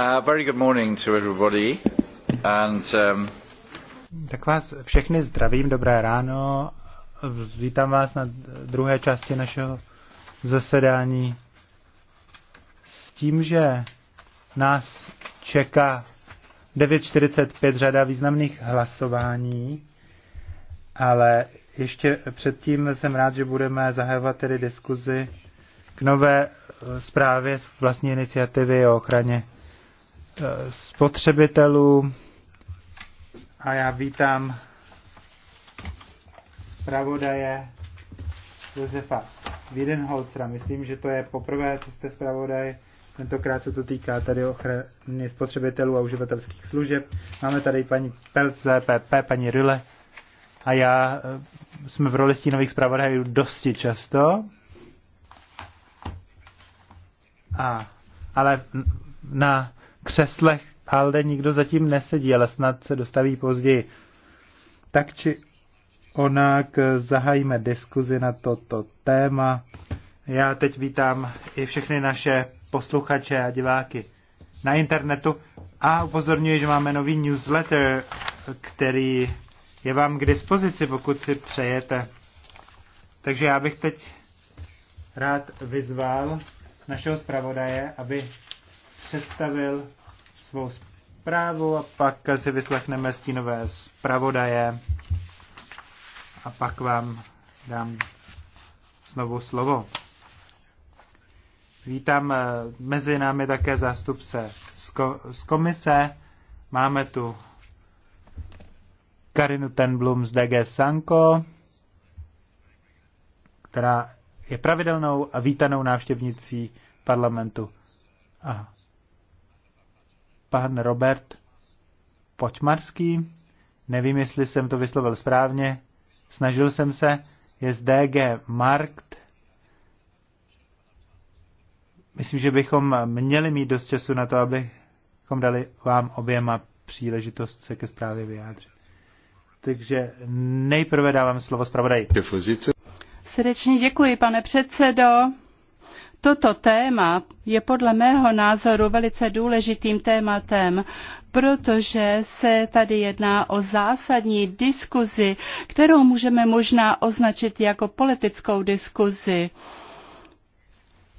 Um, tak vás všechny zdravím, dobré ráno. Vítám vás na druhé části našeho zasedání s tím, že nás čeká 9.45 řada významných hlasování, ale ještě předtím jsem rád, že budeme zahajovat tedy diskuzi k nové eh, zprávě vlastní iniciativy o ochraně Eh, spotřebitelů a já vítám zpravodaje Josefa Wiedenholzera. Myslím, že to je poprvé, co jste zpravodaj. Tentokrát se to týká tady ochrany spotřebitelů a uživatelských služeb. Máme tady paní Pelc pp e paní Ryle a já eh, jsme v roli stínových zpravodajů dosti často. A, ale na křeslech ale nikdo zatím nesedí, ale snad se dostaví později. Tak či onak zahájíme diskuzi na toto téma. Já teď vítám i všechny naše posluchače a diváky na internetu a upozorňuji, že máme nový newsletter, který je vám k dispozici, pokud si přejete. Takže já bych teď rád vyzval našeho zpravodaje, aby představil svou zprávu a pak si vyslechneme stínové zpravodaje a pak vám dám znovu slovo. Vítám eh, mezi námi také zástupce z komise. Máme tu Karinu Tenblum z DG Sanko, která je pravidelnou a vítanou návštěvnicí parlamentu. Aha pan Robert Počmarský. Nevím, jestli jsem to vyslovil správně. Snažil jsem se. Je z DG Markt. Myslím, že bychom měli mít dost času na to, abychom dali vám oběma příležitost se ke zprávě vyjádřit. Takže nejprve dávám slovo zpravodaji. Srdečně děkuji, pane předsedo. Toto téma je podle mého názoru velice důležitým tématem, protože se tady jedná o zásadní diskuzi, kterou můžeme možná označit jako politickou diskuzi.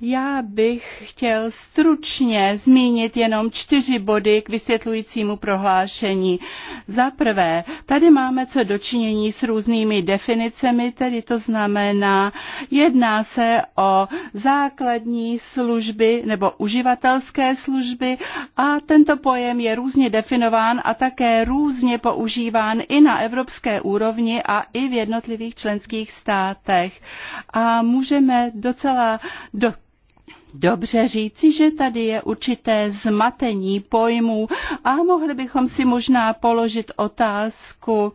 Já bych chtěl stručně zmínit jenom čtyři body k vysvětlujícímu prohlášení. Za prvé, tady máme co dočinění s různými definicemi, tedy to znamená, jedná se o základní služby nebo uživatelské služby a tento pojem je různě definován a také různě používán i na evropské úrovni a i v jednotlivých členských státech. A můžeme docela do dobře říci, že tady je určité zmatení pojmů a mohli bychom si možná položit otázku,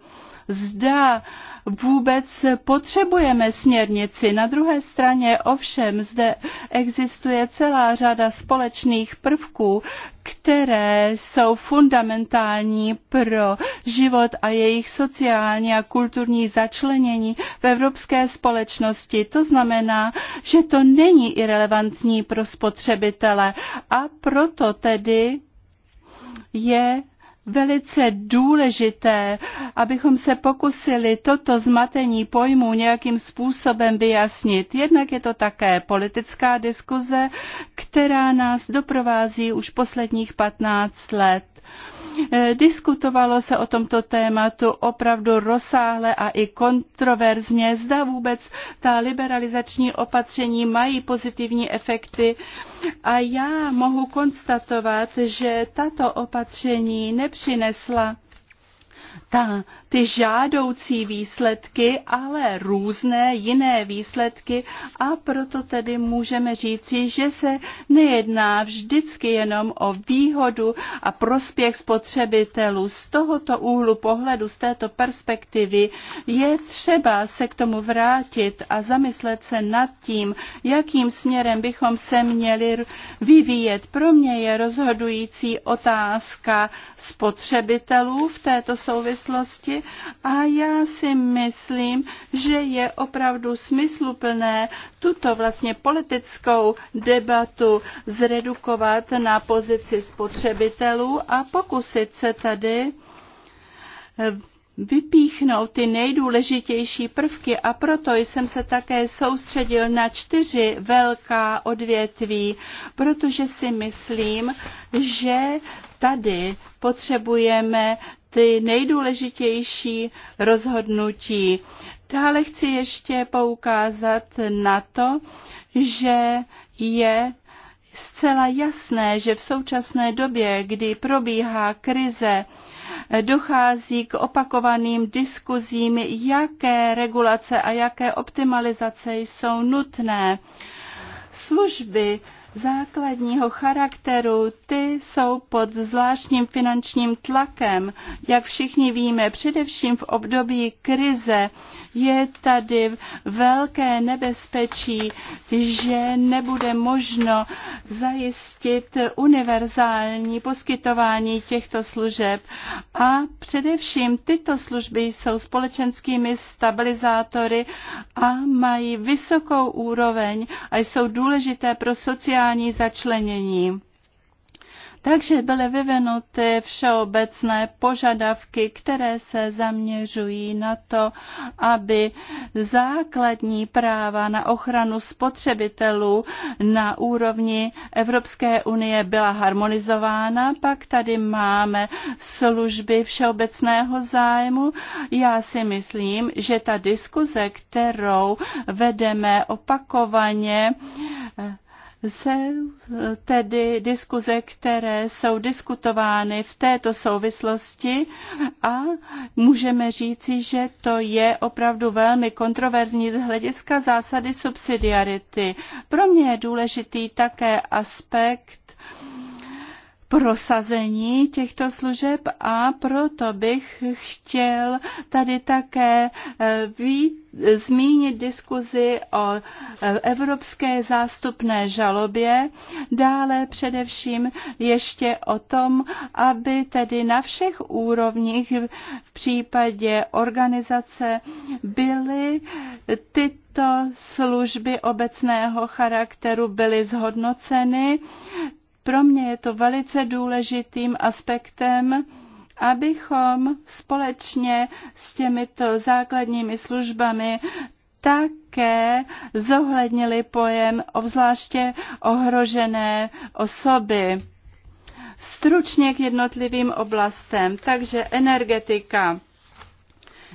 zda vůbec potřebujeme směrnici. Na druhé straně ovšem zde existuje celá řada společných prvků, které jsou fundamentální pro život a jejich sociální a kulturní začlenění v evropské společnosti. To znamená, že to není irrelevantní pro spotřebitele a proto tedy je velice důležité, abychom se pokusili toto zmatení pojmů nějakým způsobem vyjasnit. Jednak je to také politická diskuze, která nás doprovází už posledních 15 let. Eh, diskutovalo se o tomto tématu opravdu rozsáhle a i kontroverzně, zda vůbec ta liberalizační opatření mají pozitivní efekty. A já mohu konstatovat, že tato opatření nepřinesla ta, ty žádoucí výsledky, ale různé jiné výsledky a proto tedy můžeme říci, že se nejedná vždycky jenom o výhodu a prospěch spotřebitelů. Z tohoto úhlu pohledu, z této perspektivy je třeba se k tomu vrátit a zamyslet se nad tím, jakým směrem bychom se měli vyvíjet. Pro mě je rozhodující otázka spotřebitelů v této souvislosti souvislosti a já si myslím, že je opravdu smysluplné tuto vlastně politickou debatu zredukovat na pozici spotřebitelů a pokusit se tady eh, vypíchnout ty nejdůležitější prvky a proto jsem se také soustředil na čtyři velká odvětví, protože si myslím, že tady potřebujeme ty nejdůležitější rozhodnutí. Dále chci ještě poukázat na to, že je zcela jasné, že v současné době, kdy probíhá krize, dochází k opakovaným diskuzím, jaké regulace a jaké optimalizace jsou nutné. Služby základního charakteru, ty jsou pod zvláštním finančním tlakem. Jak všichni víme, především v období krize je tady velké nebezpečí, že nebude možno zajistit univerzální poskytování těchto služeb. A především tyto služby jsou společenskými stabilizátory a mají vysokou úroveň a jsou důležité pro sociální sociální začlenění. Takže byly vyvinuty všeobecné požadavky, které se zaměřují na to, aby základní práva na ochranu spotřebitelů na úrovni Evropské unie byla harmonizována. Pak tady máme služby všeobecného zájmu. Já si myslím, že ta diskuze, kterou vedeme opakovaně, jsou tedy diskuze, které jsou diskutovány v této souvislosti a můžeme říci, že to je opravdu velmi kontroverzní z hlediska zásady subsidiarity. Pro mě je důležitý také aspekt prosazení těchto služeb a proto bych chtěl tady také eh, vít, zmínit diskuzi o eh, evropské zástupné žalobě, dále především ještě o tom, aby tedy na všech úrovních v případě organizace byly ty tyto služby obecného charakteru byly zhodnoceny pro mě je to velice důležitým aspektem, abychom společně s těmito základními službami také zohlednili pojem obzvláště ohrožené osoby. Stručně k jednotlivým oblastem, takže energetika.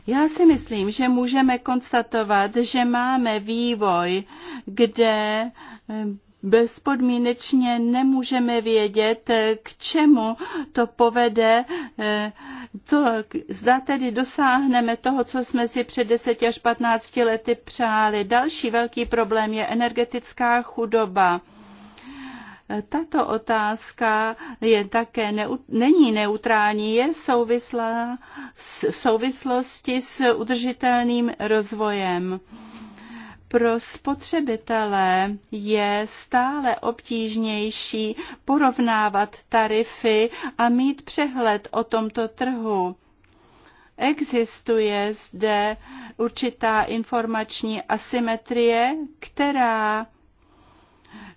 Já si myslím, že můžeme konstatovat, že máme vývoj, kde bezpodmínečně nemůžeme vědět, k čemu to povede, to, eh, zda tedy dosáhneme toho, co jsme si před 10 až 15 lety přáli. Další velký problém je energetická chudoba. Tato otázka je také neu, není neutrální, je souvislá s, v souvislosti s udržitelným rozvojem pro spotřebitele je stále obtížnější porovnávat tarify a mít přehled o tomto trhu. Existuje zde určitá informační asymetrie, která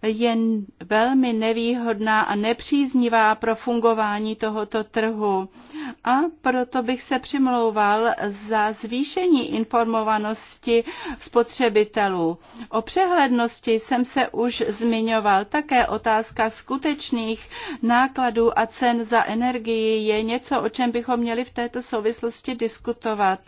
je velmi nevýhodná a nepříznivá pro fungování tohoto trhu. A proto bych se přimlouval za zvýšení informovanosti spotřebitelů. O přehlednosti jsem se už zmiňoval. Také otázka skutečných nákladů a cen za energii je něco, o čem bychom měli v této souvislosti diskutovat.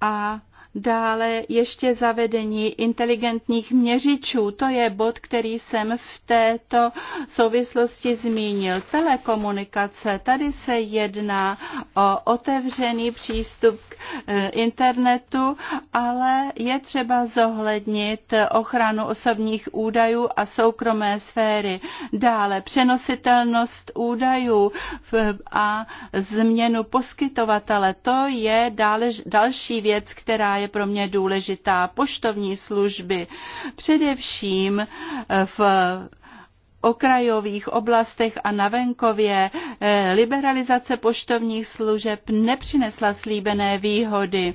A Dále ještě zavedení inteligentních měřičů. To je bod, který jsem v této souvislosti zmínil. Telekomunikace. Tady se jedná o otevřený přístup k eh, internetu, ale je třeba zohlednit ochranu osobních údajů a soukromé sféry. Dále přenositelnost údajů a změnu poskytovatele. To je dále, další věc, která je pro mě důležitá, poštovní služby, především v okrajových oblastech a na venkově eh, liberalizace poštovních služeb nepřinesla slíbené výhody.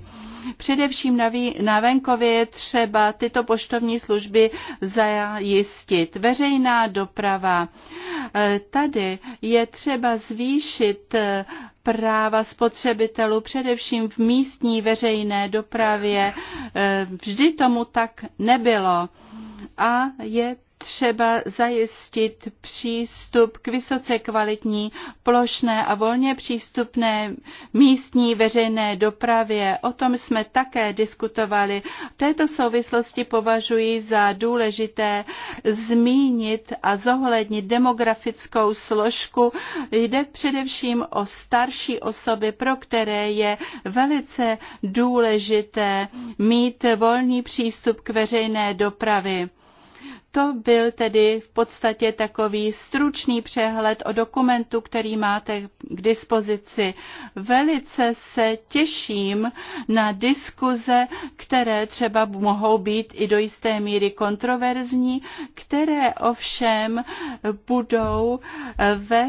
Především na, vý, na venkově je třeba tyto poštovní služby zajistit. Veřejná doprava. Eh, tady je třeba zvýšit eh, práva spotřebitelů, především v místní veřejné dopravě. Vždy tomu tak nebylo. A je třeba zajistit přístup k vysoce kvalitní, plošné a volně přístupné místní veřejné dopravě. O tom jsme také diskutovali. V této souvislosti považuji za důležité zmínit a zohlednit demografickou složku. Jde především o starší osoby, pro které je velice důležité mít volný přístup k veřejné dopravy. To byl tedy v podstatě takový stručný přehled o dokumentu, který máte k dispozici. Velice se těším na diskuze, které třeba mohou být i do jisté míry kontroverzní, které ovšem budou ve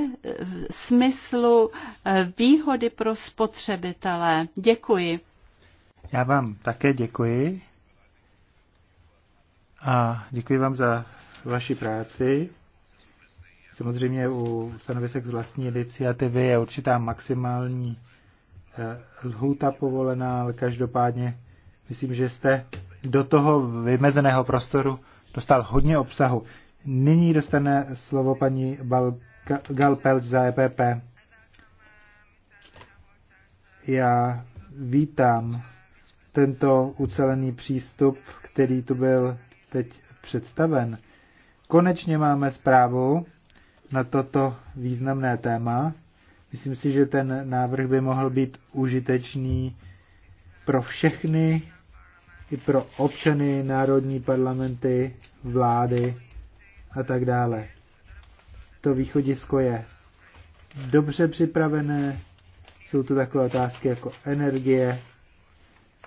smyslu výhody pro spotřebitele. Děkuji. Já vám také děkuji. A děkuji vám za vaši práci. Samozřejmě u stanovisek z vlastní iniciativy je určitá maximální eh, lhůta povolená, ale každopádně myslím, že jste do toho vymezeného prostoru dostal hodně obsahu. Nyní dostane slovo paní Galpelč za EPP. Já vítám tento ucelený přístup, který tu byl teď představen. Konečně máme zprávu na toto významné téma. Myslím si, že ten návrh by mohl být užitečný pro všechny, i pro občany, národní parlamenty, vlády a tak dále. To východisko je dobře připravené, jsou tu takové otázky jako energie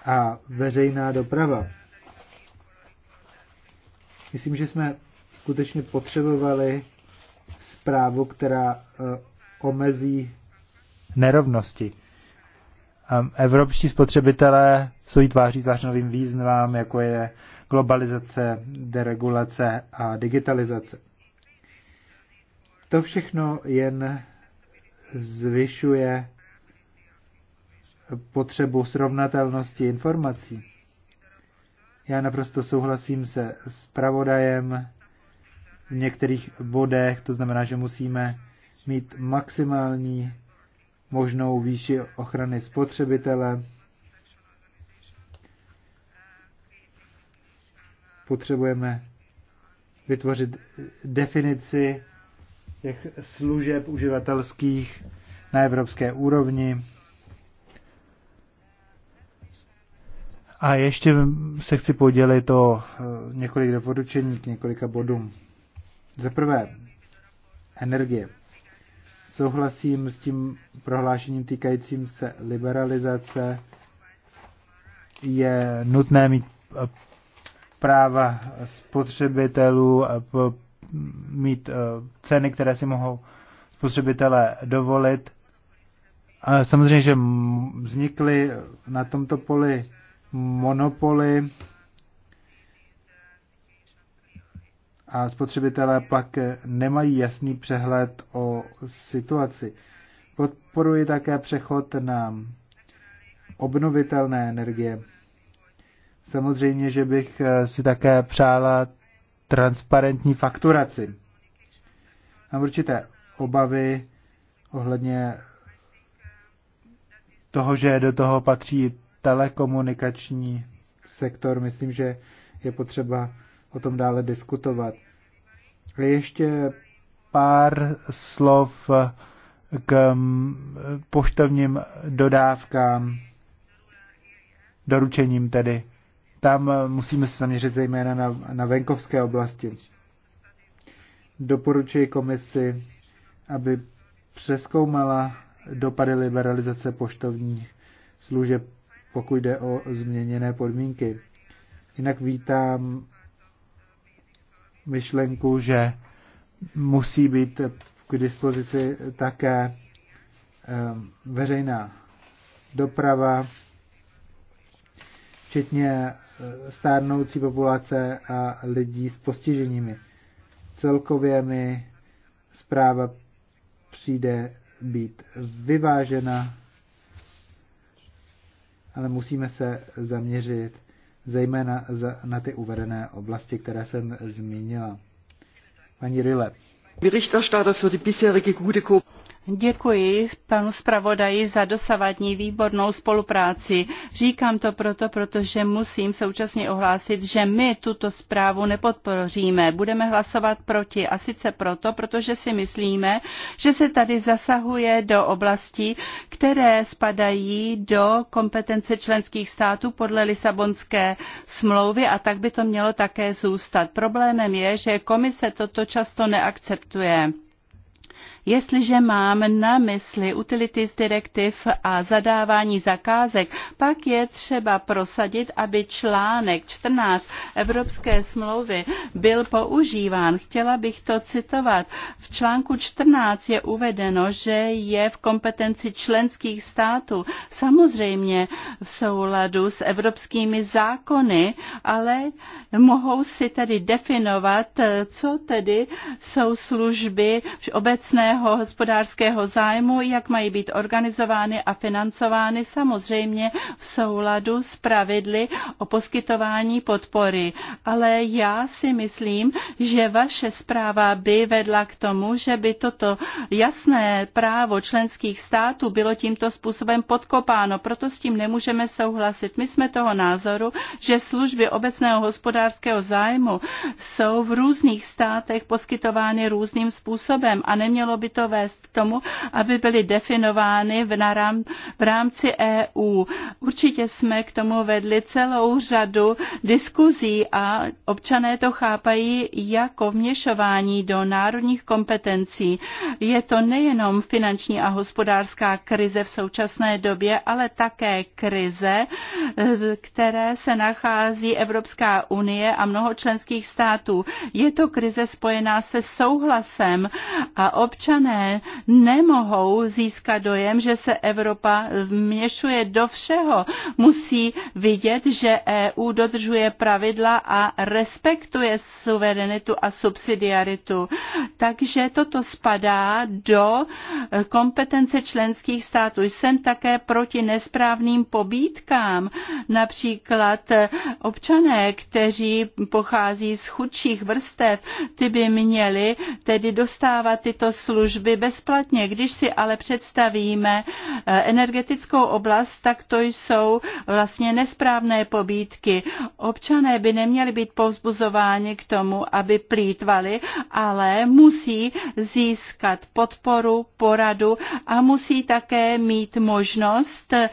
a veřejná doprava. Myslím, že jsme skutečně potřebovali zprávu, která eh, omezí nerovnosti. Ehm, evropští spotřebitelé jsou tváří tvář novým významům, jako je globalizace, deregulace a digitalizace. To všechno jen zvyšuje potřebu srovnatelnosti informací. Já naprosto souhlasím se s pravodajem v některých bodech, to znamená, že musíme mít maximální možnou výši ochrany spotřebitele. Potřebujeme vytvořit definici těch služeb uživatelských na evropské úrovni. A ještě se chci podělit o eh, několik doporučení k několika bodům. Za prvé, energie. Souhlasím s tím prohlášením týkajícím se liberalizace. Je nutné mít eh, práva spotřebitelů, eh, mít ceny, které si mohou spotřebitelé dovolit. A samozřejmě, že vznikly na tomto poli monopoly a spotřebitelé pak nemají jasný přehled o situaci. Podporuji také přechod na obnovitelné energie. Samozřejmě, že bych si také přála transparentní fakturaci. Mám určité obavy ohledně toho, že do toho patří telekomunikační sektor. Myslím, že je potřeba o tom dále diskutovat. Ještě pár slov k mm, poštovním dodávkám, doručením tedy. Tam musíme se zaměřit zejména na, na venkovské oblasti. Doporučuji komisi, aby přeskoumala dopady liberalizace poštovních služeb pokud jde o změněné podmínky. Jinak vítám myšlenku, že musí být k dispozici také ehm, veřejná doprava, včetně e, stárnoucí populace a lidí s postiženími. Celkově mi zpráva přijde být vyvážena ale musíme se zaměřit zejména za, na ty uvedené oblasti, které jsem zmínila. Paní Rille. Berichterstatter für die bisherige gute Děkuji panu zpravodaji za dosavadní výbornou spolupráci. Říkám to proto, protože musím současně ohlásit, že my tuto zprávu nepodpoříme. Budeme hlasovat proti a sice proto, protože si myslíme, že se tady zasahuje do oblastí, které spadají do kompetence členských států podle Lisabonské smlouvy a tak by to mělo také zůstat. Problémem je, že komise toto často neakceptuje Jestliže mám na mysli utilities direktiv a zadávání zakázek, pak je třeba prosadit, aby článek 14 Evropské smlouvy byl používán. Chtěla bych to citovat. V článku 14 je uvedeno, že je v kompetenci členských států, samozřejmě v souladu s evropskými zákony, ale mohou si tedy definovat, co tedy jsou služby obecného společného hospodářského zájmu, jak mají být organizovány a financovány samozřejmě v souladu s pravidly o poskytování podpory. Ale já si myslím, že vaše zpráva by vedla k tomu, že by toto jasné právo členských států bylo tímto způsobem podkopáno. Proto s tím nemůžeme souhlasit. My jsme toho názoru, že služby obecného hospodářského zájmu jsou v různých státech poskytovány různým způsobem a nemělo mohlo by to vést k tomu, aby byly definovány v, naram, v rámci EU. Určitě jsme k tomu vedli celou řadu diskuzí a občané to chápají jako vměšování do národních kompetencí. Je to nejenom finanční a hospodářská krize v současné době, ale také krize, které se nachází Evropská unie a mnoho členských států. Je to krize spojená se souhlasem a občanům občané nemohou získat dojem, že se Evropa měšuje do všeho. Musí vidět, že EU dodržuje pravidla a respektuje suverenitu a subsidiaritu. Takže toto spadá do kompetence členských států. Jsem také proti nesprávným pobídkám. Například občané, kteří pochází z chudších vrstev, ty by měli tedy dostávat tyto služby služby bezplatně. Když si ale představíme eh, energetickou oblast, tak to jsou vlastně nesprávné pobídky. Občané by neměli být povzbuzováni k tomu, aby plítvali, ale musí získat podporu, poradu a musí také mít možnost eh,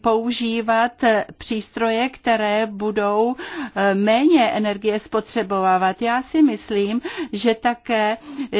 používat eh, přístroje, které budou méně energie spotřebovávat. Já si myslím, že také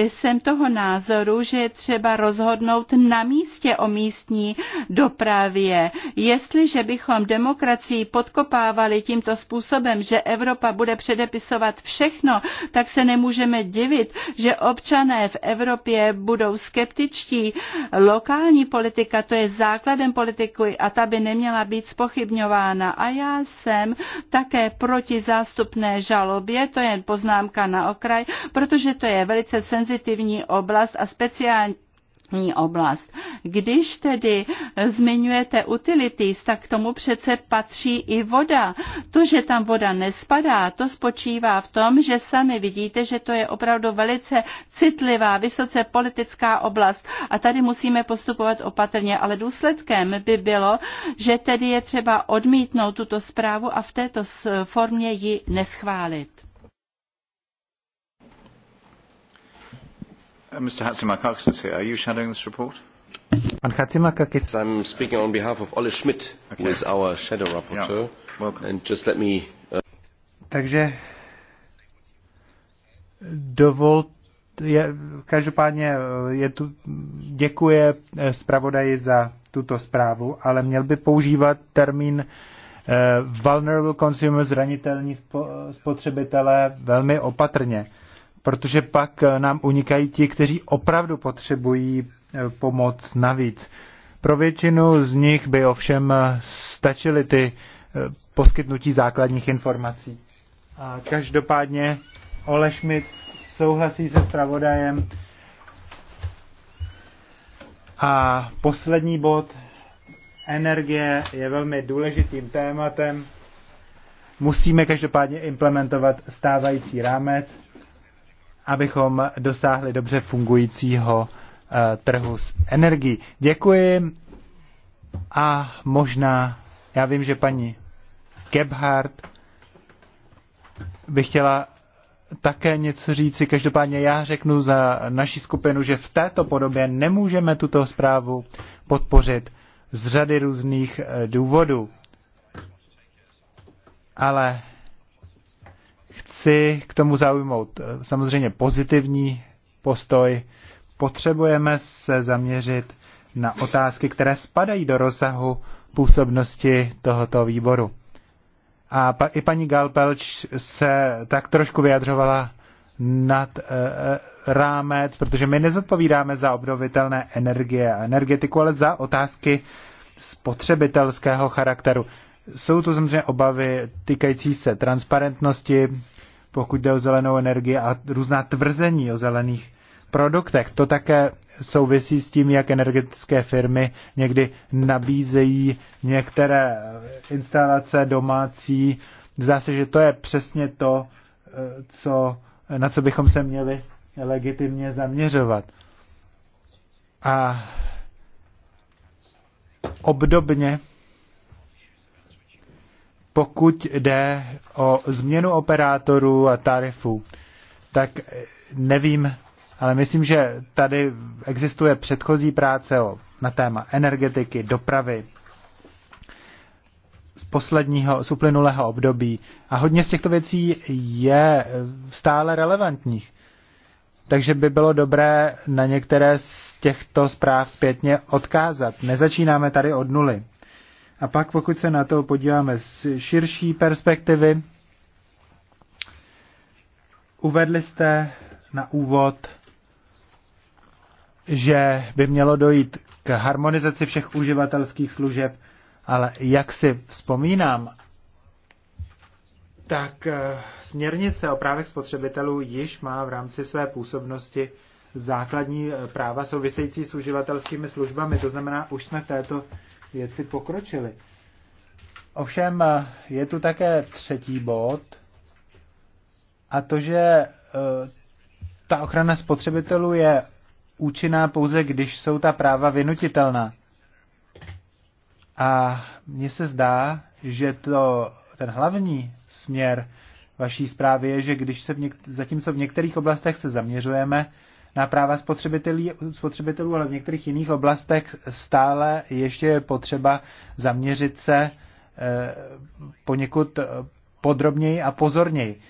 jsem toho názoru, názoru, že je třeba rozhodnout na místě o místní dopravě. Jestliže bychom demokracii podkopávali tímto způsobem, že Evropa bude předepisovat všechno, tak se nemůžeme divit, že občané v Evropě budou skeptičtí. Lokální politika, to je základem politiky a ta by neměla být spochybňována. A já jsem také proti zástupné žalobě, to je poznámka na okraj, protože to je velice senzitivní oblast a a speciální oblast. Když tedy zmiňujete utilities, tak k tomu přece patří i voda. To, že tam voda nespadá, to spočívá v tom, že sami vidíte, že to je opravdu velice citlivá, vysoce politická oblast a tady musíme postupovat opatrně, ale důsledkem by bylo, že tedy je třeba odmítnout tuto zprávu a v této formě ji neschválit. Mr. Hatzimakakis is here. Are you shadowing this report? Pan Hatzimakakis. I'm speaking on behalf of Ole Schmidt, okay. who is our shadow rapporteur. Yeah. Welcome. And just let me... Uh... Takže dovol, je, každopádně uh, je tu, děkuje eh, zpravodaji za tuto zprávu, ale měl by používat termín eh, vulnerable consumer, zranitelní spotřebitelé velmi opatrně protože pak eh, nám unikají ti, kteří opravdu potřebují eh, pomoc navíc. Pro většinu z nich by ovšem eh, stačily ty poskytnutí základních informací. A každopádně Ole Schmidt souhlasí se zpravodajem. A poslední bod. Energie je velmi důležitým tématem. Musíme každopádně implementovat stávající rámec abychom dosáhli dobře fungujícího eh, trhu s energií. Děkuji a možná, já vím, že paní Gebhardt by chtěla také něco říci. Každopádně já řeknu za naši skupinu, že v této podobě nemůžeme tuto zprávu podpořit z řady různých eh, důvodů. Ale Chci k tomu zaujmout eh, samozřejmě pozitivní postoj. Potřebujeme se zaměřit na otázky, které spadají do rozsahu působnosti tohoto výboru. A pa, i paní Galpelč se tak trošku vyjadřovala nad e, rámec, protože my nezodpovídáme za obnovitelné energie a energetiku, ale za otázky spotřebitelského charakteru. Jsou to samozřejmě obavy týkající se transparentnosti, pokud jde o zelenou energii a různá tvrzení o zelených produktech. To také souvisí s tím, jak energetické firmy někdy nabízejí některé instalace domácí. Zdá se, že to je přesně to, eh, co, na co bychom se měli legitimně zaměřovat. A obdobně pokud jde o změnu operátorů a tarifů, tak nevím, ale myslím, že tady existuje předchozí práce o, na téma energetiky, dopravy z posledního, z uplynulého období a hodně z těchto věcí je eh, stále relevantních. Takže by bylo dobré na některé z těchto zpráv zpětně odkázat. Nezačínáme tady od nuly. A pak, pokud se na to podíváme z širší perspektivy, uvedli jste na úvod, že by mělo dojít k harmonizaci všech uživatelských služeb, ale jak si vzpomínám, tak eh, směrnice o právech spotřebitelů již má v rámci své působnosti základní eh, práva související s uživatelskými službami. To znamená, už jsme v této věci pokročily. Ovšem eh, je tu také třetí bod, a to, že eh, ta ochrana spotřebitelů je účinná pouze, když jsou ta práva vynutitelná. A mně se zdá, že to, ten hlavní směr vaší zprávy je, že když se v něk- zatímco v některých oblastech se zaměřujeme na práva spotřebitelů, ale v některých jiných oblastech stále ještě je potřeba zaměřit se eh, poněkud podrobněji a pozorněji.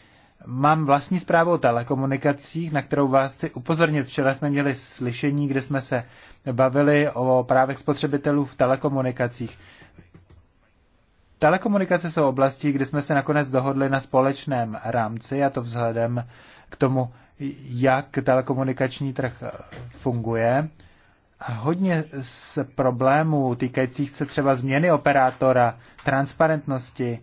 Mám vlastní zprávu o telekomunikacích, na kterou vás chci upozornit. Včera jsme měli slyšení, kde jsme se bavili o právech spotřebitelů v telekomunikacích. Telekomunikace jsou oblasti, kde jsme se nakonec dohodli na společném rámci a to vzhledem k tomu, jak telekomunikační trh funguje. A hodně z problémů týkajících se třeba změny operátora, transparentnosti,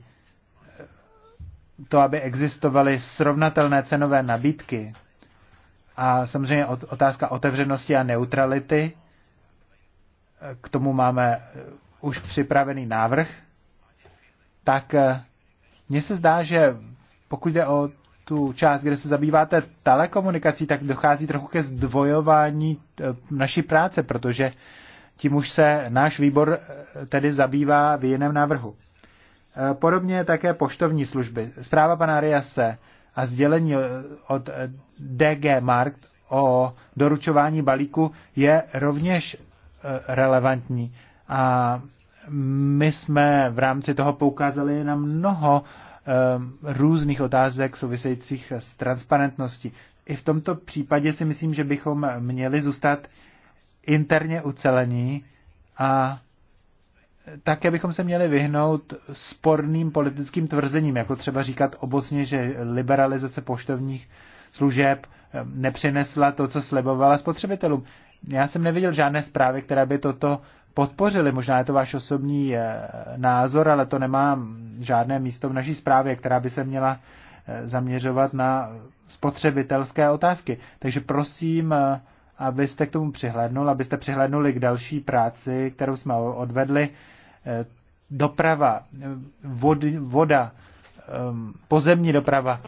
to, aby existovaly srovnatelné cenové nabídky a samozřejmě otázka otevřenosti a neutrality. K tomu máme eh, už připravený návrh. Tak eh, mně se zdá, že pokud jde o tu část, kde se zabýváte telekomunikací, tak dochází trochu ke zdvojování eh, naší práce, protože tím už se náš výbor eh, tedy zabývá v jiném návrhu. Eh, podobně také poštovní služby. Zpráva pana Riase a sdělení od DG Markt o doručování balíku je rovněž relevantní. A my jsme v rámci toho poukázali na mnoho Ehm, různých otázek souvisejících s transparentností. I v tomto případě si myslím, že bychom měli zůstat interně ucelení a také bychom se měli vyhnout sporným politickým tvrzením, jako třeba říkat obocně, že liberalizace poštovních služeb ehm, nepřinesla to, co slibovala spotřebitelům. Já jsem neviděl žádné zprávy, které by toto podpořili. Možná je to váš osobní eh, názor, ale to nemá žádné místo v naší zprávě, která by se měla eh, zaměřovat na spotřebitelské otázky. Takže prosím, eh, abyste k tomu přihlednul, abyste přihlednuli k další práci, kterou jsme odvedli. Doprava, vod, voda, pozemní doprava,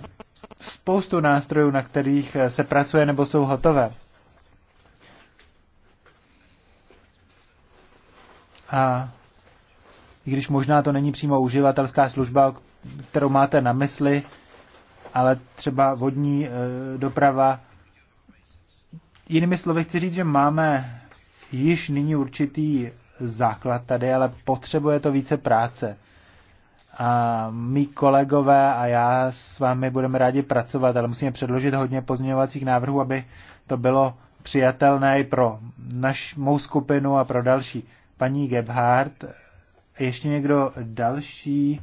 spoustu nástrojů, na kterých se pracuje nebo jsou hotové. A i když možná to není přímo uživatelská služba, kterou máte na mysli, ale třeba vodní e, doprava. Jinými slovy chci říct, že máme již nyní určitý základ tady, ale potřebuje to více práce. A mý kolegové a já s vámi budeme rádi pracovat, ale musíme předložit hodně pozměňovacích návrhů, aby to bylo přijatelné i pro naš, mou skupinu a pro další paní Gebhardt. Ještě někdo další?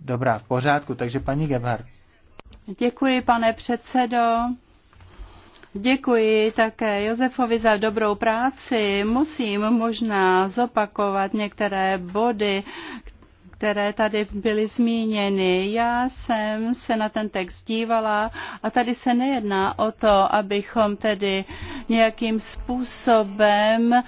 Dobrá, v pořádku, takže paní Gebhardt. Děkuji, pane předsedo. Děkuji také Josefovi za dobrou práci. Musím možná zopakovat některé body, které tady byly zmíněny. Já jsem se na ten text dívala a tady se nejedná o to, abychom tedy nějakým způsobem eh,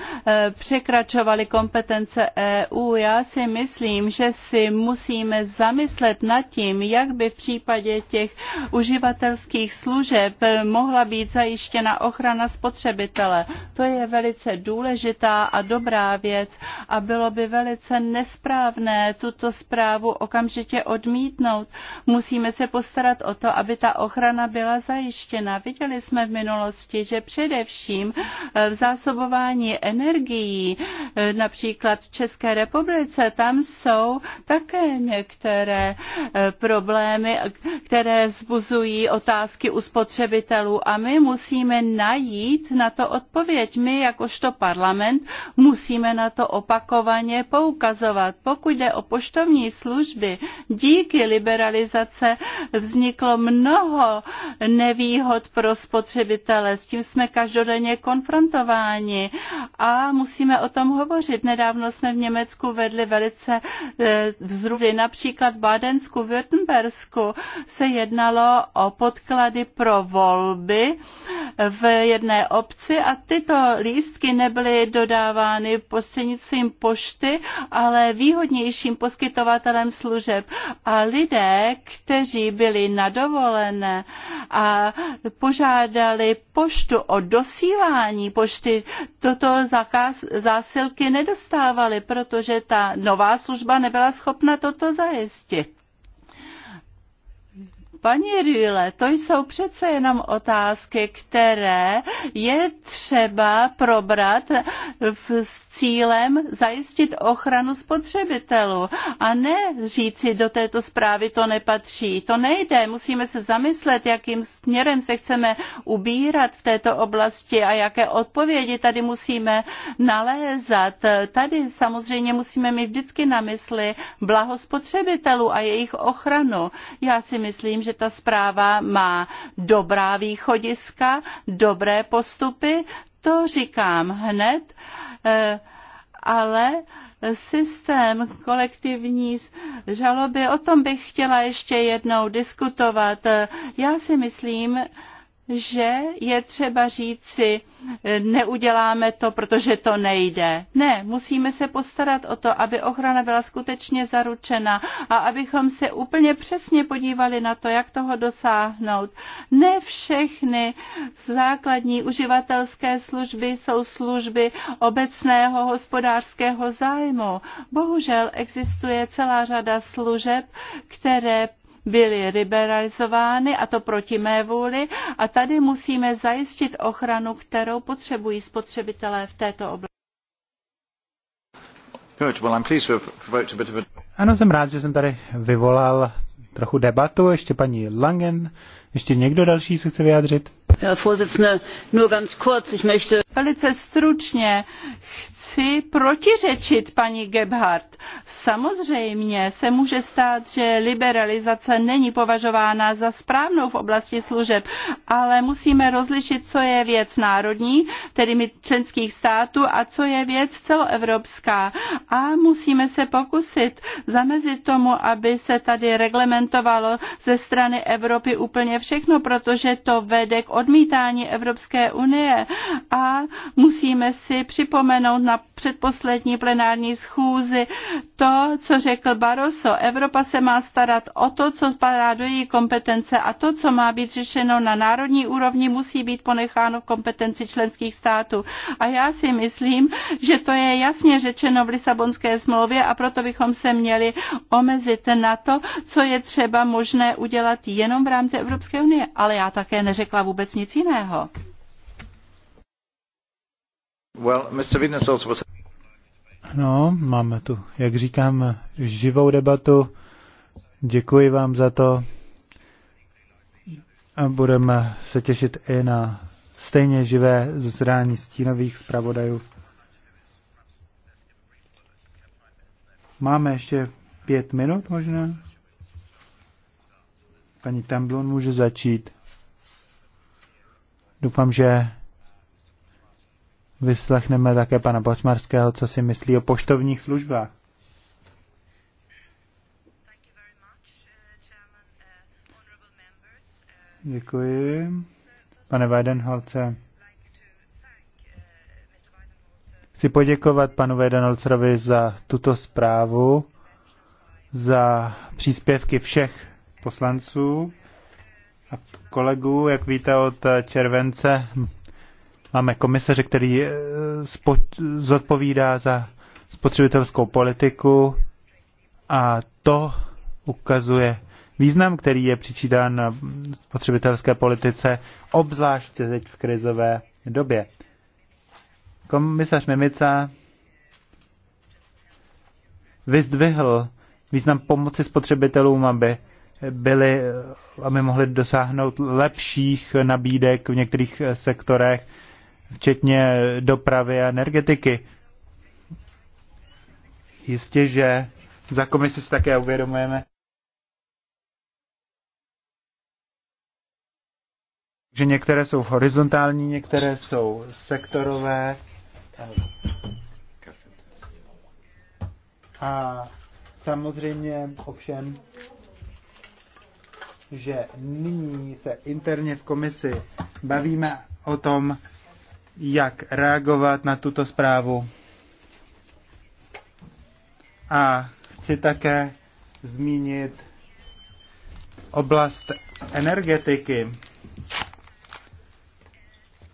překračovali kompetence EU. Já si myslím, že si musíme zamyslet nad tím, jak by v případě těch uživatelských služeb mohla být zajištěna ochrana spotřebitele. To je velice důležitá a dobrá věc a bylo by velice nesprávné tuto tuto zprávu okamžitě odmítnout. Musíme se postarat o to, aby ta ochrana byla zajištěna. Viděli jsme v minulosti, že především eh, v zásobování energií, eh, například v České republice, tam jsou také některé eh, problémy, které zbuzují otázky u spotřebitelů a my musíme najít na to odpověď. My jakožto parlament musíme na to opakovaně poukazovat. Pokud jde o poštu, poštovní služby. Díky liberalizace vzniklo mnoho nevýhod pro spotřebitele. S tím jsme každodenně konfrontováni a musíme o tom hovořit. Nedávno jsme v Německu vedli velice eh, vzruzy. Například v Bádensku, Württembersku se jednalo o podklady pro volby v jedné obci a tyto lístky nebyly dodávány prostřednictvím pošty, ale výhodnějším poskytovatelem poskytovatelem služeb. A lidé, kteří byli na dovolené a požádali poštu o dosílání pošty, toto zakaz, zásilky nedostávali, protože ta nová služba nebyla schopna toto zajistit. Paní Rüle, to jsou přece jenom otázky, které je třeba probrat v, s cílem zajistit ochranu spotřebitelů a ne říci do této zprávy to nepatří. To nejde, musíme se zamyslet, jakým směrem se chceme ubírat v této oblasti a jaké odpovědi tady musíme nalézat. Tady samozřejmě musíme mít vždycky na mysli blaho spotřebitelů a jejich ochranu. Já si myslím, že že ta zpráva má dobrá východiska, dobré postupy, to říkám hned, eh, ale systém kolektivní žaloby, o tom bych chtěla ještě jednou diskutovat. Já si myslím, že je třeba říci, e, neuděláme to, protože to nejde. Ne, musíme se postarat o to, aby ochrana byla skutečně zaručena a abychom se úplně přesně podívali na to, jak toho dosáhnout. Ne všechny základní uživatelské služby jsou služby obecného hospodářského zájmu. Bohužel existuje celá řada služeb, které byly liberalizovány a to proti mé vůli a tady musíme zajistit ochranu, kterou potřebují spotřebitelé v této oblasti. Ano, jsem rád, že jsem tady vyvolal trochu debatu. Ještě paní Langen, ještě někdo další se chce vyjádřit? Herr Vorsitzender, nur ganz kurz, ich möchte... Velice stručně chci protiřečit paní Gebhardt. Samozřejmě se může stát, že liberalizace není považována za správnou v oblasti služeb, ale musíme rozlišit, co je věc národní, tedy my členských států, a co je věc celoevropská. A musíme se pokusit zamezit tomu, aby se tady reglementovalo ze strany Evropy úplně všechno, protože to vede k odmítání Evropské unie. A musíme si připomenout na předposlední plenární schůzi to, co řekl Barroso. Evropa se má starat o to, co spadá do její kompetence a to, co má být řešeno na národní úrovni, musí být ponecháno v kompetenci členských států. A já si myslím, že to je jasně řečeno v Lisabonské smlouvě a proto bychom se měli omezit na to, co je třeba možné udělat jenom v rámci Evropské unie. Ale já také neřekla vůbec nic jiného. Well, Mr. also was... No, máme tu, jak říkám, živou debatu. Děkuji vám za to. A budeme se těšit i na stejně živé zrání stínových zpravodajů. Máme ještě pět minut možná? Paní Temblon může začít. Doufám, že Vyslechneme také pana Bočmarského, co si myslí o poštovních službách. Děkuji. Pane Weidenholce, chci poděkovat panu Weidenholcerovi za tuto zprávu, za příspěvky všech poslanců a kolegů. Jak víte, od července Máme komisaře, který eh, zodpovídá za spotřebitelskou politiku a to ukazuje význam, který je přičítán spotřebitelské politice, obzvláště teď v krizové době. Komisař Mimica vyzdvihl význam pomoci spotřebitelům, aby byli, aby mohli dosáhnout lepších nabídek v některých sektorech včetně dopravy a energetiky. Jistě, že za komisi si také uvědomujeme, že některé jsou horizontální, některé jsou sektorové. A samozřejmě ovšem, že nyní se interně v komisi bavíme o tom, jak reagovat na tuto zprávu. A chci také zmínit oblast energetiky,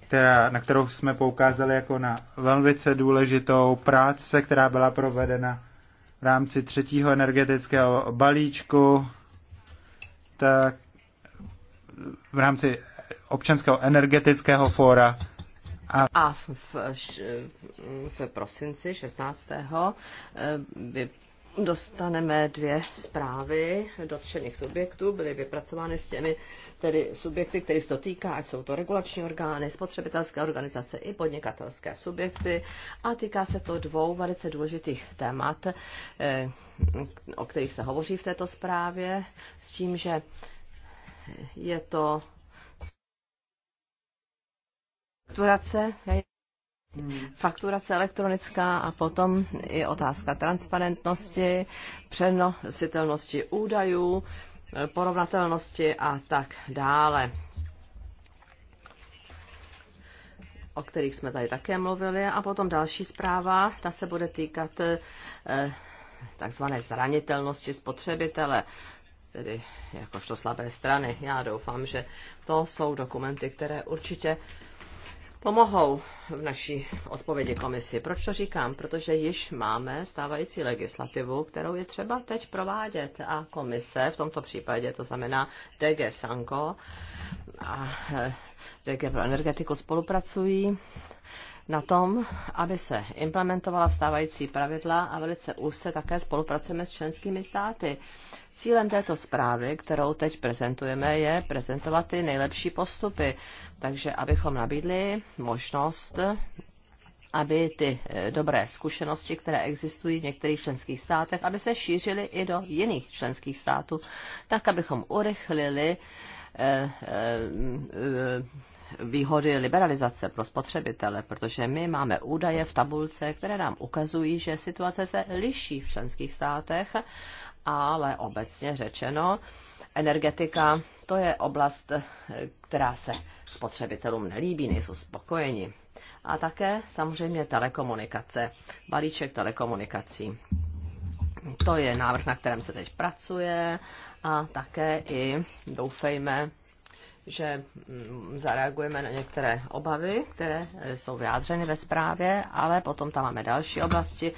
která, na kterou jsme poukázali jako na velmi důležitou práce, která byla provedena v rámci třetího energetického balíčku, tak v rámci občanského energetického fóra a, a v, v, v prosinci 16. by eh, dostaneme dvě zprávy dotčených subjektů, byly vypracovány s těmi tedy subjekty, které se to týká, ať jsou to regulační orgány, spotřebitelské organizace i podnikatelské subjekty. A týká se to dvou velice důležitých témat, eh, o kterých se hovoří v této zprávě, s tím, že je to Fakturace, hmm. fakturace elektronická a potom i otázka transparentnosti, přenositelnosti údajů, porovnatelnosti a tak dále. o kterých jsme tady také mluvili. A potom další zpráva, ta se bude týkat eh, takzvané zranitelnosti spotřebitele, tedy jakožto slabé strany. Já doufám, že to jsou dokumenty, které určitě pomohou v naší odpovědi komisi. Proč to říkám? Protože již máme stávající legislativu, kterou je třeba teď provádět a komise, v tomto případě to znamená DG Sanko a eh, DG pro energetiku spolupracují na tom, aby se implementovala stávající pravidla a velice úzce také spolupracujeme s členskými státy. Cílem této zprávy, kterou teď prezentujeme, je prezentovat ty nejlepší postupy, takže abychom nabídli možnost aby ty eh, dobré zkušenosti, které existují v některých členských státech, aby se šířily i do jiných členských států, tak abychom urychlili eh, eh, výhody liberalizace pro spotřebitele, protože my máme údaje v tabulce, které nám ukazují, že situace se liší v členských státech ale obecně řečeno, energetika to je oblast, která se spotřebitelům nelíbí, nejsou spokojeni. A také samozřejmě telekomunikace, balíček telekomunikací. To je návrh, na kterém se teď pracuje a také i doufejme, že mm, zareagujeme na některé obavy, které e, jsou vyjádřeny ve zprávě, ale potom tam máme další oblasti,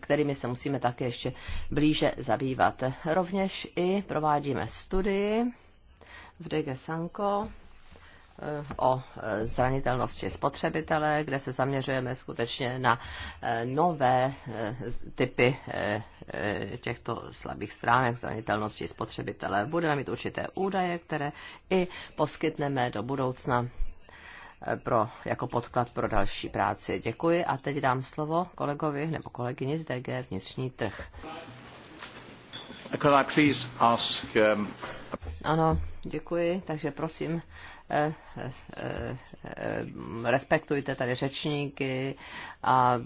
kterými se musíme také ještě blíže zabývat. Rovněž i provádíme studii v DG Sanko o e, zranitelnosti spotřebitele, kde se zaměřujeme skutečně na e, nové e, typy těchto slabých stránek zranitelnosti spotřebitele. Budeme mít určité údaje, které i poskytneme do budoucna pro, jako podklad pro další práci. Děkuji a teď dám slovo kolegovi nebo kolegyni z DG Vnitřní trh. Could I please ask, um... Ano, děkuji, takže prosím respektujte tady řečníky a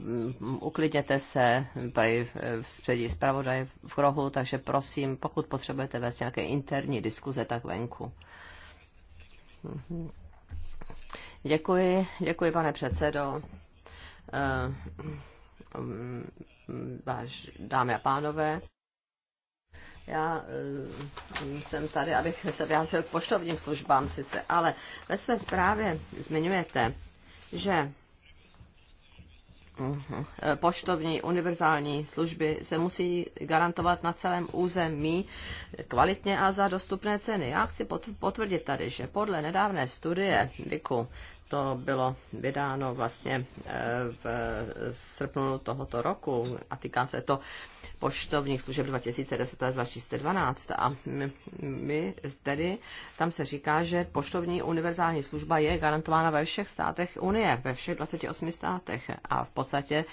uklidněte se tady v středí zpravodaj v rohu, takže prosím, pokud potřebujete vést nějaké interní diskuze, tak venku. Děkuji, děkuji pane předsedo. Eh, mm, mm, Váš dámy a pánové. Já eh, jsem tady, abych se vyjádřil k poštovním službám sice, ale ve své zprávě zmiňujete, že eh, poštovní univerzální služby se musí garantovat na celém území kvalitně a za dostupné ceny. Já chci potvrdit tady, že podle nedávné studie VIKu to bylo vydáno vlastně eh, v srpnu tohoto roku a týká se to poštovních služeb 2010 a 2012. A my, my tedy, tam se říká, že poštovní univerzální služba je garantována ve všech státech Unie, ve všech 28 státech. A v podstatě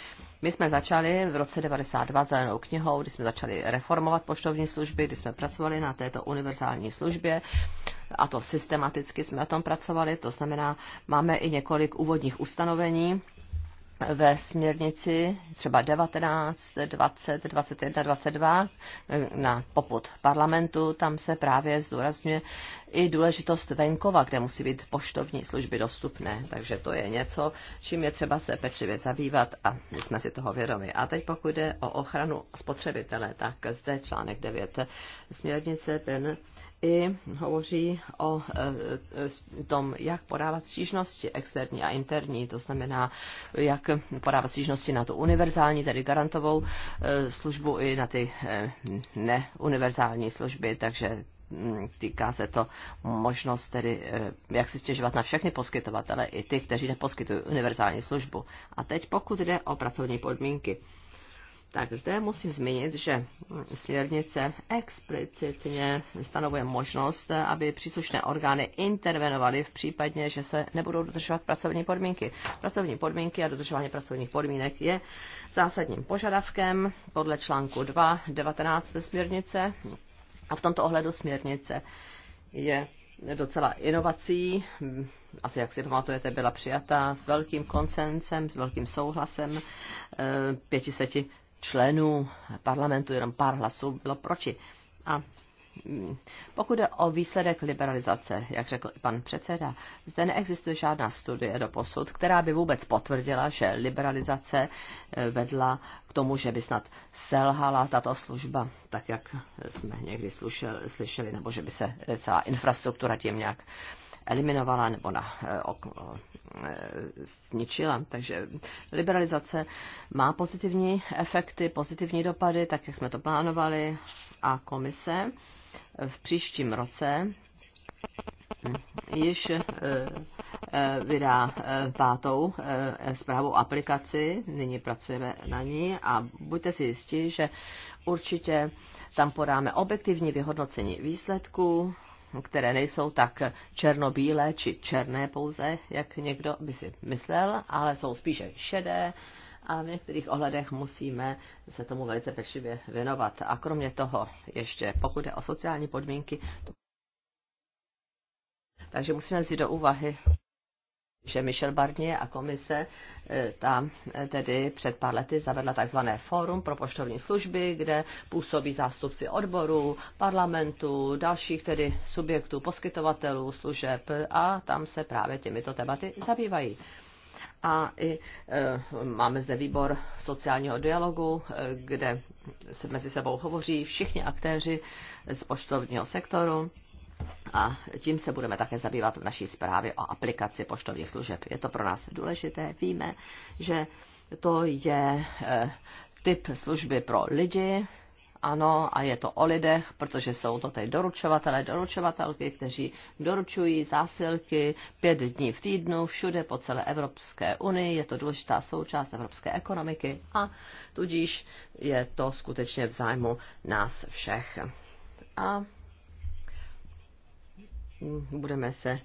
my jsme začali v roce 92 zelenou knihou, kdy jsme začali reformovat poštovní služby, kdy jsme pracovali na této univerzální službě a to systematicky jsme na tom pracovali, to znamená, máme i několik úvodních ustanovení, ve směrnici třeba 19, 20, 21, 22 na poput parlamentu, tam se právě zdůrazňuje i důležitost venkova, kde musí být poštovní služby dostupné. Takže to je něco, čím je třeba se pečlivě zabývat a my jsme si toho vědomi. A teď pokud jde o ochranu spotřebitele, tak zde článek 9 směrnice, ten i hovoří o e, tom, jak podávat stížnosti externí a interní, to znamená, jak podávat stížnosti na tu univerzální, tedy garantovou e, službu i na ty e, neuniverzální služby, takže mm, týká se to možnost tedy, jak si stěžovat na všechny poskytovatele, i ty, kteří neposkytují univerzální službu. A teď pokud jde o pracovní podmínky tak zde musím zmínit, že směrnice explicitně stanovuje možnost, aby příslušné orgány intervenovaly v případě, že se nebudou dodržovat pracovní podmínky. Pracovní podmínky a dodržování pracovních podmínek je zásadním požadavkem podle článku 2 19. směrnice a v tomto ohledu směrnice je docela inovací. Asi jak si pamatujete, byla přijata s velkým konsensem, s velkým souhlasem 500 eh, členů parlamentu, jenom pár hlasů bylo proti. A mm, pokud jde o výsledek liberalizace, jak řekl i pan předseda, zde neexistuje žádná studie do posud, která by vůbec potvrdila, že liberalizace e, vedla k tomu, že by snad selhala tato služba, tak jak jsme někdy slušel, slyšeli, nebo že by se celá infrastruktura tím nějak uh, eliminovala nebo na, eh, eh, zničila. Takže liberalizace má pozitivní efekty, pozitivní dopady, tak jak jsme to plánovali a komise v příštím roce již eh, vydá pátou zprávu o aplikaci, nyní pracujeme na ní a buďte si jistí, že určitě tam podáme objektivní vyhodnocení výsledků které nejsou tak černobílé či černé pouze, jak někdo by si myslel, ale jsou spíše šedé a v některých ohledech musíme se tomu velice pečlivě věnovat. A kromě toho ještě, pokud je o sociální podmínky, takže musíme vzít do úvahy že Michel Barnier a komise eh, tam eh, tedy před pár lety zavedla tzv. fórum pro poštovní služby, kde působí zástupci odborů, parlamentu, dalších tedy subjektů, poskytovatelů služeb a tam se právě těmito tématy zabývají. A i e, máme zde výbor sociálního dialogu, e, kde se mezi sebou hovoří všichni aktéři z poštovního sektoru a tím se budeme také zabývat v naší zprávě o aplikaci poštovních služeb. Je to pro nás důležité. Víme, že to je eh, typ služby pro lidi, ano, a je to o lidech, protože jsou to tady doručovatele, doručovatelky, kteří doručují zásilky pět dní v týdnu všude po celé Evropské unii. Je to důležitá součást evropské ekonomiky a tudíž je to skutečně v zájmu nás všech. A budeme se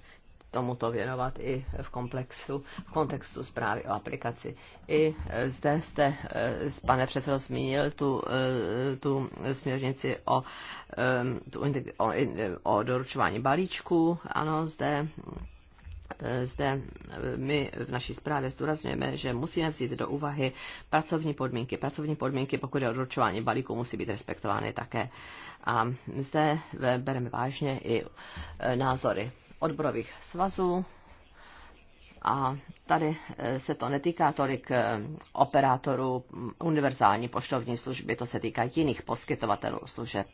tomuto věnovat i v, komplexu, v kontextu zprávy o aplikaci. I e, zde jste, e, pane předsedo, zmínil tu, e, tu směrnici o, tu, o, o doručování balíčků. Ano, zde Eh, zde eh, my v naší zprávě zdůrazňujeme, že musíme vzít do úvahy pracovní podmínky. Pracovní podmínky, pokud je odročování balíku, musí být respektovány také. A zde eh, bereme vážně i názory odborových svazů, a tady se to netýká tolik operátorů univerzální poštovní služby, to se týká jiných poskytovatelů služeb,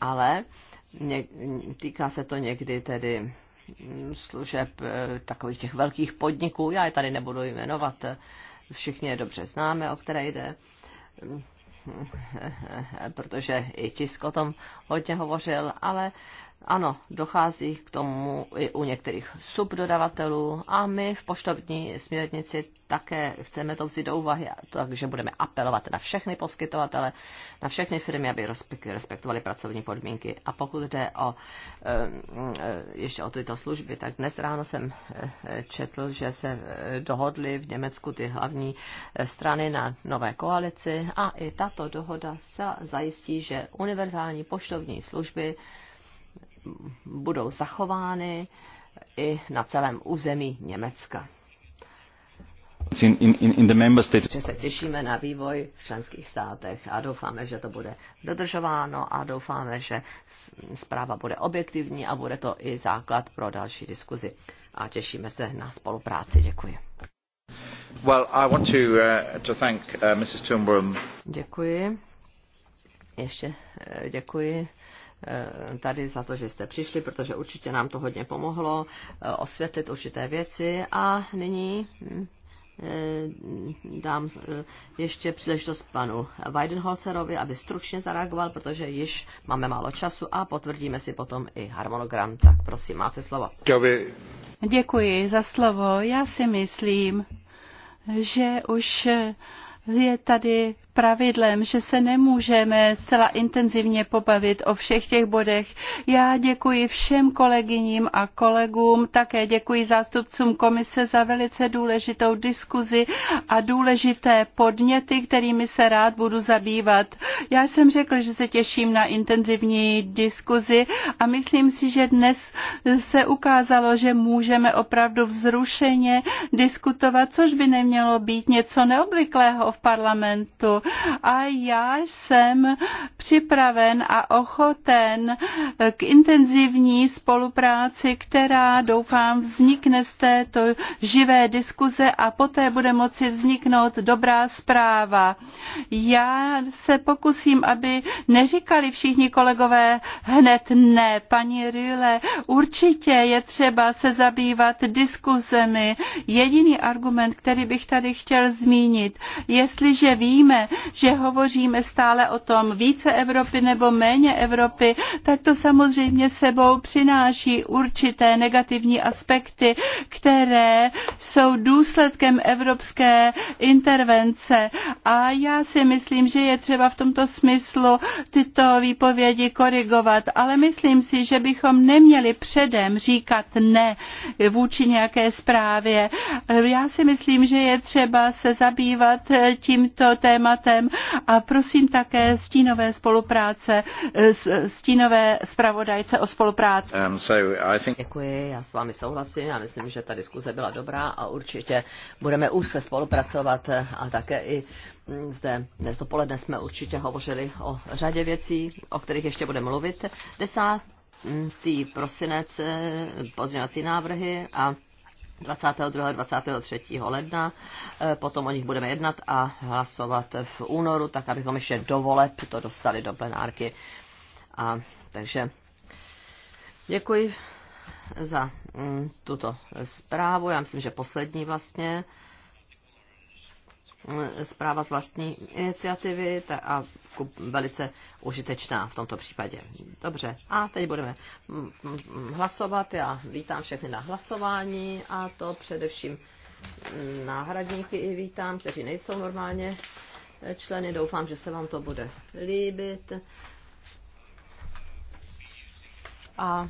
ale týká se to někdy tedy služeb eh, takových těch velkých podniků. Já je tady nebudu jmenovat, všichni je dobře známe, o které jde, protože i tisk o tom hodně hovořil, ale ano, dochází k tomu i u některých subdodavatelů a my v poštovní směrnici také chceme to vzít do úvahy, takže budeme apelovat na všechny poskytovatele, na všechny firmy, aby respektovali pracovní podmínky. A pokud jde o, eh, eh, ještě o tyto služby, tak dnes ráno jsem eh, četl, že se dohodly v Německu ty hlavní strany na nové koalici a i tato dohoda zajistí, že univerzální poštovní služby budou zachovány i na celém území Německa. Takže se těšíme na vývoj v členských státech a doufáme, že to bude dodržováno a doufáme, že zpráva bude objektivní a bude to i základ pro další diskuzi. A těšíme se na spolupráci. Děkuji. Well, I want to, uh, to thank, uh, Mrs. Děkuji. Ještě eh, děkuji Eh, tady za to, že jste přišli, protože určitě nám to hodně pomohlo eh, osvětlit určité věci. A nyní hm, eh, dám ještě příležitost panu Weidenholzerovi, aby stručně zareagoval, protože již máme málo času a potvrdíme si potom i harmonogram. Tak prosím, máte slovo. Děkuji za slovo. Já si myslím, že už je tady pravidlem, že se nemůžeme zcela intenzivně pobavit o všech těch bodech. Já děkuji všem kolegyním a kolegům, také děkuji zástupcům komise za velice důležitou diskuzi a důležité podněty, kterými se rád budu zabývat. Já jsem řekl, že se těším na intenzivní diskuzi a myslím si, že dnes se ukázalo, že můžeme opravdu vzrušeně diskutovat, což by nemělo být něco neobvyklého v parlamentu a já jsem připraven a ochoten k intenzivní spolupráci, která doufám vznikne z této živé diskuze a poté bude moci vzniknout dobrá zpráva. Já se pokusím, aby neříkali všichni kolegové hned ne. Paní Rüle, určitě je třeba se zabývat diskuzemi. Jediný argument, který bych tady chtěl zmínit, jestliže víme, že hovoříme stále o tom více Evropy nebo méně Evropy, tak to samozřejmě sebou přináší určité negativní aspekty, které jsou důsledkem evropské intervence. A já si myslím, že je třeba v tomto smyslu tyto výpovědi korigovat, ale myslím si, že bychom neměli předem říkat ne vůči nějaké zprávě. Já si myslím, že je třeba se zabývat tímto tématem tématem a prosím také stínové spolupráce, eh, stínové zpravodajce o spolupráci. Um, so think... Děkuji, já s vámi souhlasím, já myslím, že ta diskuze byla dobrá a určitě budeme úzce spolupracovat eh, a také i mm, zde dnes dopoledne jsme určitě hovořili o řadě věcí, o kterých ještě budeme mluvit. Desátý prosinec, eh, pozměňovací návrhy a 22. 23. ledna. E, potom o nich budeme jednat a hlasovat v únoru, tak abychom ještě do voleb to dostali do plenárky. A, takže děkuji za mm, tuto zprávu. Já myslím, že poslední vlastně zpráva z vlastní iniciativy a velice užitečná v tomto případě. Dobře, a teď budeme hlasovat. Já vítám všechny na hlasování a to především náhradníky i vítám, kteří nejsou normálně členy. Doufám, že se vám to bude líbit. A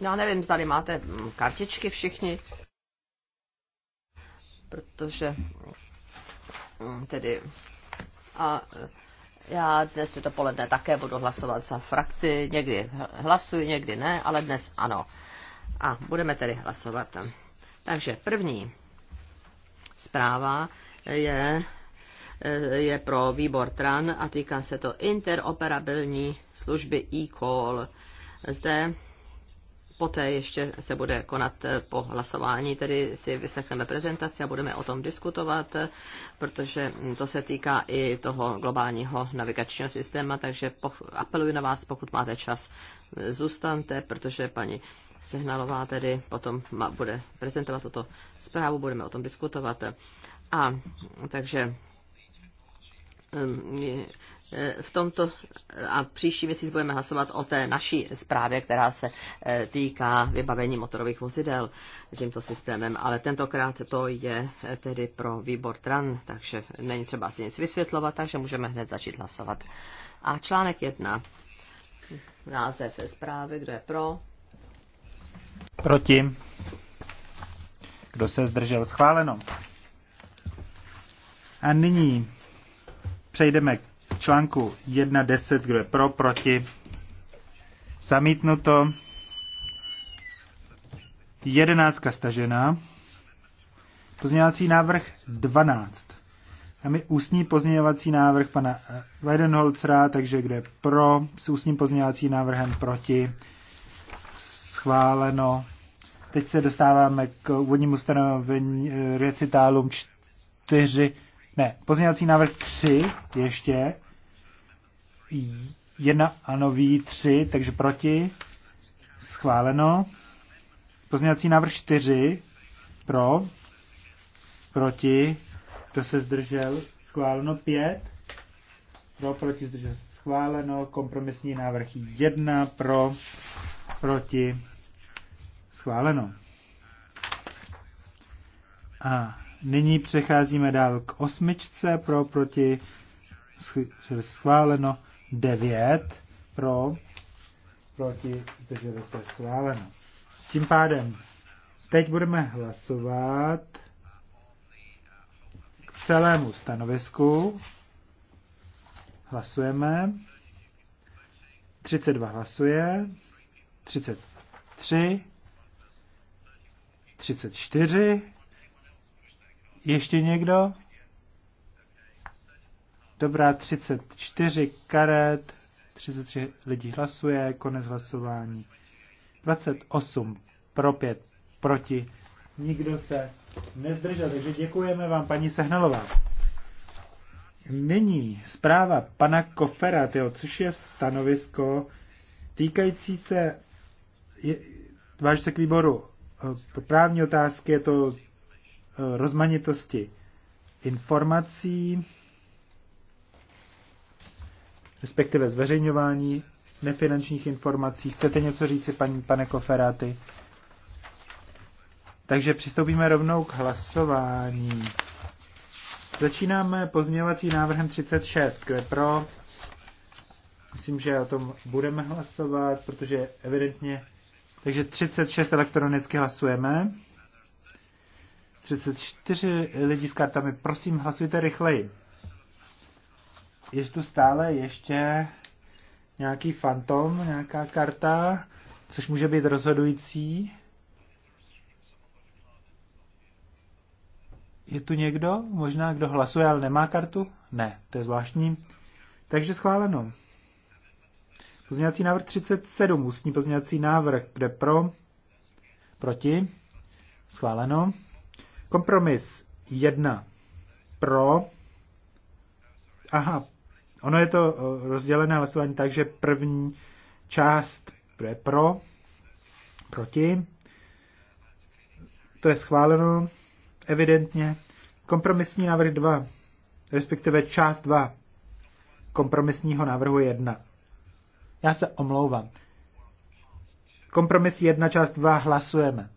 já nevím, zda máte kartičky všichni, protože Mm, tedy a eh, já dnes dopoledne také budu hlasovat za frakci, někdy hlasuji, někdy ne, ale dnes ano. A budeme tedy hlasovat. Takže první zpráva je, eh, je pro výbor TRAN a týká se to interoperabilní služby e-call. Zde Poté ještě se bude konat eh, po hlasování, tedy si vyslechneme prezentaci a budeme o tom diskutovat, eh, protože hm, to se týká i toho globálního navigačního systému, takže apeluji na vás, pokud máte čas, eh, zůstaňte, protože paní Sehnalová tedy potom bude prezentovat tuto zprávu, budeme o tom diskutovat. A takže Ehm, eh, v tomto eh, a příští měsíc budeme hlasovat o té naší zprávě, která se eh, týká vybavení motorových vozidel tímto systémem, ale tentokrát to je tedy pro výbor TRAN, takže není třeba si nic vysvětlovat, takže můžeme hned začít hlasovat. A článek 1. Název zprávy, kdo je pro? Proti. Kdo se zdržel? Schváleno. A nyní Přejdeme k článku 1.10, kdo je pro, proti. Zamítnuto. Jedenáctka stažená. Pozměňovací návrh 12. A my ústní pozměňovací návrh pana eh, Weidenholzera, takže kde pro s ústním pozměňovacím návrhem proti schváleno. Teď se dostáváme k úvodnímu stanovení eh, recitálům 4 ne, pozměňovací návrh 3 ještě. Jedna a nový 3, takže proti. Schváleno. Pozměňovací návrh 4 pro. Proti. Kdo se zdržel? Schváleno 5. Pro, proti, zdržel schváleno. Kompromisní návrh 1 pro, proti, schváleno. A Nyní přecházíme dál k osmičce pro proti schváleno 9 pro proti zdrželi se schváleno. Tím pádem teď budeme hlasovat k celému stanovisku. Hlasujeme. 32 hlasuje. 33. 34. Ještě někdo? Dobrá, 34 karet, 33 lidí hlasuje, konec hlasování. 28 pro 5 proti. Nikdo se nezdržel, takže děkujeme vám, paní Sehnalová. Nyní zpráva pana Koferatyho, což je stanovisko týkající se, je, se k výboru eh, právní otázky, je to rozmanitosti informací, respektive zveřejňování nefinančních informací. Chcete něco říci, paní, pane Koferáty? Takže přistoupíme rovnou k hlasování. Začínáme pozměňovací návrhem 36, je pro. Myslím, že o tom budeme hlasovat, protože evidentně... Takže 36 elektronicky hlasujeme. 34 lidí s kartami. Prosím, hlasujte rychleji. Je tu stále ještě nějaký fantom, nějaká karta, což může být rozhodující. Je tu někdo? Možná kdo hlasuje, ale nemá kartu? Ne, to je zvláštní. Takže schváleno. Pozměňovací návrh 37, ústní pozměňovací návrh, kde pro, proti, schváleno. Kompromis 1 pro. Aha, ono je to eh, rozdělené hlasování tak, že první část je pro, proti. To je schváleno evidentně. Kompromisní návrh 2, respektive část 2 kompromisního návrhu 1. Já se omlouvám. Kompromis 1, část 2 hlasujeme.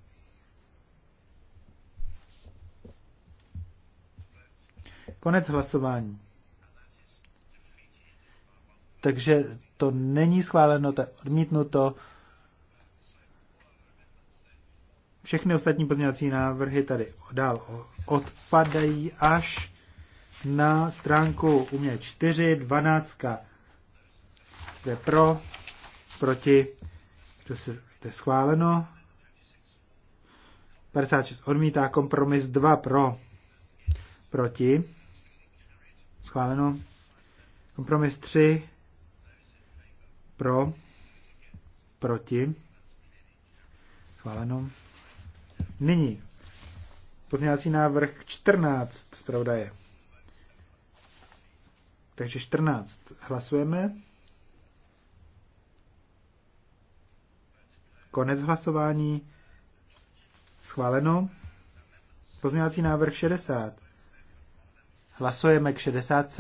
Konec hlasování. Takže to není schváleno, to je odmítnuto. Všechny ostatní pozměňovací návrhy tady dál odpadají až na stránku u mě 4, 12, kde pro, proti, to se zde schváleno. 56 odmítá kompromis 2 pro, proti Schváleno. Kompromis 3. Pro. Proti. Schváleno. Nyní. Pozměňovací návrh 14 zpravodaje. Takže 14. Hlasujeme. Konec hlasování. Schváleno. Pozměňovací návrh 60. Hlasujeme k 60.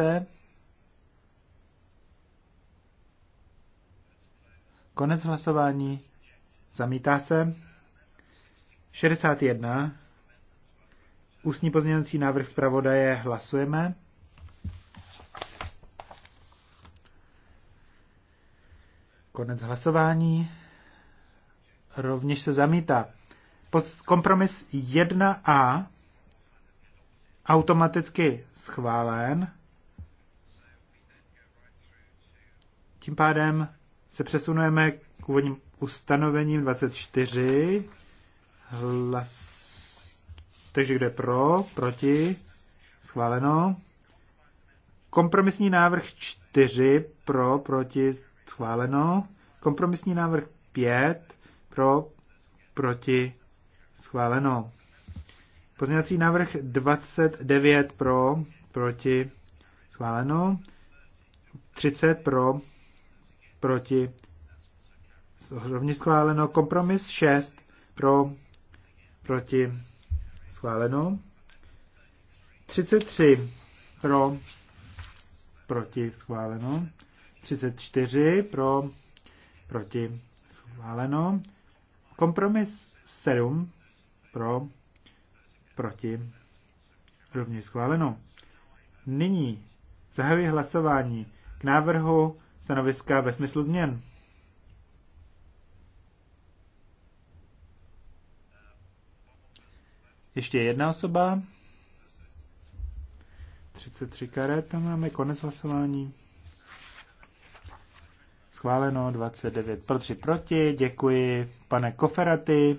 Konec hlasování. Zamítá se. 61. Ústní pozměňovací návrh zpravodaje hlasujeme. Konec hlasování. Rovněž se zamítá. Kompromis 1a automaticky schválen. Tím pádem se přesunujeme k úvodním ustanovením 24. Hlas... Takže kde pro, proti, schváleno. Kompromisní návrh 4, pro, proti, schváleno. Kompromisní návrh 5, pro, proti, schváleno. Pozměňovací návrh 29 pro, proti, schváleno. 30 pro, proti, rovněž schváleno. Kompromis 6 pro, proti, schváleno. 33 pro, proti, schváleno. 34 pro, proti, schváleno. Kompromis 7 pro, proti, rovněž schváleno. Nyní zahajuji hlasování k návrhu stanoviska ve smyslu změn. Ještě jedna osoba. 33 karet, tam máme konec hlasování. Schváleno 29 pro 3 proti. Děkuji, pane Koferaty.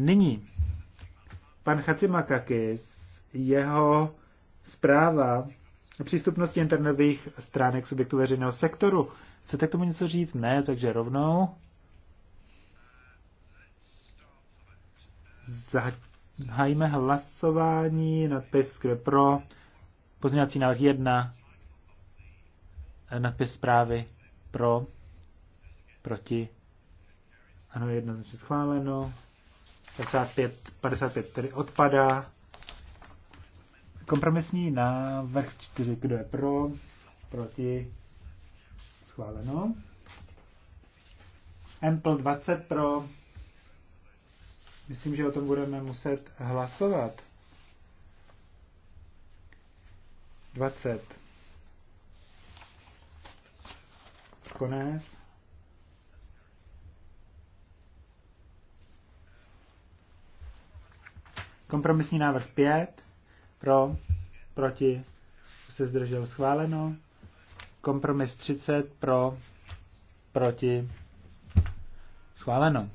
Nyní, pan Chacimakakis, jeho zpráva o přístupnosti internetových stránek subjektu veřejného sektoru. Chcete k tomu něco říct? Ne, takže rovnou. Zahájíme hlasování, nadpis kde pro, pozměňovací návrh 1, nadpis zprávy pro, proti, ano, jednoznačně schváleno. 55, 55 tedy odpadá. Kompromisní návrh 4, kdo je pro, proti, schváleno. Ample 20 pro, myslím, že o tom budeme muset hlasovat. 20. Konec. Kompromisní návrh 5. Pro, proti, se zdržel schváleno. Kompromis 30 pro, proti, schváleno.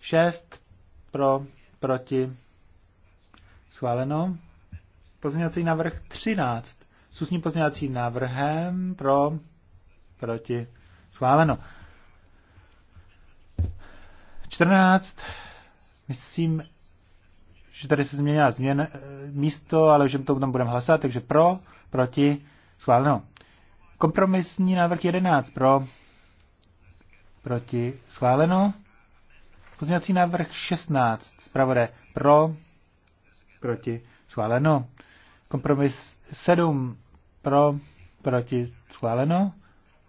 6 pro, proti, schváleno. Pozměňovací návrh 13 s ústním pozměňovacím návrhem pro, proti, schváleno. 14, myslím, že tady se změnila změn eh, místo, ale že to tam budeme hlasovat, takže pro, proti, schváleno. Kompromisní návrh 11 pro, proti, schváleno. Pozměňovací návrh 16, zpravodaj pro, proti, schváleno. Kompromis 7 pro, proti, schváleno.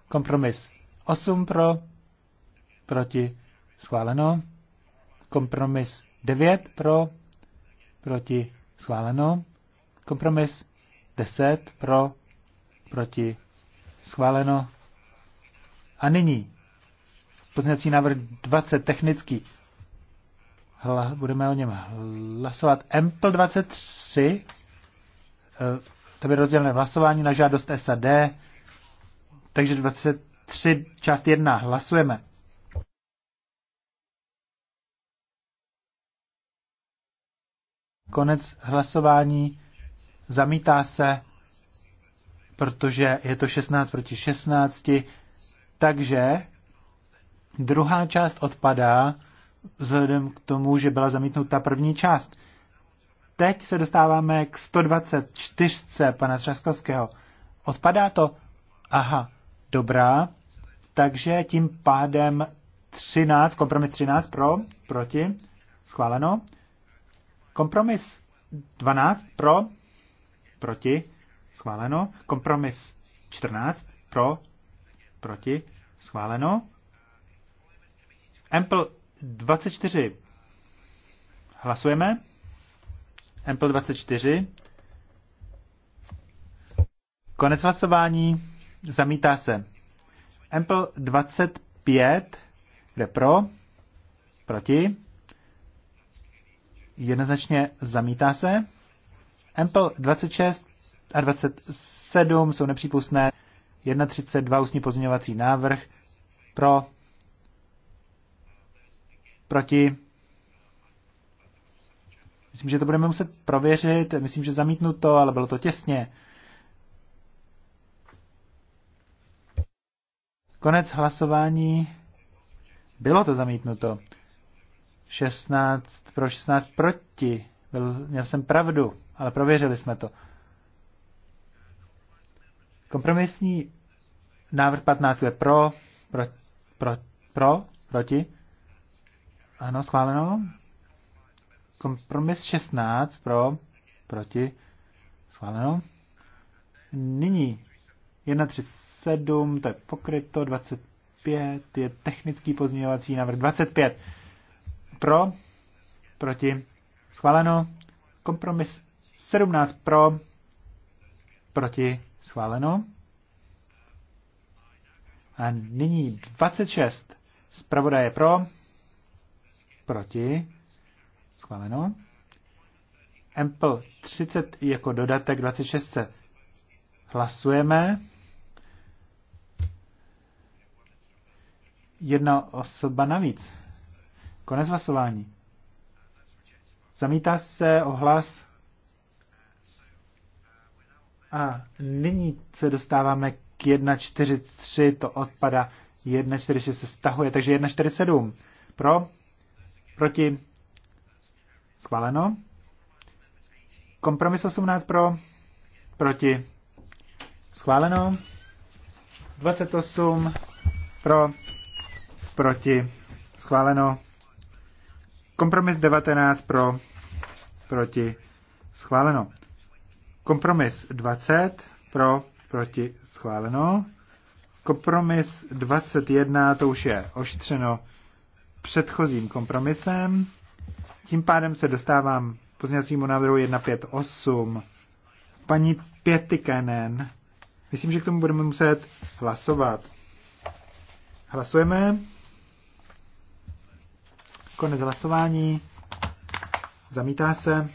Kompromis 8 pro, proti, schváleno. Kompromis 9 pro, proti, schváleno. Kompromis 10 pro, proti, schváleno. A nyní pozněcí návrh 20 technický. Hla, budeme o něm hlasovat. MPL 23, eh, to by rozdělené hlasování na žádost SAD, takže 23 část 1 hlasujeme. Konec hlasování. Zamítá se, protože je to 16 proti 16. Takže druhá část odpadá vzhledem k tomu, že byla zamítnuta první část. Teď se dostáváme k 124. pana Třaskovského. Odpadá to? Aha, dobrá. Takže tím pádem 13, kompromis 13 pro, proti, schváleno. Kompromis 12 pro, proti, schváleno. Kompromis 14 pro, proti, schváleno. Ample 24 hlasujeme. Ample 24. Konec hlasování. Zamítá se. Ample 25. Kde pro? Proti? jednoznačně zamítá se. Ample 26 a 27 jsou nepřípustné. 1.32 ústní pozměňovací návrh pro proti Myslím, že to budeme muset prověřit. Myslím, že zamítnu to, ale bylo to těsně. Konec hlasování. Bylo to zamítnuto. 16 pro 16 proti. Byl, měl jsem pravdu, ale prověřili jsme to. Kompromisní návrh 15 je pro, pro, pro, pro proti. Ano, schváleno. Kompromis 16 pro, proti. Schváleno. Nyní 1.37, to je pokryto, 25 je technický pozměňovací návrh, 25 pro, proti, schváleno. Kompromis 17 pro, proti, schváleno. A nyní 26. Zpravodaje pro, proti, schváleno. Ample 30 jako dodatek 26 hlasujeme. Jedna osoba navíc. Konec hlasování. Zamítá se ohlas. A nyní se dostáváme k 1.43, to odpada. 1.46 se stahuje, takže 1.47. Pro, proti, schváleno. Kompromis 18 pro, proti, schváleno. 28 pro, proti, schváleno. Kompromis 19 pro, proti, schváleno. Kompromis 20 pro, proti, schváleno. Kompromis 21, to už je ošetřeno předchozím kompromisem. Tím pádem se dostávám k pozněcímu návrhu 158. Paní Pětikenen, myslím, že k tomu budeme muset hlasovat. Hlasujeme. Konec hlasování. Zamítá se.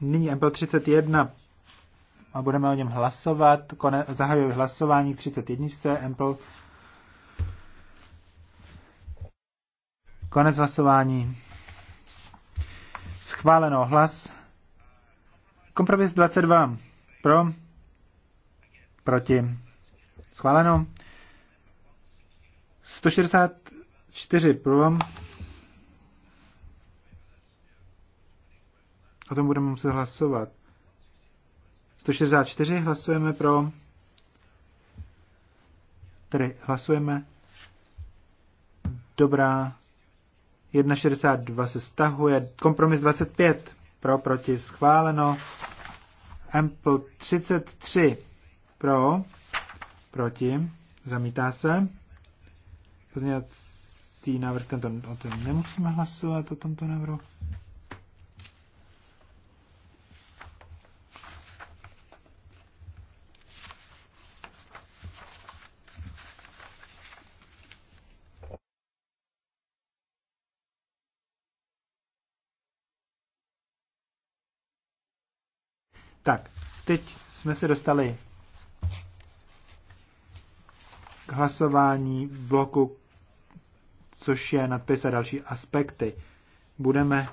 Nyní MP31 a budeme o něm hlasovat. Kone, zahajuji hlasování k 31. Ample. Konec hlasování. Schváleno hlas. Kompromis 22. Pro. Proti. Schváleno. 160, 4 pro. vám. O tom budeme muset hlasovat. 164 hlasujeme pro. Tedy hlasujeme. Dobrá. 1,62 se stahuje. Kompromis 25. Pro, proti, schváleno. Ample 33. Pro, proti, zamítá se. Pozměňovací hlasovací návrh, tento, o tom nemusíme hlasovat, o tomto návrhu. Tak, teď jsme se dostali k hlasování bloku což je nadpis a další aspekty. Budeme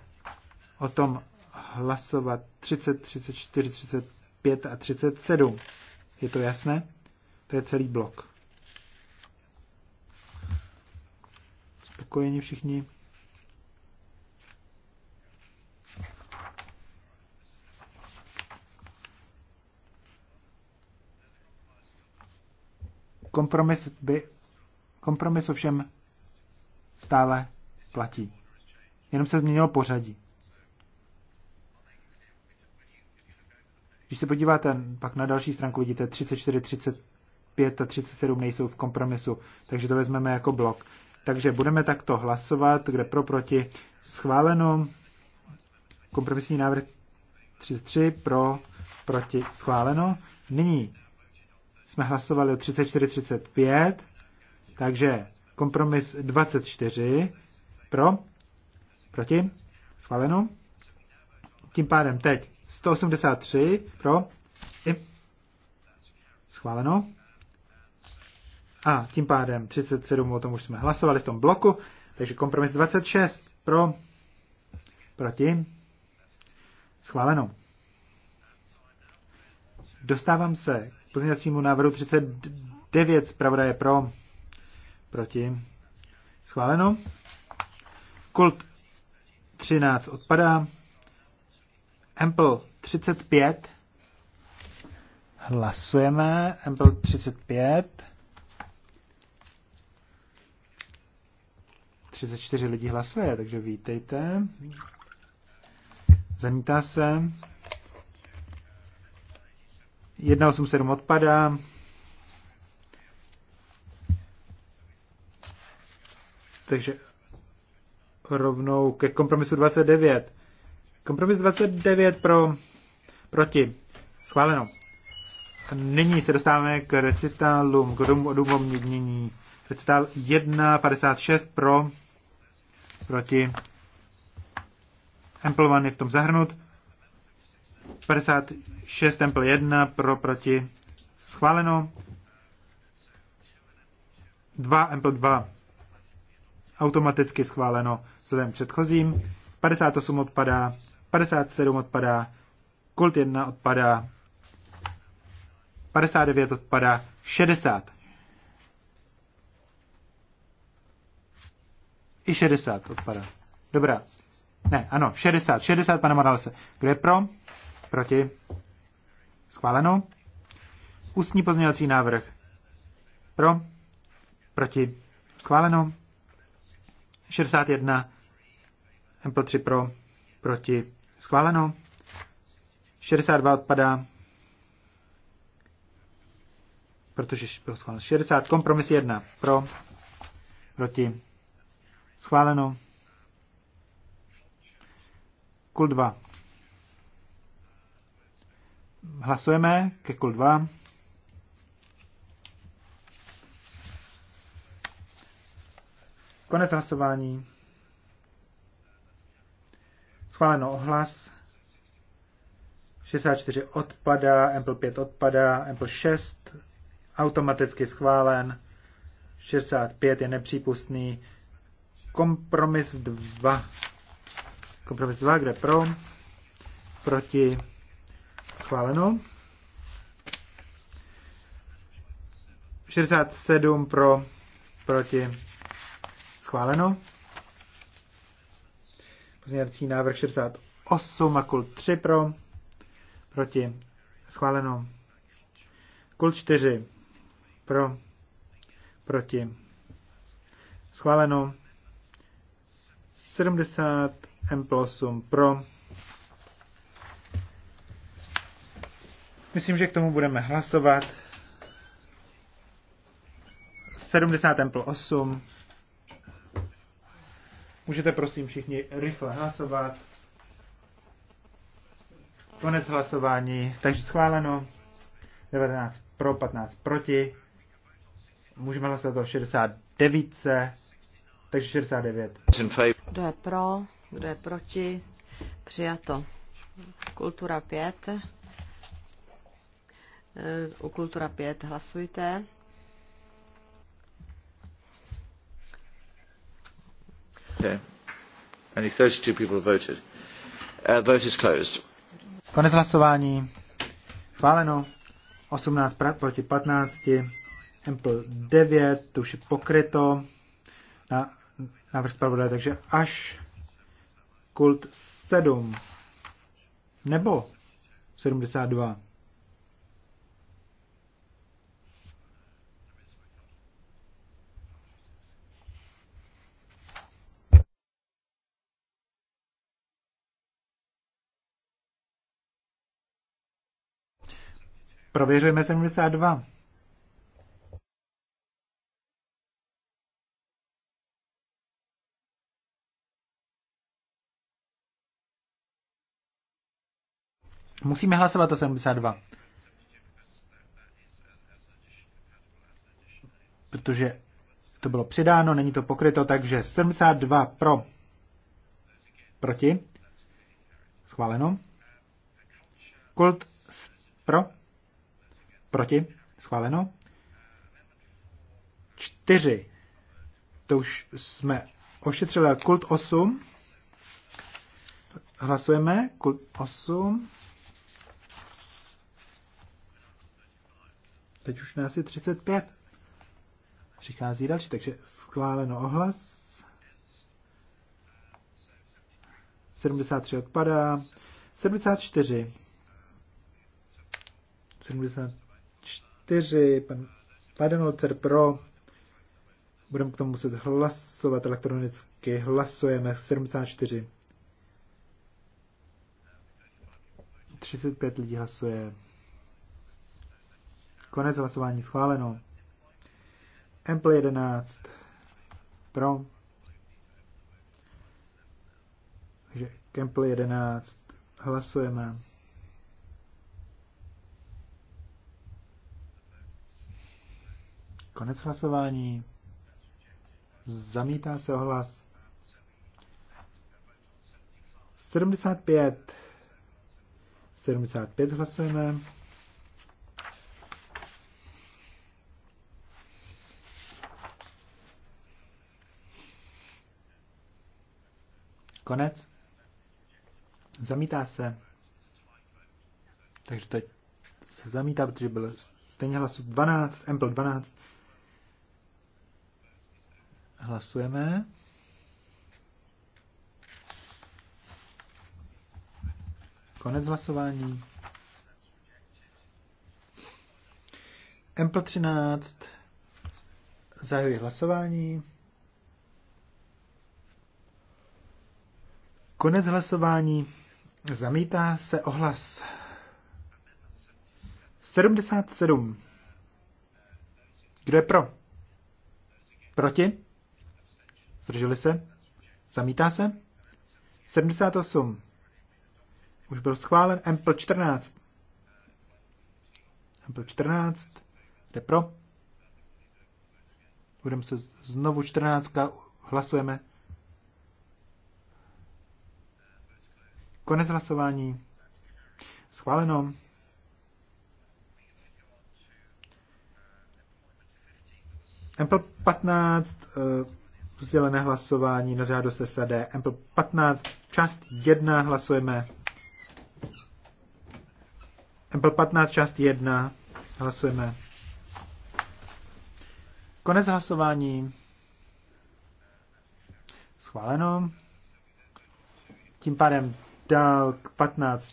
o tom hlasovat 30, 34, 35 a 37. Je to jasné? To je celý blok. Spokojeni všichni? Kompromis by kompromis ovšem stále platí. Jenom se změnilo pořadí. Když se podíváte pak na další stránku, vidíte 34, 35 a 37 nejsou v kompromisu, takže to vezmeme jako blok. Takže budeme takto hlasovat, kde pro, proti, schváleno, kompromisní návrh 33, pro, proti, schváleno. Nyní jsme hlasovali o 34, 35, takže Kompromis 24 pro, proti, schváleno. Tím pádem teď 183 pro, i, schváleno. A tím pádem 37, o tom už jsme hlasovali v tom bloku, takže kompromis 26 pro, proti, schváleno. Dostávám se k pozměňovacímu návrhu 39 zpravodaje pro, Proti. Schváleno. Kult 13 odpadá. Ample 35. Hlasujeme. Ample 35. 34 lidí hlasuje, takže vítejte. Zamítá se. 187 odpadá. Takže rovnou ke kompromisu 29. Kompromis 29 pro, proti. Schváleno. A nyní se dostáváme k recitálům, k důvodům mění. Recital 1.56 pro, proti. Ample 1 je v tom zahrnut. 56 empl 1 pro, proti. Schváleno. 2 empl 2 automaticky schváleno vzhledem předchozím. 58 odpadá, 57 odpadá, kult 1 odpadá, 59 odpadá, 60. I 60 odpadá. Dobrá. Ne, ano, 60. 60, pane Moralese. Kdo je pro? Proti? Schváleno. Ústní pozměňovací návrh. Pro? Proti? Schváleno. 61 MP3 pro, proti schváleno. 62 odpadá, protože byl schváleno. 60, kompromis 1 pro, proti schváleno. Kul 2. Hlasujeme ke kul 2. Konec hlasování. Schváleno ohlas. 64 odpadá, Apple 5 odpadá, Apple 6 automaticky schválen, 65 je nepřípustný, kompromis 2. Kompromis 2, kde pro, proti, schváleno. 67 pro, proti, Schváleno. Pozměňovací návrh 68 a kult 3 pro. Proti. Schváleno. Kult 4 pro. Proti. Schváleno. 70 M plus pro. Myslím, že k tomu budeme hlasovat. 70 M plus 8. Můžete prosím všichni rychle hlasovat. Konec hlasování, takže schváleno. 19 pro, 15 proti. Můžeme hlasovat o 69, takže 69. Kdo je pro, kdo je proti? Přijato. Kultura 5. U Kultura 5 hlasujte. Only 32 people voted. Uh, vote is closed. Konec hlasování. Chváleno. 18 proti 15. Ample 9, to už je pokryto na návrh zpravodaje, takže až kult 7 nebo 72. Prověřujeme 72. Musíme hlasovat o 72. Protože to bylo přidáno, není to pokryto, takže 72 pro, proti, schváleno. Kult pro, Proti? Schváleno. Čtyři. To už jsme ošetřili. Kult 8. Hlasujeme. Kult 8. Teď už nás je 35. Přichází další, takže schváleno ohlas. 73 odpadá. 74. 70. 4, pan Weidenholzer pro, budeme k tomu muset hlasovat elektronicky, hlasujeme 74. 35 lidí hlasuje. Konec hlasování schváleno. Ample 11 pro. Takže Ample 11 hlasujeme. Konec hlasování. Zamítá se ohlas. 75. 75 hlasujeme. Konec. Zamítá se. Takže teď se zamítá, protože bylo stejně hlasů 12, Ample 12, Hlasujeme. Konec hlasování. mp 13. zahajuje hlasování. Konec hlasování. Zamítá se ohlas. 77. Kdo je pro? Proti? Zdrželi se? Zamítá se? 78. Už byl schválen. Ample 14. Ample 14. Jde pro. Budeme se znovu 14. Hlasujeme. Konec hlasování. Schváleno. Ample eh, 15 sdělené hlasování na žádost SAD. mp 15, část 1 hlasujeme. mp 15, část 1 hlasujeme. Konec hlasování. Schváleno. Tím pádem dál k 15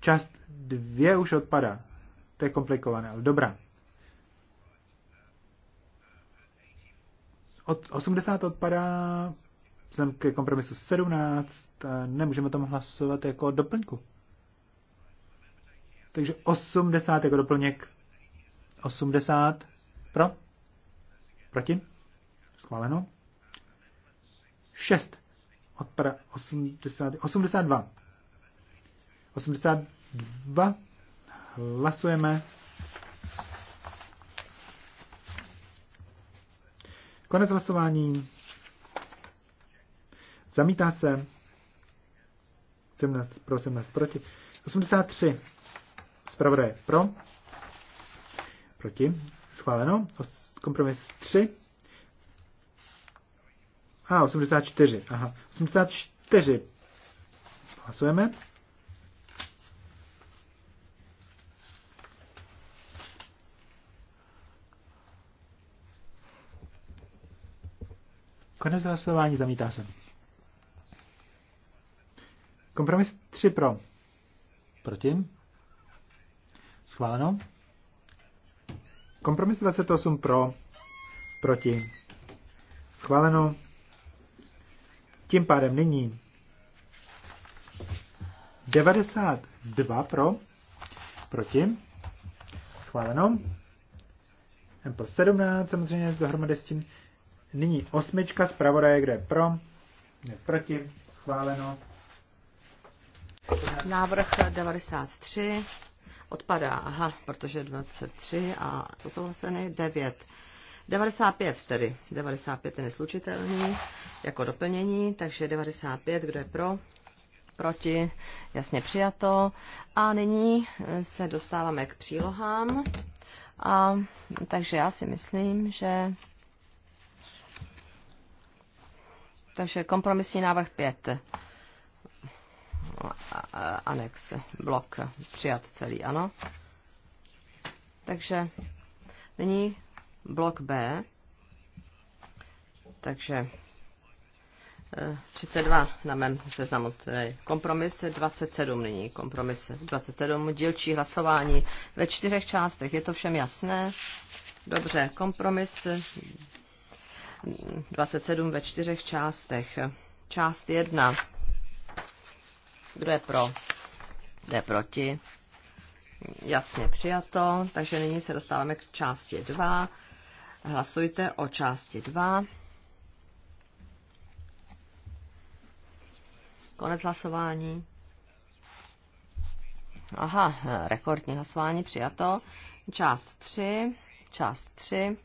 Část dvě už odpadá. To je komplikované, ale dobrá. Od 80 odpadá vzhledem ke kompromisu 17, nemůžeme tam hlasovat jako doplňku. Takže 80 jako doplněk. 80 pro? Proti? Schváleno. 6 odpada 80, 82 82. Hlasujeme. Konec hlasování. Zamítá se. 17 pro, 17 proti. 83. Zpravodaje pro. Proti. Schváleno. Kompromis 3. A, 84. Aha. 84. Hlasujeme. Konec hlasování zamítá se. Kompromis 3 pro. Proti. Schváleno. Kompromis 28 pro. Proti. Schváleno. Tím pádem nyní 92 pro. Proti. Schváleno. M plus 17 samozřejmě dohromady s tím. Nyní osmička zpravodaje, kde je pro, kde je proti, schváleno. Návrh 93 odpadá, aha, protože 23 a co jsou vlastně 9. 95 tedy, 95 je neslučitelný jako doplnění, takže 95, kdo je pro, proti, jasně přijato. A nyní se dostáváme k přílohám. A, takže já si myslím, že Takže kompromisní návrh 5. Anex, blok, přijat celý, ano. Takže nyní blok B. Takže 32 eh, na mém seznamu, tedy kompromis 27 nyní, kompromis 27, dílčí hlasování ve čtyřech částech, je to všem jasné? Dobře, kompromis 27 ve čtyřech částech. Část 1. Kdo je pro? Kdo je proti? Jasně přijato, takže nyní se dostáváme k části 2. Hlasujte o části 2. Konec hlasování. Aha, rekordní hlasování přijato. Část 3. Část 3.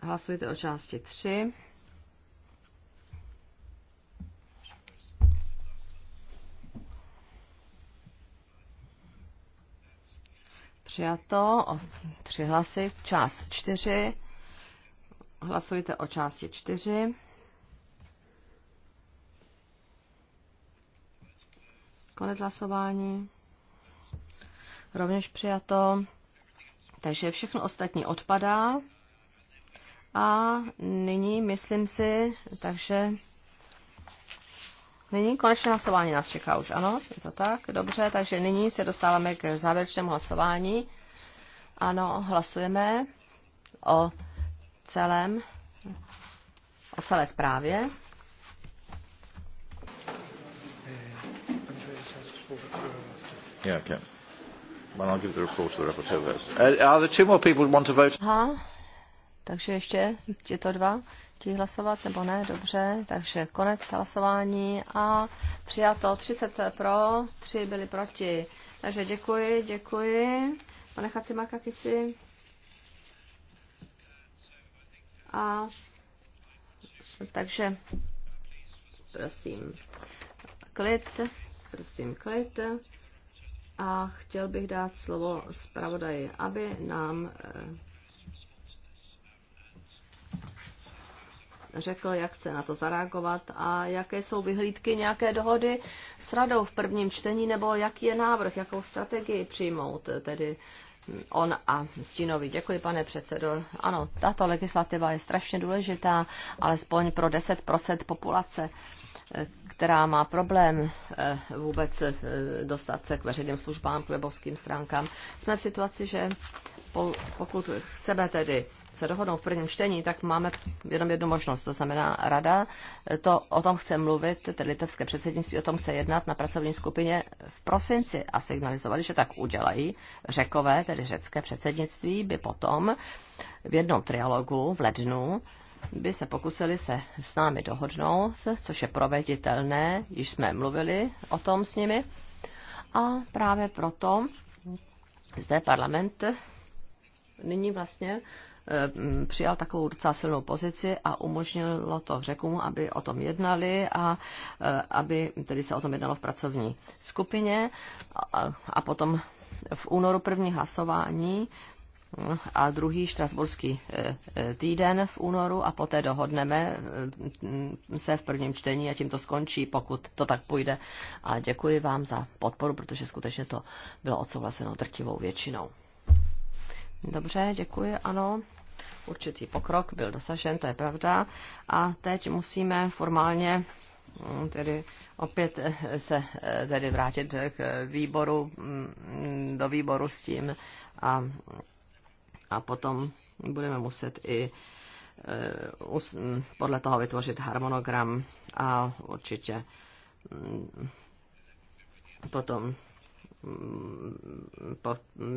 Hlasujte o části 3. Přijato o tři hlasy. Část 4. Hlasujte o části 4. Konec hlasování. Rovněž přijato. Takže všechno ostatní odpadá. A nyní, myslím si, takže Nyní konečné hlasování nás čeká už, ano, je to tak, dobře, takže nyní se dostáváme k závěrečnému hlasování. Ano, hlasujeme o celém, o celé zprávě. Yeah, okay. Well, I'll give the report to the rapporteur first. Uh, are there two more people who want to vote? Huh? Takže ještě tyto dva chtějí hlasovat, nebo ne? Dobře, takže konec hlasování a přijato 30 pro, 3 byli proti. Takže děkuji, děkuji. Pane Chacimaka Kisi. A takže prosím klid, prosím klid. A chtěl bych dát slovo zpravodaji, aby nám eh, řekl, jak chce na to zareagovat a jaké jsou vyhlídky nějaké dohody s radou v prvním čtení, nebo jaký je návrh, jakou strategii přijmout tedy hm, on a Stínovi. Děkuji, pane předsedo. Ano, tato legislativa je strašně důležitá, alespoň pro 10% populace, která má problém eh, vůbec eh, dostat se k veřejným službám, k webovským stránkám. Jsme v situaci, že pokud chceme tedy se dohodnou v prvním čtení, tak máme jenom jednu možnost, to znamená rada. Eh, to o tom chce mluvit, tedy litevské předsednictví o tom chce jednat na pracovní skupině v prosinci a signalizovali, že tak udělají. Řekové, tedy řecké předsednictví, by potom v jednom trialogu v lednu by se pokusili se s námi dohodnout, což je proveditelné, již jsme mluvili o tom s nimi. A právě proto zde parlament nyní vlastně Eh, přijal takovou docela silnou pozici a umožnilo to Řekům, aby o tom jednali a eh, aby tedy se o tom jednalo v pracovní skupině. A potom v únoru první hlasování a druhý štrasburský eh, týden v únoru a poté dohodneme se v prvním čtení a tím to skončí, pokud to tak půjde. A děkuji vám za podporu, protože skutečně to bylo odsouhlaseno drtivou většinou. Dobře, děkuji, ano určitý pokrok byl dosažen, to je pravda. A teď musíme formálně mm, tedy opět eh, se eh, tedy vrátit k výboru, mm, do výboru s tím a, a potom budeme muset i eh, mm, podle toho vytvořit harmonogram a určitě potom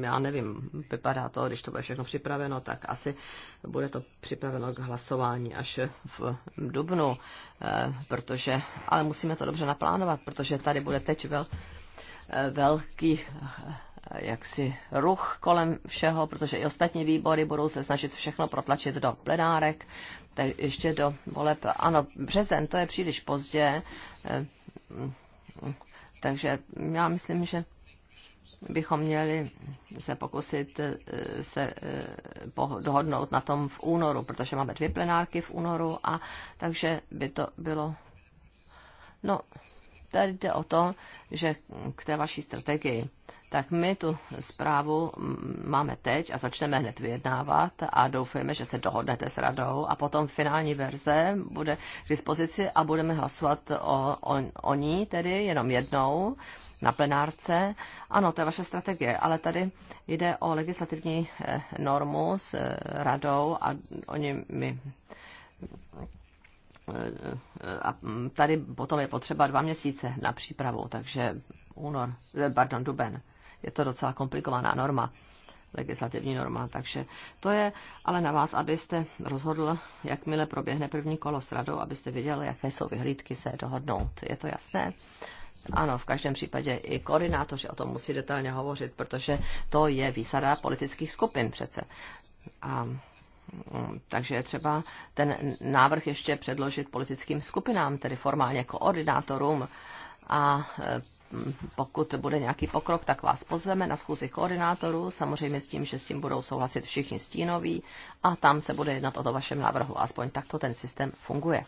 já nevím, vypadá to, když to bude všechno připraveno, tak asi bude to připraveno k hlasování až v dubnu, eh, protože, ale musíme to dobře naplánovat, protože tady bude teď vel, eh, velký eh, jaksi ruch kolem všeho, protože i ostatní výbory budou se snažit všechno protlačit do plenárek, tak ještě do voleb. Ano, březen, to je příliš pozdě, takže já myslím, že bychom měli se pokusit eh, se eh, dohodnout na tom v únoru, protože máme dvě plenárky v únoru a takže by to bylo, no Tady jde o to, že k té vaší strategii, tak my tu zprávu máme teď a začneme hned vyjednávat a doufujeme, že se dohodnete s radou a potom finální verze bude k dispozici a budeme hlasovat o, o, o ní tedy jenom jednou na plenárce. Ano, to je vaše strategie, ale tady jde o legislativní eh, normu s eh, radou a oni mi a tady potom je potřeba dva měsíce na přípravu, takže únor, eh, pardon, duben. Je to docela komplikovaná norma, legislativní norma, takže to je ale na vás, abyste rozhodl, jakmile proběhne první kolo s radou, abyste věděl, jaké jsou vyhlídky se dohodnout. Je to jasné? Ano, v každém případě i koordinátoři o tom musí detailně hovořit, protože to je výsada politických skupin přece. A Mm, takže je třeba ten návrh ještě předložit politickým skupinám, tedy formálně koordinátorům. A mm, pokud bude nějaký pokrok, tak vás pozveme na schůzi koordinátorů, samozřejmě s tím, že s tím budou souhlasit všichni stínoví a tam se bude jednat o to vašem návrhu. Aspoň takto ten systém funguje.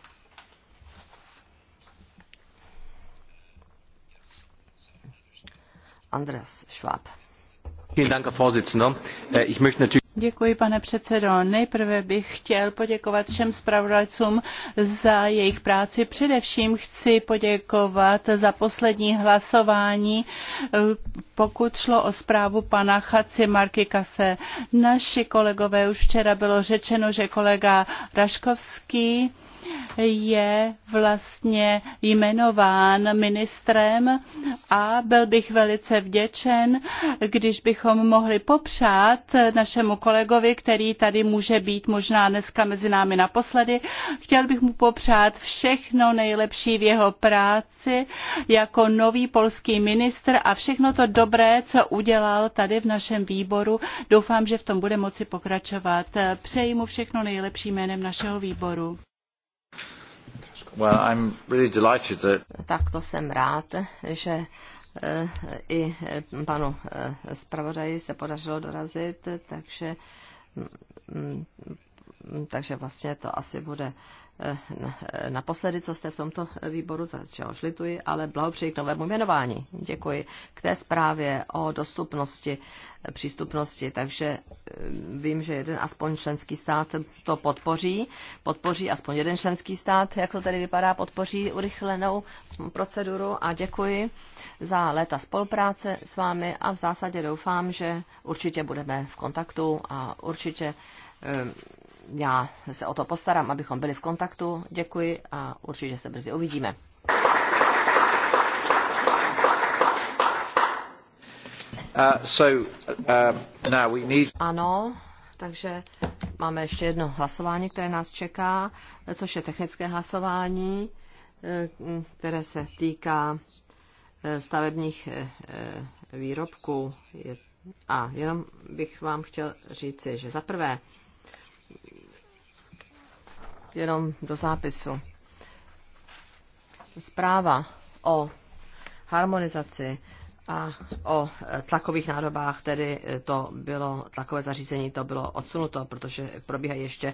Andreas Schwab. Vielen Dank, Herr Vorsitzender. Äh, ich möchte natürlich Děkuji, pane předsedo. Nejprve bych chtěl poděkovat všem zpravodajcům za jejich práci. Především chci poděkovat za poslední hlasování, pokud šlo o zprávu pana Chaci Marky Kase. Naši kolegové, už včera bylo řečeno, že kolega Raškovský je vlastně jmenován ministrem a byl bych velice vděčen, když bychom mohli popřát našemu kolegovi, který tady může být možná dneska mezi námi naposledy. Chtěl bych mu popřát všechno nejlepší v jeho práci jako nový polský ministr a všechno to dobré, co udělal tady v našem výboru. Doufám, že v tom bude moci pokračovat. Přeji mu všechno nejlepší jménem našeho výboru. Well, I'm really delighted that... Tak to jsem rád, že eh, i eh, panu eh, zpravodaji se podařilo dorazit, takže mm, mm, takže vlastně to asi bude Eh, naposledy, co jste v tomto výboru, začal šlituji, ale blahopřeji k novému jmenování. Děkuji. K té zprávě o dostupnosti, eh, přístupnosti, takže eh, vím, že jeden aspoň členský stát to podpoří, podpoří aspoň jeden členský stát, jak to tady vypadá, podpoří urychlenou proceduru a děkuji za léta spolupráce s vámi a v zásadě doufám, že určitě budeme v kontaktu a určitě já se o to postarám, abychom byli v kontaktu. Děkuji a určitě se brzy uvidíme. Uh, so, uh, now we need... Ano, takže máme ještě jedno hlasování, které nás čeká, což je technické hlasování, eh, které se týká eh, stavebních eh, výrobků. A jenom bych vám chtěl říci, že za prvé, jenom do zápisu. Zpráva o harmonizaci a o tlakových nádobách, tedy to bylo, tlakové zařízení to bylo odsunuto, protože probíhají ještě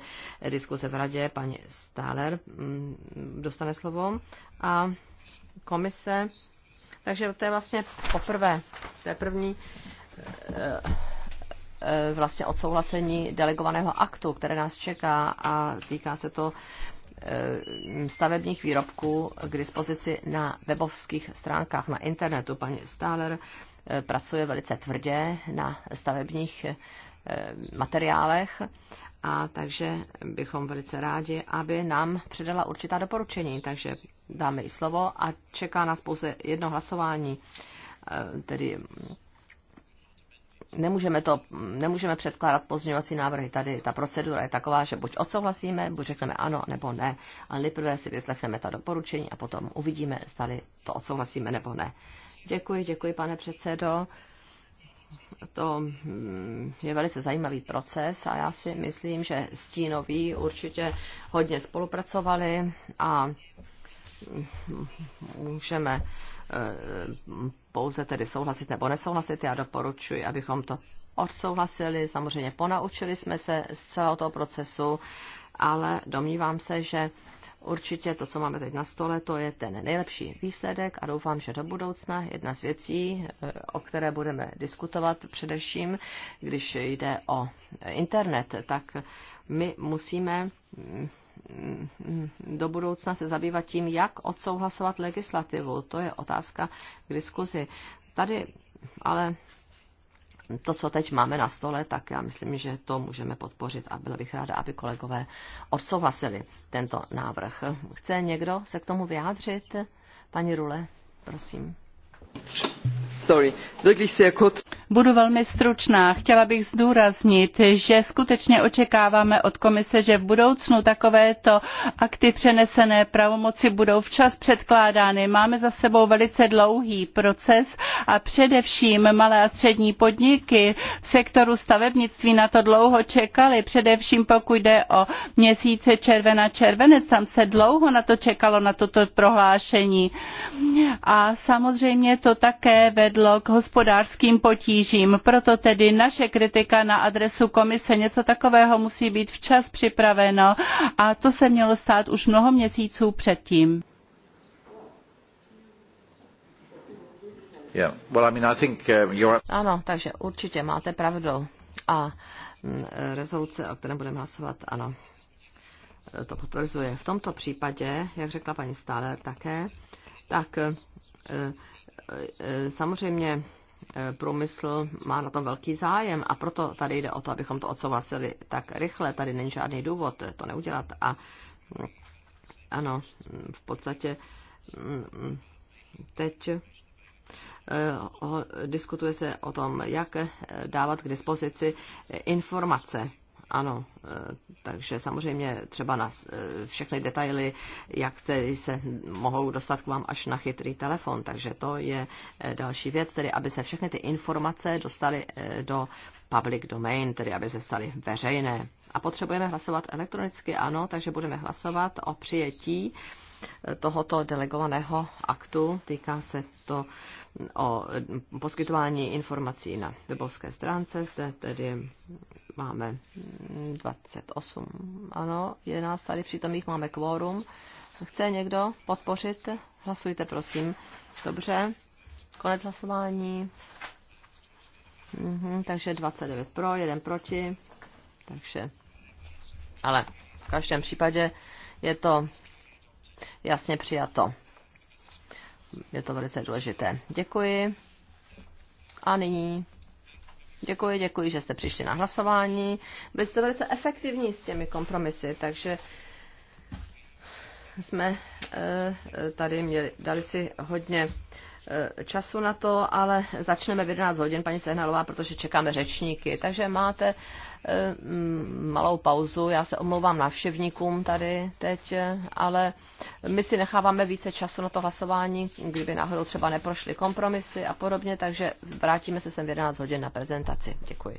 diskuse v radě, paní Stáler mm, dostane slovo a komise. Takže to je vlastně poprvé, to je první eh, Eh, vlastně odsouhlasení delegovaného aktu, které nás čeká a týká se to eh, stavebních výrobků k dispozici na webovských stránkách na internetu. Paní Stáler eh, pracuje velice tvrdě na stavebních materiálech a takže bychom velice rádi, aby nám předala určitá doporučení. Takže dáme i slovo a čeká nás pouze jedno hlasování, tedy nemůžeme, to, nemůžeme předkládat pozměňovací návrhy tady. Ta procedura je taková, že buď odsouhlasíme, buď řekneme ano, nebo ne. Ale nejprve si vyslechneme ta doporučení a potom uvidíme, zdali to odsouhlasíme nebo ne. Děkuji, děkuji, pane předsedo. To hm, je velice zajímavý proces a já si myslím, že stínoví určitě hodně spolupracovali a hm, můžeme Eh, pouze tedy souhlasit nebo nesouhlasit. Já doporučuji, abychom to odsouhlasili, samozřejmě ponaučili jsme se z celého toho procesu, ale domnívám se, že určitě to, co máme teď na stole, to je ten nejlepší výsledek a doufám, že do budoucna jedna z věcí, eh, o které budeme diskutovat především, když jde o internet, tak my musíme mm, Mm, do budoucna se zabývat tím, jak odsouhlasovat legislativu. To je otázka k diskuzi. Tady ale to, co teď máme na stole, tak já myslím, že to můžeme podpořit a byla bych ráda, aby kolegové odsouhlasili tento návrh. Chce někdo se k tomu vyjádřit? Paní Rule, prosím. Budu velmi stručná. Chtěla bych zdůraznit, že skutečně očekáváme od komise, že v budoucnu takovéto akty přenesené pravomoci budou včas předkládány. Máme za sebou velice dlouhý proces a především malé a střední podniky v sektoru stavebnictví na to dlouho čekali, především pokud jde o měsíce červen a červenec, tam se dlouho na to čekalo, na toto prohlášení. A samozřejmě to také ve vedlo k hospodářským potížím. Proto tedy naše kritika na adresu komise něco takového musí být včas připraveno a to se mělo stát už mnoho měsíců předtím. Yeah. Well, I mean, I think, uh, ano, takže určitě máte pravdu. A mm, rezoluce, o které budeme hlasovat, ano, to potvrzuje. V tomto případě, jak řekla paní Stále také, tak eh, samozřejmě eh, průmysl má na tom velký zájem a proto tady jde o to, abychom to odsouhlasili tak rychle. Tady není žádný důvod eh, to neudělat a mm, ano, v podstatě mm, teď eh, diskutuje se o tom, jak dávat k dispozici informace ano, e, takže samozřejmě třeba na e, všechny detaily, jak se mohou dostat k vám až na chytrý telefon, takže to je e, další věc, tedy aby se všechny ty informace dostaly do public domain, tedy aby se staly veřejné. A potřebujeme hlasovat elektronicky, ano, takže budeme hlasovat o přijetí tohoto delegovaného aktu. Týká se to o poskytování informací na webovské stránce, zde tedy máme 28, mm, ano, nás tady přítomných, máme kvórum. Chce někdo podpořit? Hlasujte, prosím. Dobře, konec hlasování. Mhm, takže 29 pro, 1 proti. Takže, ale v každém případě je to jasně přijato. Je to velice důležité. Děkuji. A nyní Děkuji, děkuji, že jste přišli na hlasování. Byli jste velice efektivní s těmi kompromisy, takže jsme eh, tady měli, dali si hodně eh, času na to, ale začneme v 11 hodin, paní Sehnalová, protože čekáme řečníky. Takže máte Eh, mm, malou pauzu. Já se omlouvám návštěvníkům tady teď, ale my si necháváme více času na to hlasování, kdyby náhodou třeba neprošly kompromisy a podobně, takže vrátíme se sem v 11 hodin na prezentaci. Děkuji.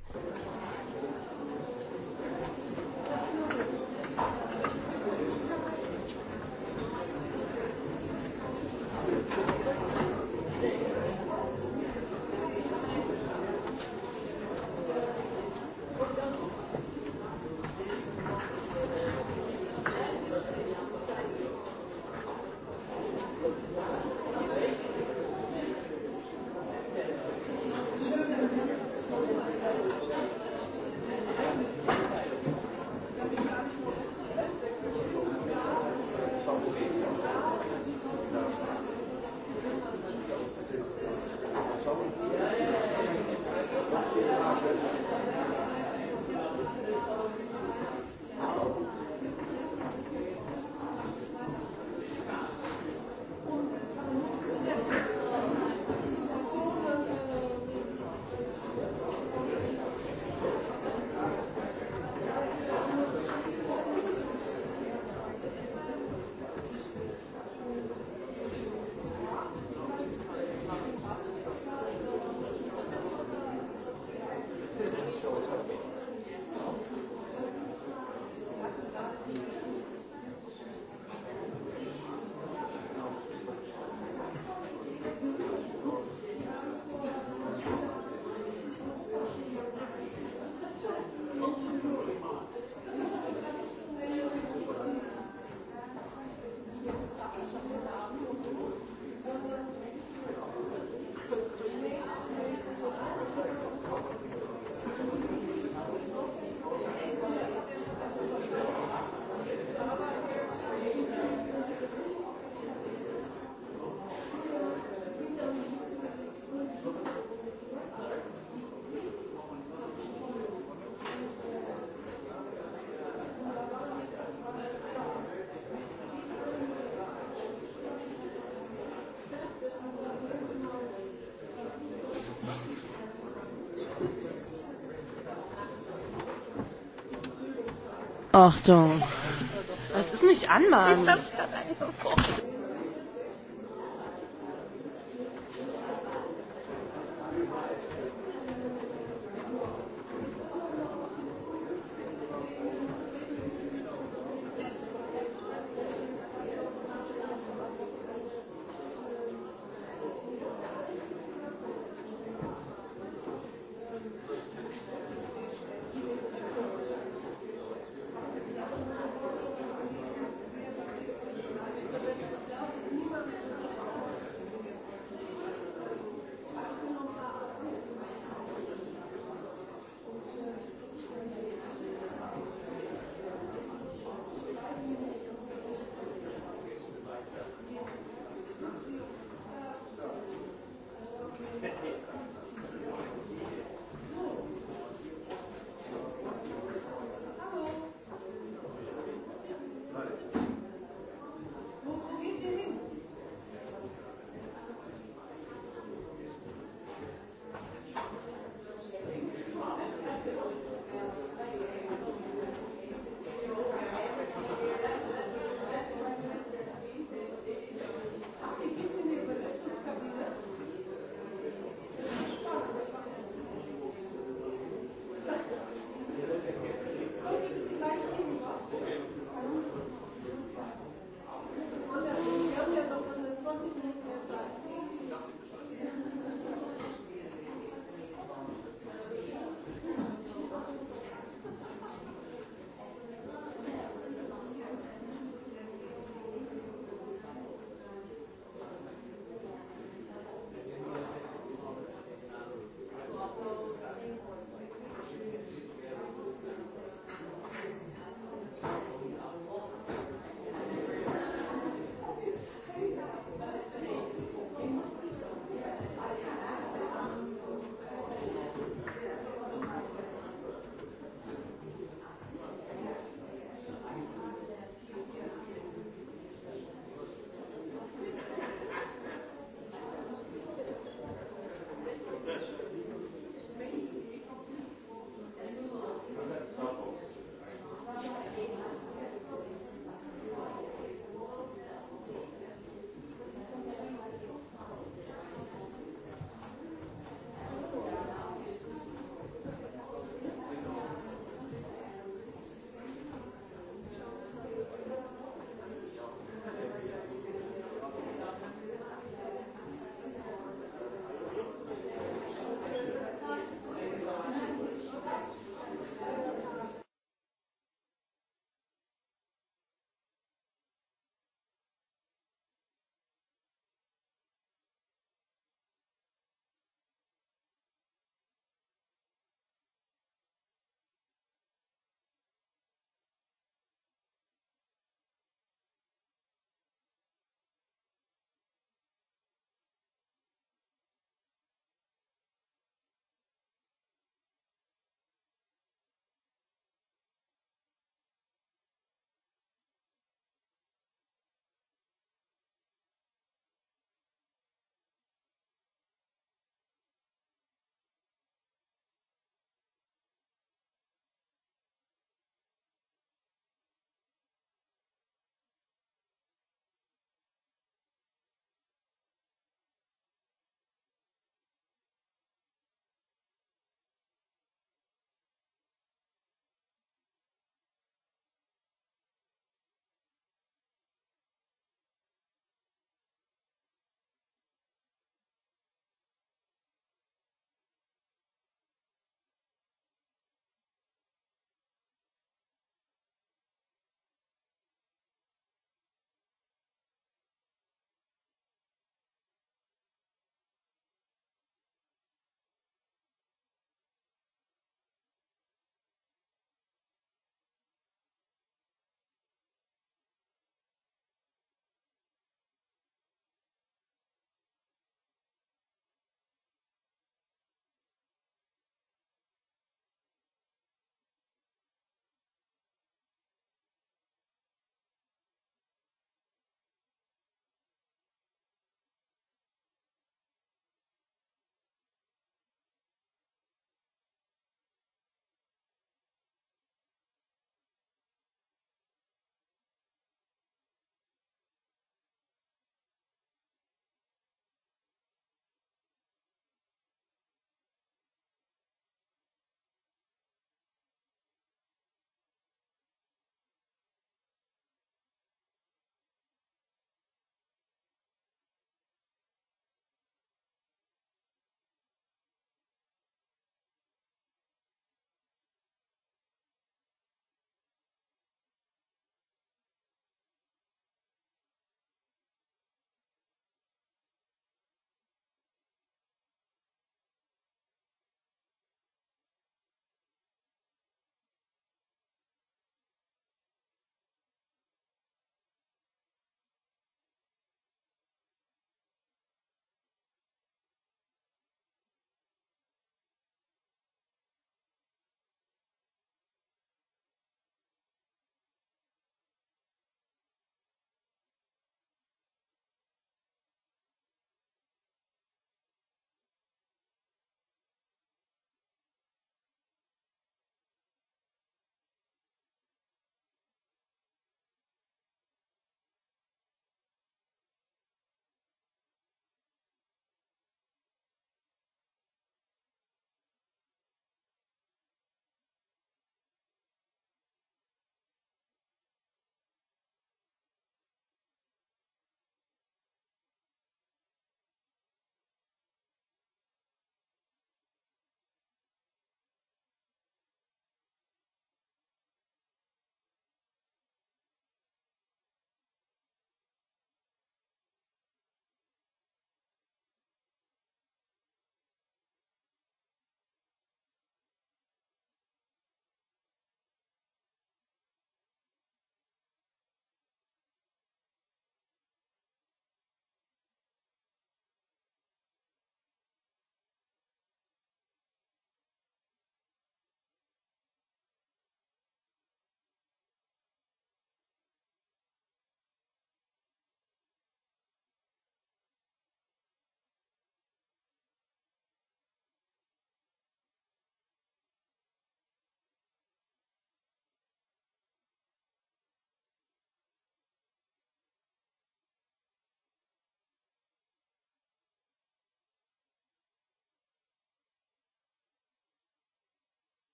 Achtung. Das ist nicht anmachen.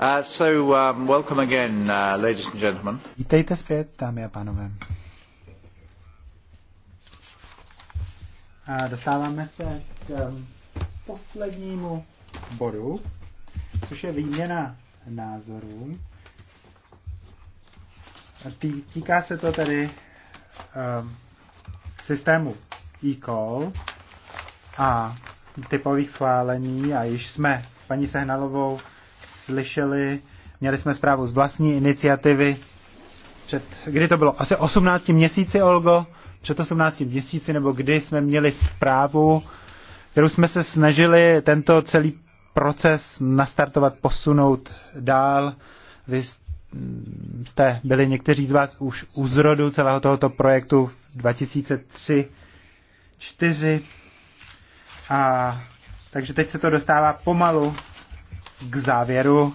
Uh, so, um, welcome again, uh, ladies and gentlemen. Vítejte zpět, dámy a pánové. A dostáváme se k um, poslednímu bodu, což je výměna názorů. Tý, týká se to tedy um, systému e-call a typových schválení a již jsme paní Sehnalovou slyšeli, měli jsme zprávu z vlastní iniciativy, před, kdy to bylo asi 18 měsíci, Olgo, před 18 měsíci, nebo kdy jsme měli zprávu, kterou jsme se snažili tento celý proces nastartovat, posunout dál. Vy jste mm, byli někteří z vás už u zrodu celého tohoto projektu v 2003 4 a takže teď se to dostává pomalu k závěru.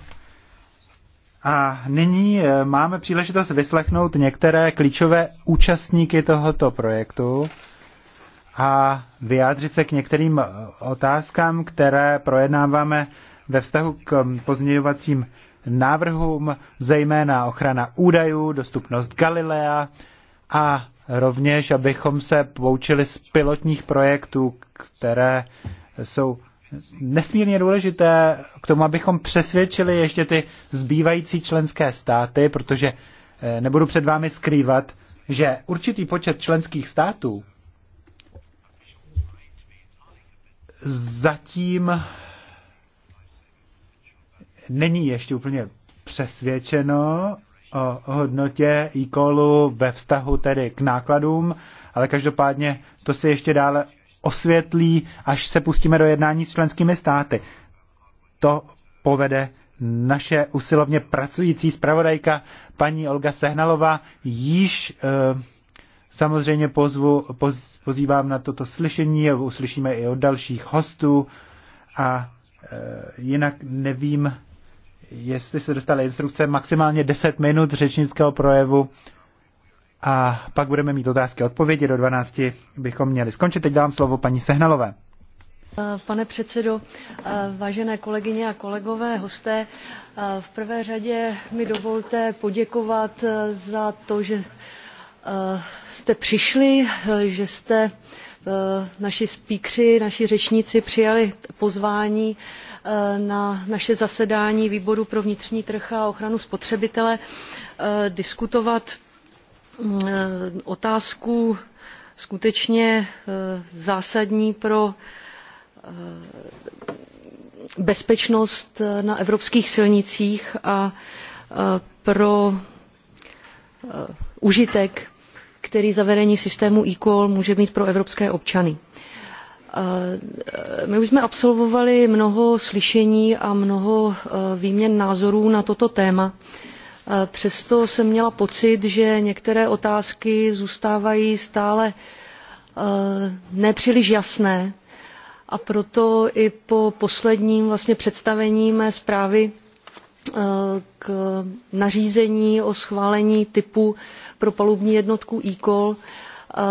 A nyní eh, máme příležitost vyslechnout některé klíčové účastníky tohoto projektu a vyjádřit se k některým eh, otázkám, které projednáváme ve vztahu k hm, pozměňovacím návrhům, zejména ochrana údajů, dostupnost Galilea a rovněž, abychom se poučili z pilotních projektů, které jsou nesmírně důležité k tomu, abychom přesvědčili ještě ty zbývající členské státy, protože eh, nebudu před vámi skrývat, že určitý počet členských států zatím není ještě úplně přesvědčeno o hodnotě e-callu ve vztahu tedy k nákladům, ale každopádně to se ještě dále osvětlí, až se pustíme do jednání s členskými státy. To povede naše usilovně pracující zpravodajka paní Olga Sehnalová. Již e, samozřejmě pozvu, poz, pozývám na toto slyšení, uslyšíme i od dalších hostů a e, jinak nevím, jestli se dostala instrukce maximálně 10 minut řečnického projevu a pak budeme mít otázky a odpovědi. Do 12 bychom měli skončit. Teď dám slovo paní Sehnalové. Pane předsedo, vážené kolegyně a kolegové, hosté, v prvé řadě mi dovolte poděkovat za to, že eh, jste přišli, že jste eh, naši spíkři, naši řečníci přijali pozvání eh, na naše zasedání výboru pro vnitřní trh a ochranu spotřebitele diskutovat Eh, otázku skutečně eh, zásadní pro eh, bezpečnost na evropských silnicích a pro užitek který zavedení systému ecall může mít pro evropské občany. My už jsme absolvovali mnoho slyšení a mnoho výměn názorů na toto téma. Přesto jsem měla pocit, že některé otázky zůstávají stále e, nepříliš jasné a proto i po posledním vlastně představení mé zprávy e, k nařízení o schválení typu pro palubní jednotku ecall Eh,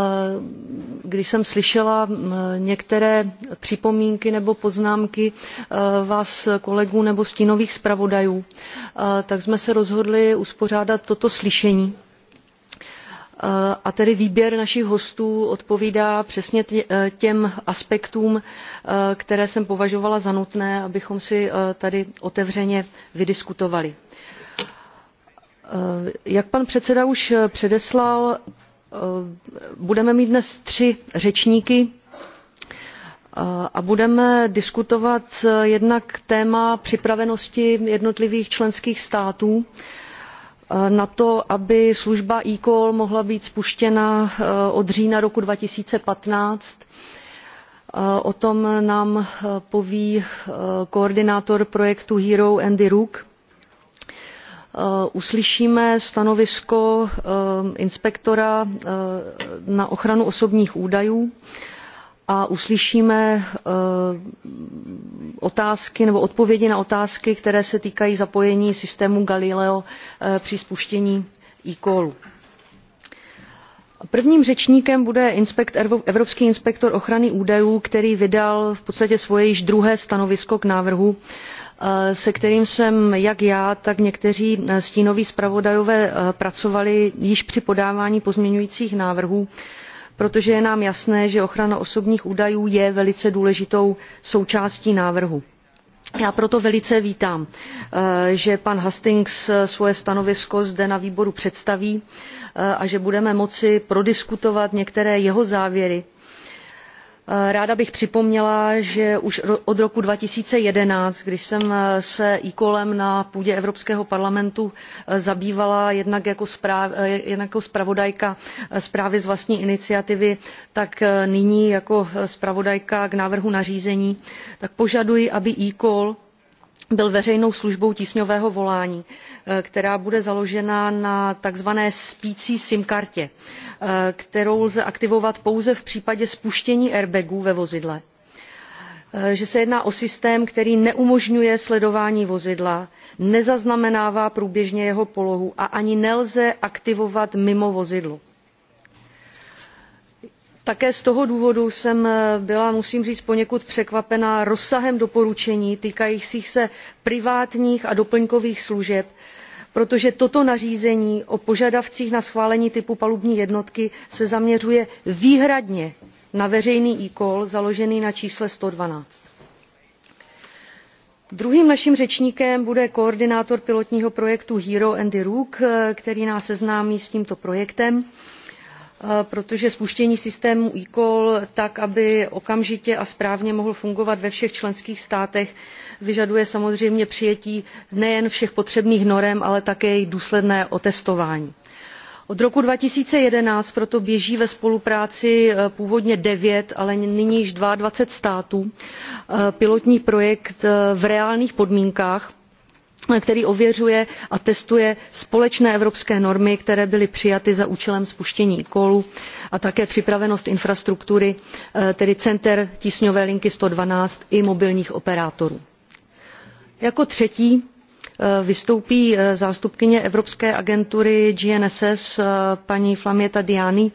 když jsem slyšela eh, některé připomínky nebo poznámky eh, vás kolegů nebo stínových zpravodajů tak jsme se rozhodli uspořádat toto slyšení a tedy výběr našich hostů odpovídá přesně těm aspektům které jsem považovala za nutné abychom si tady otevřeně vydiskutovali. jak pan předseda už předeslal Eh, budeme mít dnes tři řečníky eh, a budeme diskutovat eh, jednak téma připravenosti jednotlivých členských států na to aby služba ecall mohla být spuštěna od října roku two thousand and fifteen o tom nám poví koordinátor projektu hero andy rook Eh, uslyšíme stanovisko eh, inspektora eh, na ochranu osobních údajů a uslyšíme otázky nebo odpovědi na otázky které se týkají zapojení systému galileo při spuštění ecall. prvním řečníkem bude evropský inspektor ochrany údajů který vydal v podstatě svoje již druhé stanovisko k návrhu Eh, se kterým jsem jak já tak někteří eh, stínoví zpravodajové eh, pracovali již při podávání pozměňujících návrhů protože je nám jasné že ochrana osobních údajů je velice důležitou součástí návrhu. já proto velice vítám že pan hastings svoje stanovisko zde na výboru představí a že budeme moci prodiskutovat některé jeho závěry Eh, ráda bych připomněla že už od roku two thousand and eleven kdy jsem eh, se ecallem na půdě evropského parlamentu eh, zabývala jednak jako, jako zpravodajka zprávy z vlastní iniciativy tak nyní jako zpravodajka k návrhu nařízení tak požaduji aby ecall byl veřejnou službou tísňového volání eh, která bude založena na tzv. spící sim kartě eh, kterou lze aktivovat pouze v případě spuštění airbagů ve vozidle eh, že se jedná o systém který neumožňuje sledování vozidla nezaznamenává průběžně jeho polohu a ani nelze aktivovat mimo vozidlo také z toho důvodu jsem eh, byla musím říct poněkud překvapena rozsahem doporučení týkajících se privátních a doplňkových služeb protože toto nařízení o požadavcích na schválení typu palubní jednotky se zaměřuje výhradně na veřejný ecall založený na čísle. one hundred and twelve druhým naším řečníkem bude koordinátor pilotního projektu hero andy rook eh, který nás seznámí s tímto projektem a Eh, protože spuštění systému ecall tak aby okamžitě a správně mohl fungovat ve všech členských státech vyžaduje samozřejmě přijetí nejen všech potřebných norem ale také jejich důsledné otestování. od roku two thousand and eleven proto běží ve spolupráci eh, původně nine ale nyní již twenty two států eh, pilotní projekt v reálných podmínkách který ověřuje a testuje společné evropské normy které byly přijaty za účelem spuštění ecall a také připravenost infrastruktury eh, tedy center tísňové linky one hundred and twelve i mobilních operátorů. jako třetí eh, vystoupí eh, zástupkyně evropské agentury gnss paní flamietta diani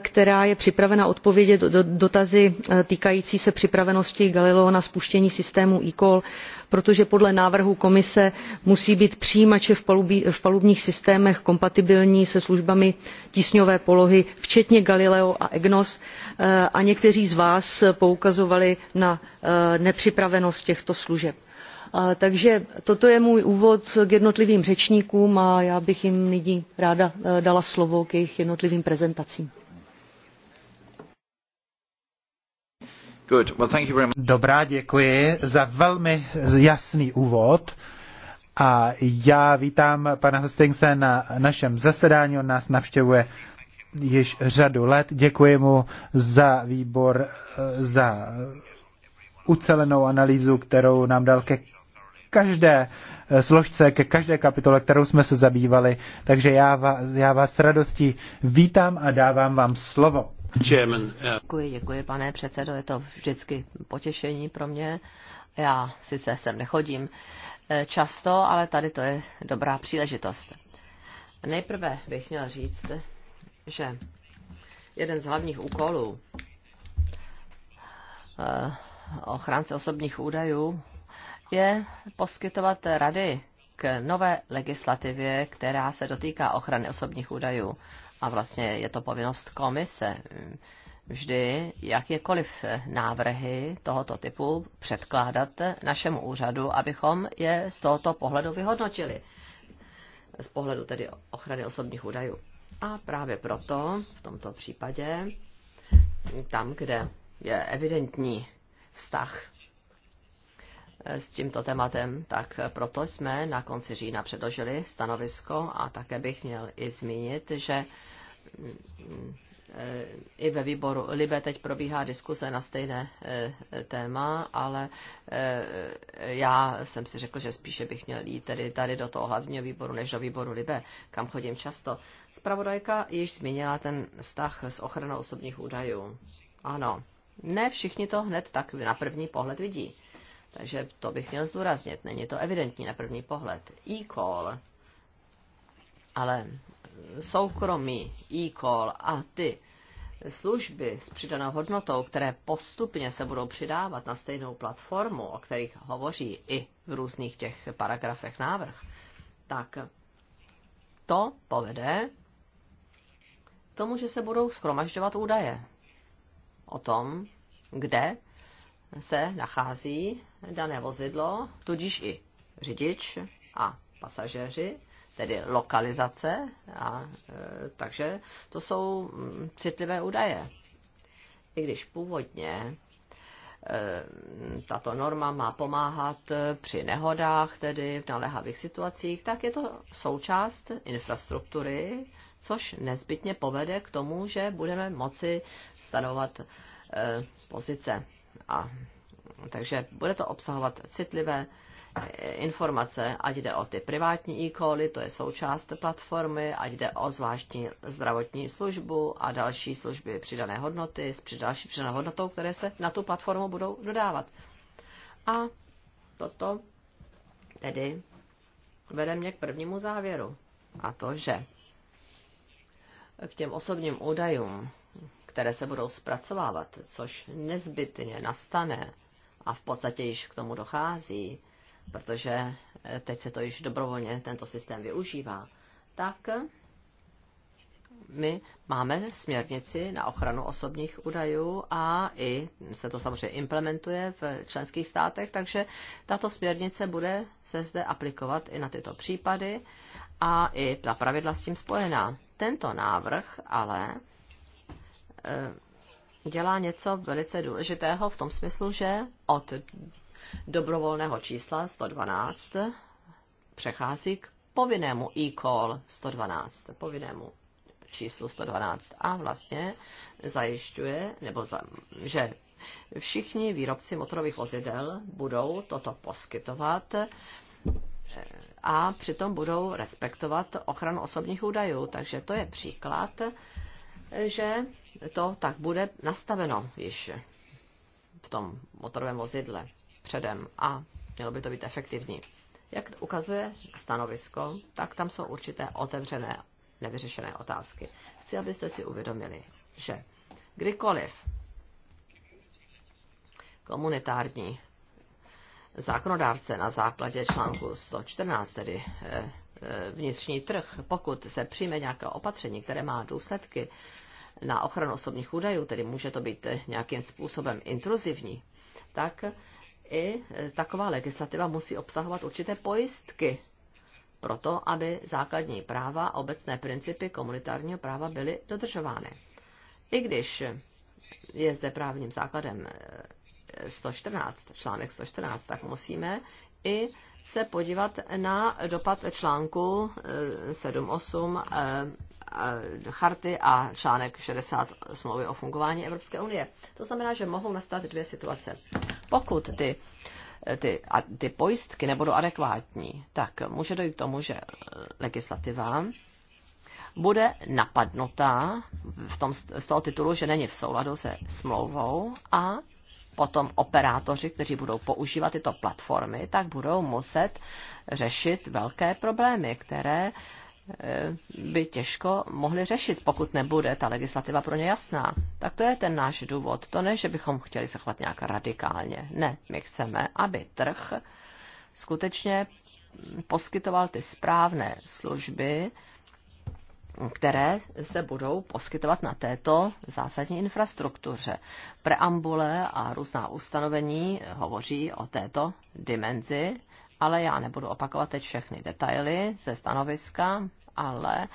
která je připravena odpovědět na dotazy týkající se připravenosti Galileo na spuštění systému ecall protože podle návrhu komise musí být přijímače v palubních systémech kompatibilní se službami tísňové polohy včetně Galileo a egnos eh, a někteří z vás poukazovali na eh, nepřipravenost těchto služeb eh, takže toto je můj úvod k jednotlivým řečníkům a já bych jim nyní ráda dala slovo k jejich jednotlivým prezentacím. Dobrá, děkuji za velmi jasný úvod. A já vítám pana Hostingse na našem zasedání. On nás navštěvuje již řadu let. Děkuji mu za výbor, za ucelenou analýzu, kterou nám dal ke každé složce, ke každé kapitole, kterou jsme se zabývali. Takže já vás, já vás s radostí vítám a dávám vám slovo. Uh, děkuji, děkuji, pane předsedo, je to vždycky potěšení pro mě. Já sice sem nechodím eh, často, ale tady to je dobrá příležitost. Nejprve bych měl říct, že jeden z hlavních úkolů eh, ochránce osobních údajů je poskytovat rady k nové legislativě, která se dotýká ochrany osobních údajů a vlastně je to povinnost komise vždy jakékoliv návrhy tohoto typu předkládat našemu úřadu, abychom je z tohoto pohledu vyhodnotili. Z pohledu tedy ochrany osobních údajů. A právě proto v tomto případě, tam, kde je evidentní vztah s tímto tématem, tak proto jsme na konci října předložili stanovisko a také bych měl i zmínit, že i ve výboru Libe teď probíhá diskuse na stejné e, téma, ale e, já jsem si řekl, že spíše bych měl jít tedy tady do toho hlavního výboru, než do výboru Libe, kam chodím často. Spravodajka již zmínila ten vztah s ochranou osobních údajů. Ano, ne všichni to hned tak na první pohled vidí. Takže to bych měl zdůraznit. Není to evidentní na první pohled. E-call. Ale soukromý e-call a ty služby s přidanou hodnotou, které postupně se budou přidávat na stejnou platformu, o kterých hovoří i v různých těch paragrafech návrh, tak to povede k tomu, že se budou schromažďovat údaje o tom, kde se nachází dané vozidlo, tudíž i řidič a pasažéři tedy lokalizace, a, e, takže to jsou mm, citlivé údaje. I když původně e, tato norma má pomáhat e, při nehodách, tedy v naléhavých situacích, tak je to součást infrastruktury, což nezbytně povede k tomu, že budeme moci stanovat pozice. A, takže bude to obsahovat citlivé informace, ať jde o ty privátní e-cally, to je součást platformy, ať jde o zvláštní zdravotní službu a další služby přidané hodnoty s další přidanou hodnotou, které se na tu platformu budou dodávat. A toto tedy vede mě k prvnímu závěru. A to, že k těm osobním údajům, které se budou zpracovávat, což nezbytně nastane a v podstatě již k tomu dochází, protože eh, teď se to již dobrovolně tento systém využívá, tak my máme směrnici na ochranu osobních údajů a i se to samozřejmě implementuje v členských státech, takže tato směrnice bude se zde aplikovat i na tyto případy a i ta pravidla s tím spojená. Tento návrh ale eh, dělá něco velice důležitého v tom smyslu, že od dobrovolného čísla 112 přechází k povinnému e-call 112, povinnému číslu 112 a vlastně zajišťuje, nebo za, že všichni výrobci motorových vozidel budou toto poskytovat eh, a přitom budou respektovat ochranu osobních údajů. Takže to je příklad, že to tak bude nastaveno již v tom motorovém vozidle předem a mělo by to být efektivní. Jak ukazuje stanovisko, tak tam jsou určité otevřené, nevyřešené otázky. Chci, abyste si uvědomili, že kdykoliv komunitární zákonodárce na základě článku 114, tedy eh, eh, vnitřní trh, pokud se přijme nějaké opatření, které má důsledky na ochranu osobních údajů, tedy může to být eh, nějakým způsobem intruzivní, tak i e, taková legislativa musí obsahovat určité pojistky proto, aby základní práva a obecné principy komunitárního práva byly dodržovány. I když je zde právním základem 114, e, článek 114, tak musíme i se podívat na dopad článku 7.8 e, Eh, charty a článek 60 smlouvy o fungování Evropské unie. To znamená, že mohou nastat dvě situace. Pokud ty, eh, ty, a, ty pojistky nebudou adekvátní, tak může dojít k tomu, že eh, legislativa bude napadnutá v tom, z toho titulu, že není v souladu se smlouvou a potom operátoři, kteří budou používat tyto platformy, tak budou muset řešit velké problémy, které Eh, by těžko mohli řešit, pokud nebude ta legislativa pro ně jasná. Tak to je ten náš důvod. To ne, že bychom chtěli se chovat nějak radikálně. Ne, my chceme, aby trh skutečně poskytoval ty správné služby, které se budou poskytovat na této zásadní infrastruktuře. Preambule a různá ustanovení hovoří o této dimenzi, ale já nebudu opakovat teď všechny detaily ze stanoviska ale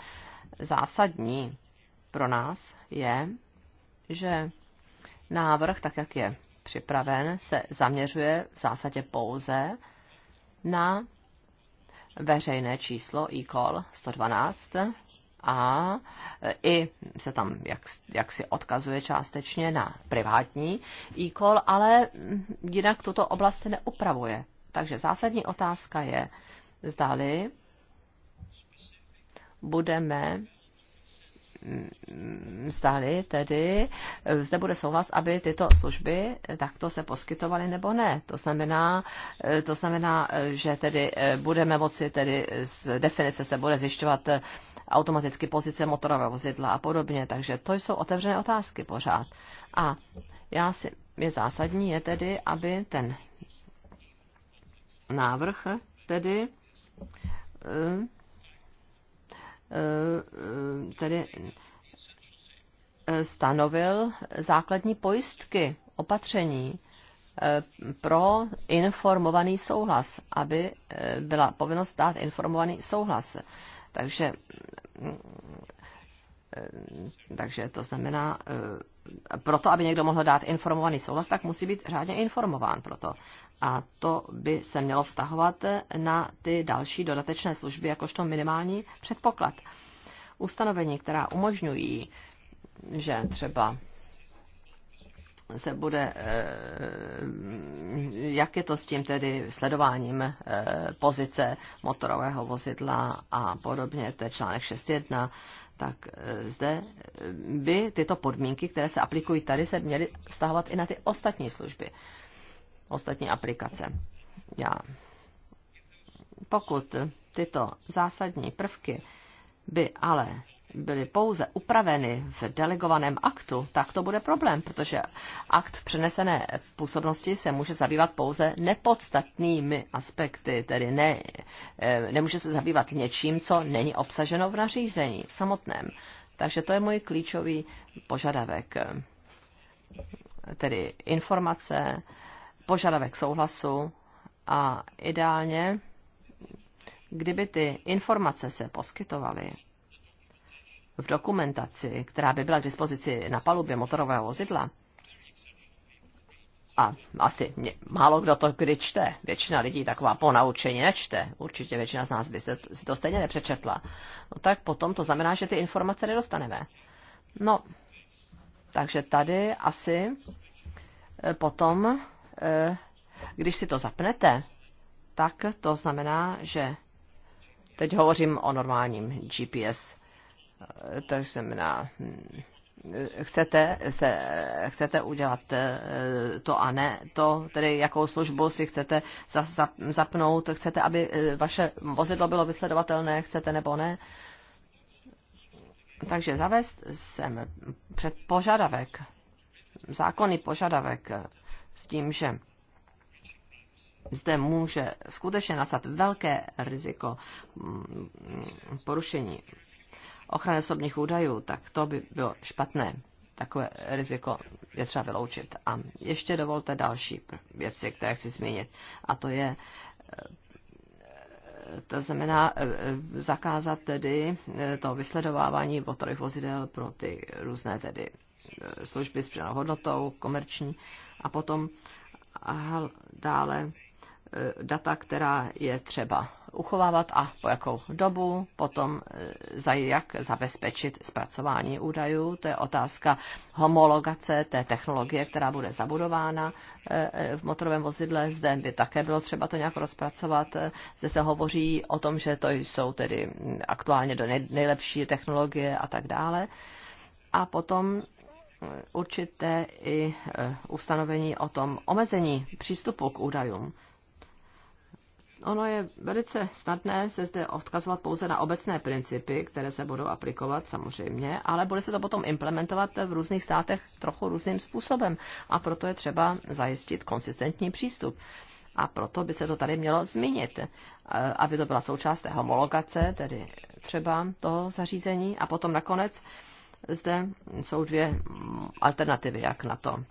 zásadní pro nás je, že návrh, tak jak je připraven, se zaměřuje v zásadě pouze na veřejné číslo e-call 112 a i se tam jak, jak si odkazuje částečně na privátní e-call, ale jinak tuto oblast neupravuje. Takže zásadní otázka je, zdali budeme stáli mm, tedy, zde bude souhlas, aby tyto služby takto se poskytovaly nebo ne. To znamená, eh, to znamená, eh, že tedy eh, budeme moci tedy z definice se bude zjišťovat automaticky pozice motorového vozidla a podobně. Takže to jsou otevřené otázky pořád. A já si, je zásadní je tedy, aby ten návrh tedy Eh, tedy eh, stanovil základní pojistky, opatření eh, pro informovaný souhlas, aby byla povinnost dát informovaný souhlas. Takže, takže to znamená, proto, aby někdo mohl dát informovaný souhlas, tak musí být řádně informován proto a to by se mělo vztahovat na ty další dodatečné služby jakožto minimální předpoklad. Ustanovení, která umožňují, že třeba se bude, eh, jak je to s tím tedy sledováním eh, pozice motorového vozidla a podobně, to je článek 6.1, tak eh, zde by tyto podmínky, které se aplikují tady, se měly vztahovat i na ty ostatní služby ostatní aplikace. Já. Pokud tyto zásadní prvky by ale byly pouze upraveny v delegovaném aktu, tak to bude problém, protože akt přenesené působnosti se může zabývat pouze nepodstatnými aspekty, tedy ne, eh, nemůže se zabývat něčím, co není obsaženo v nařízení samotném. Takže to je můj klíčový požadavek, tedy informace, požadavek souhlasu a ideálně, kdyby ty informace se poskytovaly v dokumentaci, která by byla k dispozici na palubě motorového vozidla, a asi mě, málo kdo to kdy čte. Většina lidí taková po naučení nečte. Určitě většina z nás by si to stejně nepřečetla. No tak potom to znamená, že ty informace nedostaneme. No, takže tady asi eh, potom Eh, když si to zapnete, tak to znamená, že teď hovořím o normálním GPS, eh, to znamená, hm, chcete, se, chcete udělat eh, to a ne to, tedy jakou službu si chcete zapnout, chcete, aby vaše vozidlo bylo vysledovatelné, chcete nebo ne. Takže zavést sem před požadavek, zákonný požadavek s tím, že zde může skutečně nastat velké riziko mm, porušení ochrany osobních údajů, tak to by bylo špatné. Takové riziko je třeba vyloučit. A ještě dovolte další věci, které chci zmínit. A to je, eh, to znamená eh, eh, zakázat tedy to vysledovávání motorových vozidel pro ty různé tedy služby s přenou hodnotou, komerční a potom a dále e, data, která je třeba uchovávat a po jakou dobu, potom e, za jak zabezpečit zpracování údajů, to je otázka homologace té technologie, která bude zabudována e, v motorovém vozidle. Zde by také bylo třeba to nějak rozpracovat. Zde se hovoří o tom, že to jsou tedy aktuálně do nejlepší technologie a tak dále. A potom určité i e, ustanovení o tom omezení přístupu k údajům. Ono je velice snadné se zde odkazovat pouze na obecné principy, které se budou aplikovat samozřejmě, ale bude se to potom implementovat v různých státech trochu různým způsobem a proto je třeba zajistit konsistentní přístup. A proto by se to tady mělo zmínit, e, aby to byla součást homologace, tedy třeba toho zařízení a potom nakonec zde jsou dvě alternativy, jak na to.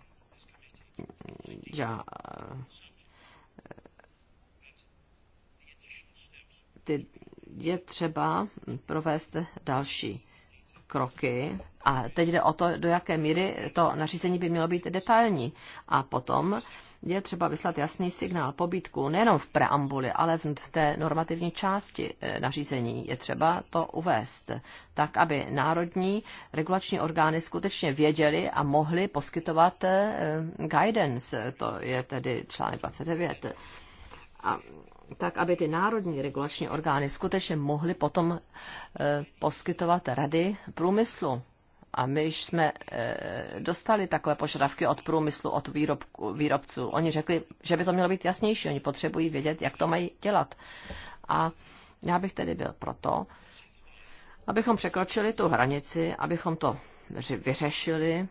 Já, eh, ty, je třeba provést další kroky. A teď jde o to, do jaké míry to nařízení by mělo být detailní. A potom je třeba vyslat jasný signál, pobytku, nejenom v preambuli, ale v té normativní části eh, nařízení. Je třeba to uvést tak, aby národní regulační orgány skutečně věděly a mohly poskytovat eh, guidance, to je tedy článek 29. A tak, aby ty národní regulační orgány skutečně mohly potom eh, poskytovat rady průmyslu a my jsme eh, dostali takové požadavky od průmyslu, od výrobku, výrobců. Oni řekli, že by to mělo být jasnější. Oni potřebují vědět, jak to mají dělat. A já bych tedy byl proto, abychom překročili tu hranici, abychom to vyřešili,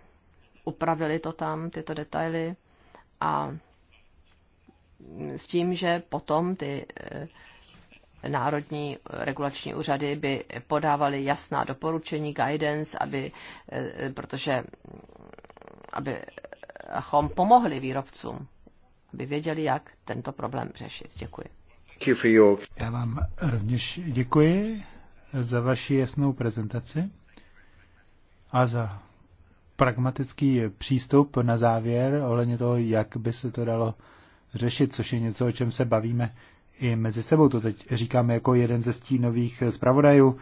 upravili to tam, tyto detaily a s tím, že potom ty eh, národní regulační úřady by podávaly jasná doporučení, guidance, aby, eh, protože abychom pomohli výrobcům, aby věděli, jak tento problém řešit. Děkuji. Já vám rovněž děkuji za vaši jasnou prezentaci a za pragmatický přístup na závěr ohledně toho, jak by se to dalo řešit, což je něco, o čem se bavíme i mezi sebou. To teď říkáme jako jeden ze stínových zpravodajů.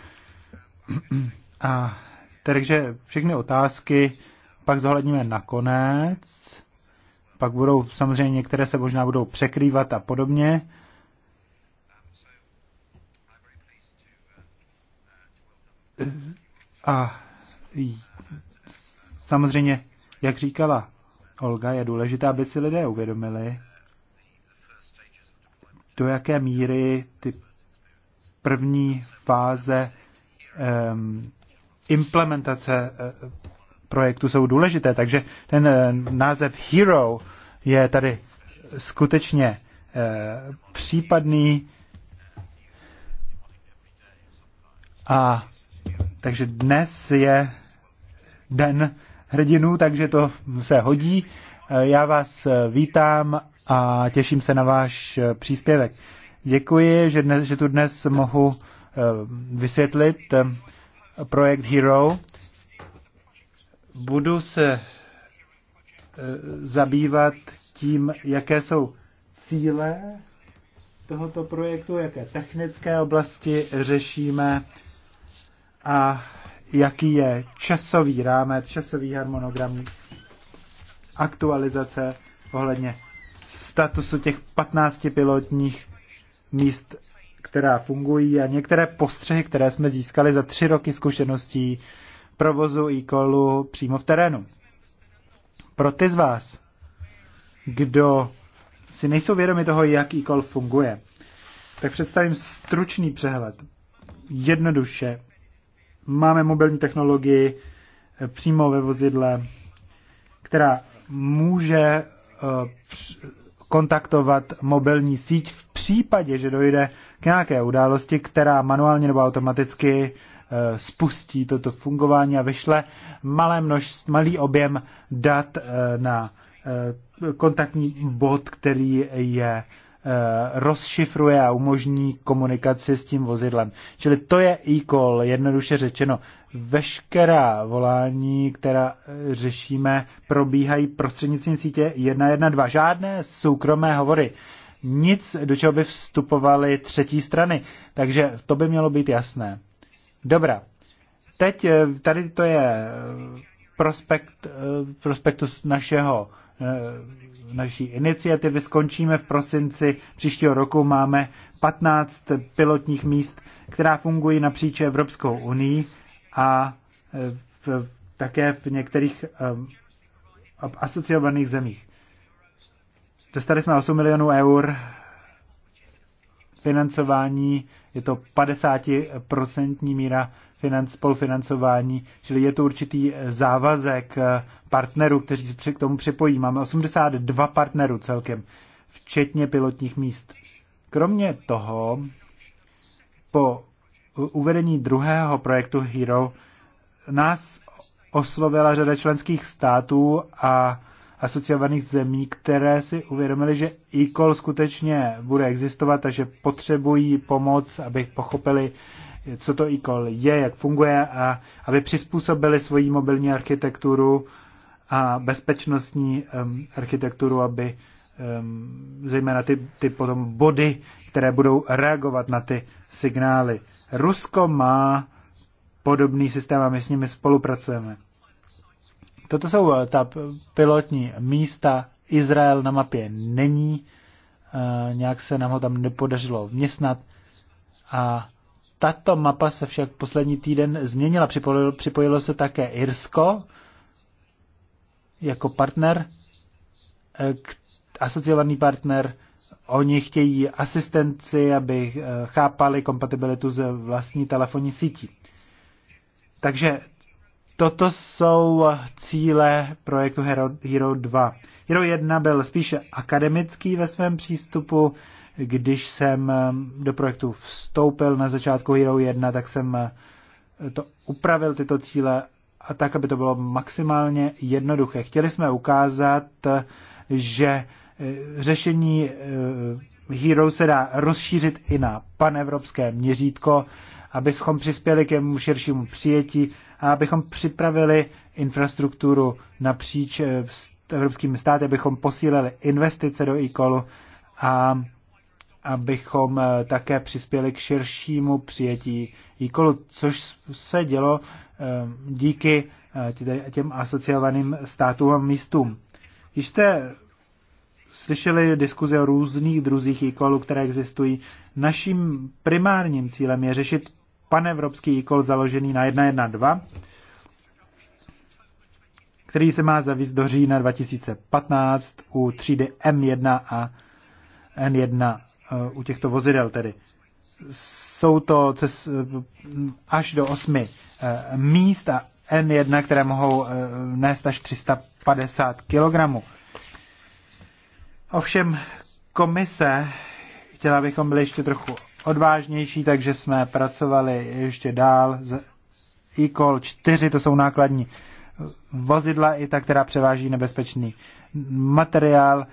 A takže všechny otázky pak zohledníme nakonec. Pak budou samozřejmě některé se možná budou překrývat a podobně. A samozřejmě, jak říkala Olga, je důležité, aby si lidé uvědomili, do jaké míry ty první fáze um, implementace uh, projektu jsou důležité. Takže ten uh, název Hero je tady skutečně uh, případný. A takže dnes je den hrdinů, takže to se hodí. Já vás eh, vítám a těším se na váš eh, příspěvek. Děkuji, že, dnes, že tu dnes mohu eh, vysvětlit projekt Hero. Budu se zabývat tím, jaké jsou cíle tohoto projektu, jaké technické oblasti řešíme a jaký je časový rámec, časový harmonogram aktualizace ohledně statusu těch 15 pilotních míst, která fungují a některé postřehy, které jsme získali za tři roky zkušeností provozu e přímo v terénu. Pro ty z vás, kdo si nejsou vědomi toho, jak e funguje, tak představím stručný přehled. Jednoduše, máme mobilní technologii eh, přímo ve vozidle, která může eh, kontaktovat mobilní síť v případě, že dojde k nějaké události, která manuálně nebo automaticky eh, spustí toto fungování a vyšle malé množ, malý objem dat eh, na kontaktní bod, který je Eh, rozšifruje a umožní komunikaci s tím vozidlem. Čili to je e-call, jednoduše řečeno. Veškerá volání, která eh, řešíme, probíhají prostřednictvím sítě 112. Žádné soukromé hovory. Nic, do čeho by vstupovaly třetí strany. Takže to by mělo být jasné. Dobrá. Teď eh, tady to je prospekt, prospektus našeho Eh, naší iniciativy skončíme v prosinci příštího roku. Máme 15 pilotních míst, která fungují napříč Evropskou unii a eh, v, také v některých um, asociovaných zemích. Dostali jsme 8 milionů eur financování, je to 50% míra financ, spolufinancování, čili je to určitý eh, závazek eh, partnerů, kteří se k tomu připojí. Máme 82 partnerů celkem, včetně pilotních míst. Kromě toho, po uvedení druhého projektu Hero nás oslovila řada členských států a asociovaných zemí, které si uvědomili, že e skutečně bude existovat a že potřebují pomoc, aby pochopili, co to e-call je, jak funguje a aby přizpůsobili svoji mobilní architekturu a bezpečnostní um, architekturu, aby um, zejména ty, ty potom body, které budou reagovat na ty signály. Rusko má podobný systém a my s nimi spolupracujeme. Toto jsou eh, ta pilotní místa. Izrael na mapě není, eh, nějak se nám ho tam nepodařilo vměstnat a tato mapa se však poslední týden změnila. Připojilo, připojilo se také Irsko jako partner, eh, k, asociovaný partner. Oni chtějí asistenci, aby eh, chápali kompatibilitu ze vlastní telefonní sítí. Takže toto jsou cíle projektu Hero, Hero 2. Hero 1 byl spíše akademický ve svém přístupu, když jsem eh, do projektu vstoupil na začátku Hero 1, tak jsem eh, to upravil tyto cíle a tak, aby to bylo maximálně jednoduché. Chtěli jsme ukázat, že eh, řešení Hero se dá rozšířit i na panevropské měřítko, abychom přispěli k jemu širšímu přijetí a abychom připravili infrastrukturu napříč evropskými státy, abychom posílili investice do e a abychom eh, také přispěli k širšímu přijetí výkolu, což se dělo eh, díky eh, těm asociovaným státům a místům. Když jste slyšeli diskuze o různých druzích e které existují, naším primárním cílem je řešit panevropský e založený na 1.1.2, který se má zavíst do října 2015 u třídy M1 a N1 Eh, u těchto vozidel tedy. Jsou to cez, eh, až do osmi eh, míst a N1, které mohou nést až 350 kg. Ovšem komise, chtěla bychom byli ještě trochu odvážnější, takže jsme pracovali ještě dál. E-call 4, to jsou nákladní vozidla, i ta, která převáží nebezpečný materiál,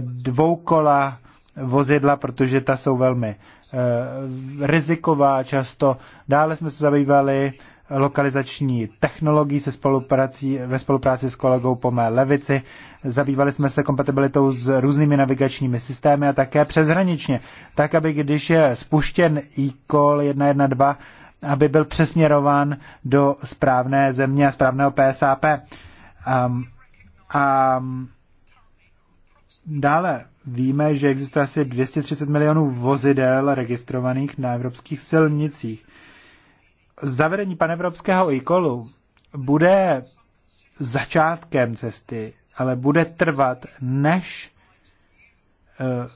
dvoukola, vozidla, protože ta jsou velmi eh, riziková často. Dále jsme se zabývali lokalizační technologií se spoluprací, ve spolupráci s kolegou po mé levici. Zabývali jsme se kompatibilitou s různými navigačními systémy a také přeshraničně, tak aby když je spuštěn e-call 112, aby byl přesměrován do správné země a správného PSAP. Um, a dále víme, že existuje asi 230 milionů vozidel registrovaných na evropských silnicích. Zavedení panevropského e-callu bude začátkem cesty, ale bude trvat, než eh,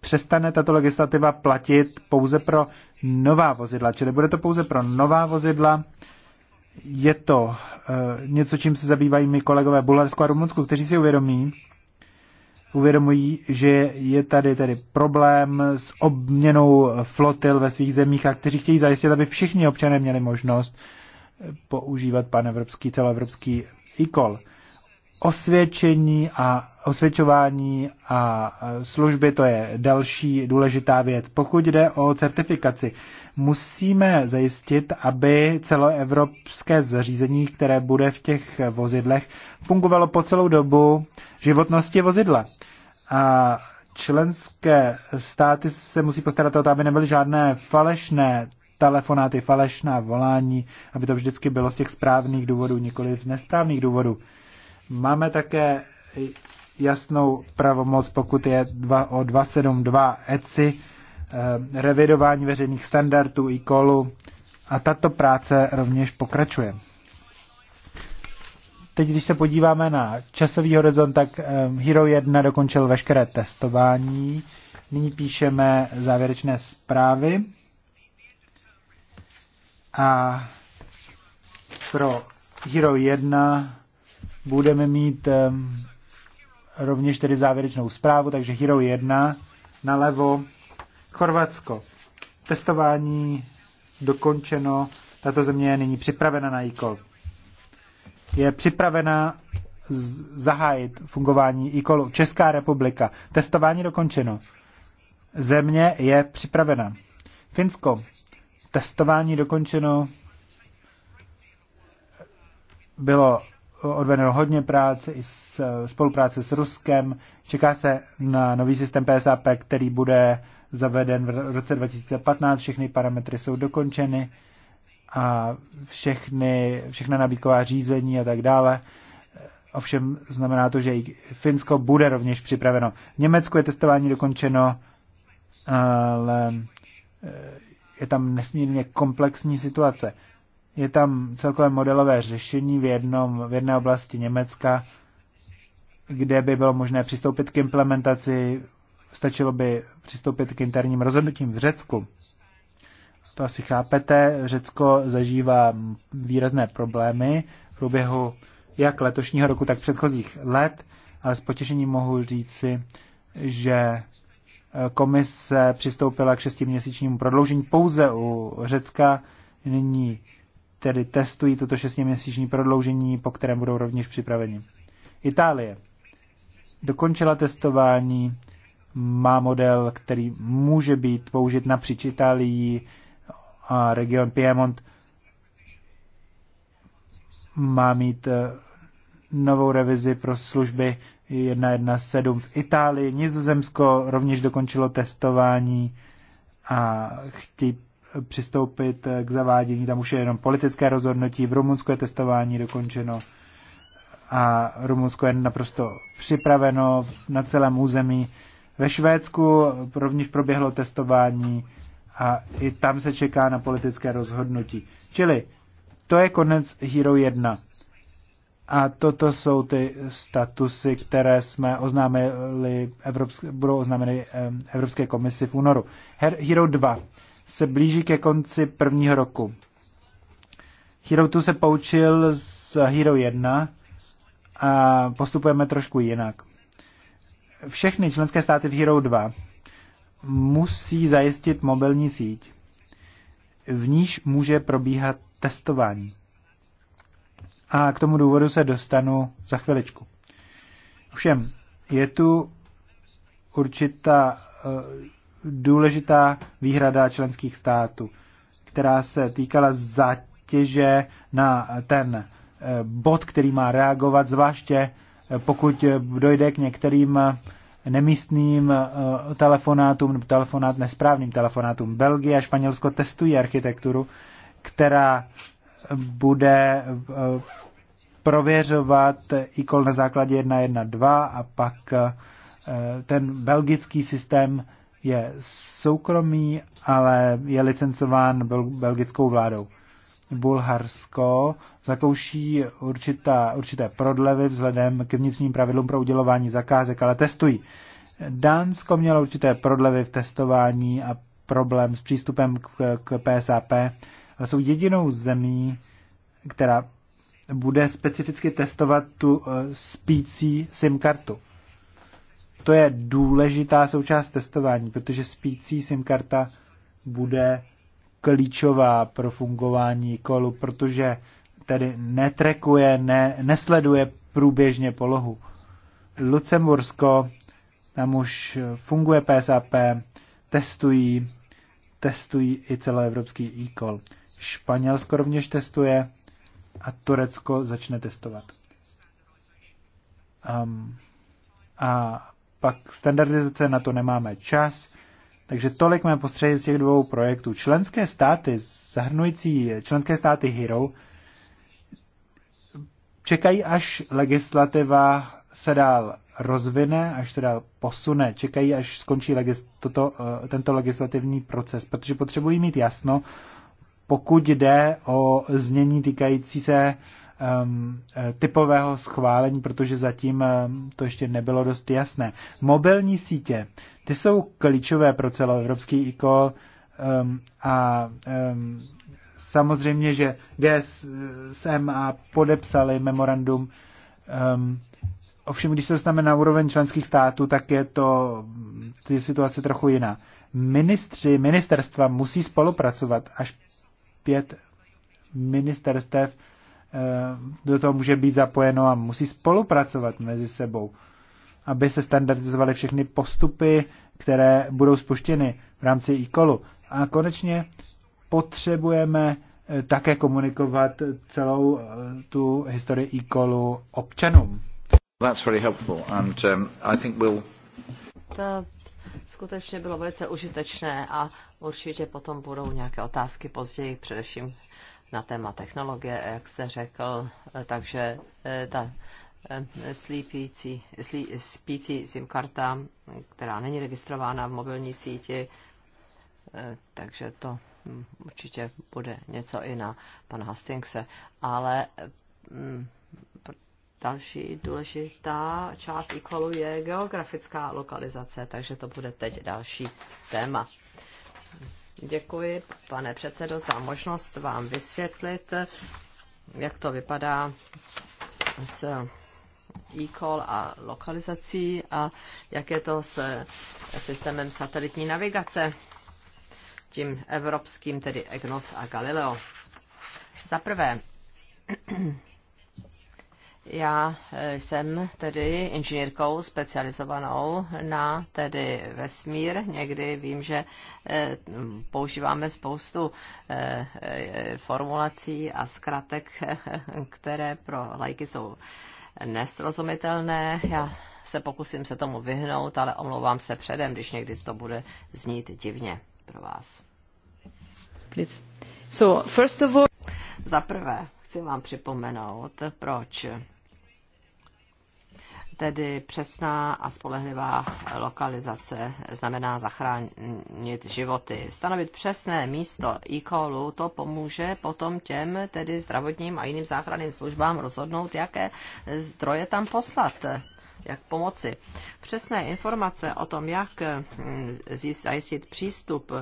přestane tato legislativa platit pouze pro nová vozidla, čili bude to pouze pro nová vozidla. Je to eh, něco, čím se zabývají mi kolegové Bulharsko a Rumunsko, kteří si uvědomí, uvědomují, že je tady tedy problém s obměnou flotil ve svých zemích a kteří chtějí zajistit, aby všichni občané měli možnost používat pan evropský celoevropský e-call. Osvědčení a osvědčování a služby, to je další důležitá věc. Pokud jde o certifikaci, musíme zajistit, aby celoevropské zařízení, které bude v těch vozidlech, fungovalo po celou dobu životnosti vozidla. A členské státy se musí postarat o to, aby nebyly žádné falešné telefonáty, falešná volání, aby to vždycky bylo z těch správných důvodů, nikoli z nesprávných důvodů. Máme také jasnou pravomoc, pokud je dva, o 272 ECI, eh, revidování veřejných standardů i kolu a tato práce rovněž pokračuje. Teď, když se podíváme na časový horizont, tak eh, Hero 1 dokončil veškeré testování. Nyní píšeme závěrečné zprávy. A pro Hero 1 budeme mít eh, rovněž tedy závěrečnou zprávu, takže Hero 1 nalevo. Chorvatsko. Testování dokončeno. Tato země je nyní připravena na ICO. Je připravena zahájit fungování e Česká republika. Testování dokončeno. Země je připravena. Finsko. Testování dokončeno. Bylo odvedeno hodně práce i s, spolupráce s Ruskem. Čeká se na nový systém PSAP, který bude zaveden v roce 2015. Všechny parametry jsou dokončeny a všechny, všechna nabídková řízení a tak dále. Ovšem znamená to, že i Finsko bude rovněž připraveno. V Německu je testování dokončeno, ale eh, je tam nesmírně komplexní situace je tam celkové modelové řešení v, jednom, v jedné oblasti Německa, kde by bylo možné přistoupit k implementaci, stačilo by přistoupit k interním rozhodnutím v Řecku. To asi chápete, Řecko zažívá výrazné problémy v průběhu jak letošního roku, tak předchozích let, ale s potěšením mohu říci, že komise přistoupila k šestiměsíčnímu prodloužení pouze u Řecka. Nyní tedy testují toto šestiměsíční prodloužení, po kterém budou rovněž připraveni. Itálie dokončila testování, má model, který může být použit napříč Itálií a region Piemont má mít e, novou revizi pro služby 1.1.7 v Itálii. Nizozemsko rovněž dokončilo testování a chtějí přistoupit k zavádění. Tam už je jenom politické rozhodnutí. V Rumunsku je testování dokončeno a Rumunsko je naprosto připraveno na celém území. Ve Švédsku rovněž proběhlo testování a i tam se čeká na politické rozhodnutí. Čili to je konec Hero 1. A toto jsou ty statusy, které jsme oznámili Evropské, budou oznámeny Evropské komisi v únoru. Hero 2 se blíží ke konci prvního roku. Hero 2 se poučil z Hero 1 a postupujeme trošku jinak. Všechny členské státy v Hero 2 musí zajistit mobilní síť, v níž může probíhat testování. A k tomu důvodu se dostanu za chviličku. Všem, je tu určitá eh, důležitá výhrada členských států, která se týkala zátěže na ten eh, bod, který má reagovat, zvláště eh, pokud dojde k některým eh, nemístným telefonátům, telefonát, nesprávným telefonátům. Belgie a Španělsko testují architekturu, která bude prověřovat e-call na základě 1.1.2 a pak ten belgický systém je soukromý, ale je licencován belgickou vládou. Bulharsko zakouší určitá, určité prodlevy vzhledem k vnitřním pravidlům pro udělování zakázek, ale testují. Dánsko mělo určité prodlevy v testování a problém s přístupem k, k PSAP, ale jsou jedinou zemí, která bude specificky testovat tu uh, spící SIM kartu. To je důležitá součást testování, protože spící SIM karta bude klíčová pro fungování kolu, protože tedy netrekuje, ne, nesleduje průběžně polohu. Lucembursko, tam už funguje PSAP, testují, testují i celoevropský e-call. Španělsko rovněž testuje a Turecko začne testovat. Um, a pak standardizace na to nemáme čas. Takže tolik mé postřehy z těch dvou projektů. Členské státy, zahrnující členské státy HERO, čekají, až legislativa se dál rozvine, až se dál posune, čekají, až skončí legis- toto, eh, tento legislativní proces, protože potřebují mít jasno, pokud jde o znění týkající se uh, um, typového schválení, protože zatím um, to ještě nebylo dost jasné. Mobilní sítě, ty jsou klíčové pro celoevropský ICO um, a um, samozřejmě, že GSM a podepsali memorandum. Um, ovšem, když se dostaneme na úroveň členských států, tak je to ty situace trochu jiná. Ministři, ministerstva musí spolupracovat až pět ministerstev uh, do toho může být zapojeno a musí spolupracovat mezi sebou, aby se standardizovaly všechny postupy, které budou spuštěny v rámci e-callu. A konečně potřebujeme eh, také komunikovat celou eh, tu historii e-callu občanům. That's very helpful and um, I think we'll... To skutečně bylo velice užitečné a určitě potom budou nějaké otázky později, především na téma technologie, jak jste řekl, eh, takže eh, ta eh, slípící, slí, spící SIM karta, která není registrována v mobilní síti, takže to hm, určitě bude něco i na pana Hastingse. Ale hm, další důležitá část e je geografická lokalizace, takže to bude teď další téma. Děkuji, pane předsedo, za možnost vám vysvětlit, jak to vypadá s e-call a lokalizací a jak je to s systémem satelitní navigace, tím evropským, tedy EGNOS a Galileo. Za prvé, já e, jsem tedy inženýrkou specializovanou na tedy vesmír. Někdy vím, že e, používáme spoustu e, formulací a zkratek, které pro lajky jsou nesrozumitelné. Já se pokusím se tomu vyhnout, ale omlouvám se předem, když někdy to bude znít divně pro vás. Please. So, first of all... Za prvé chci vám připomenout, proč Tedy přesná a spolehlivá lokalizace znamená zachránit životy. Stanovit přesné místo e to pomůže potom těm tedy zdravotním a jiným záchranným službám rozhodnout, jaké zdroje tam poslat jak pomoci. Přesné informace o tom, jak hm, zajistit přístup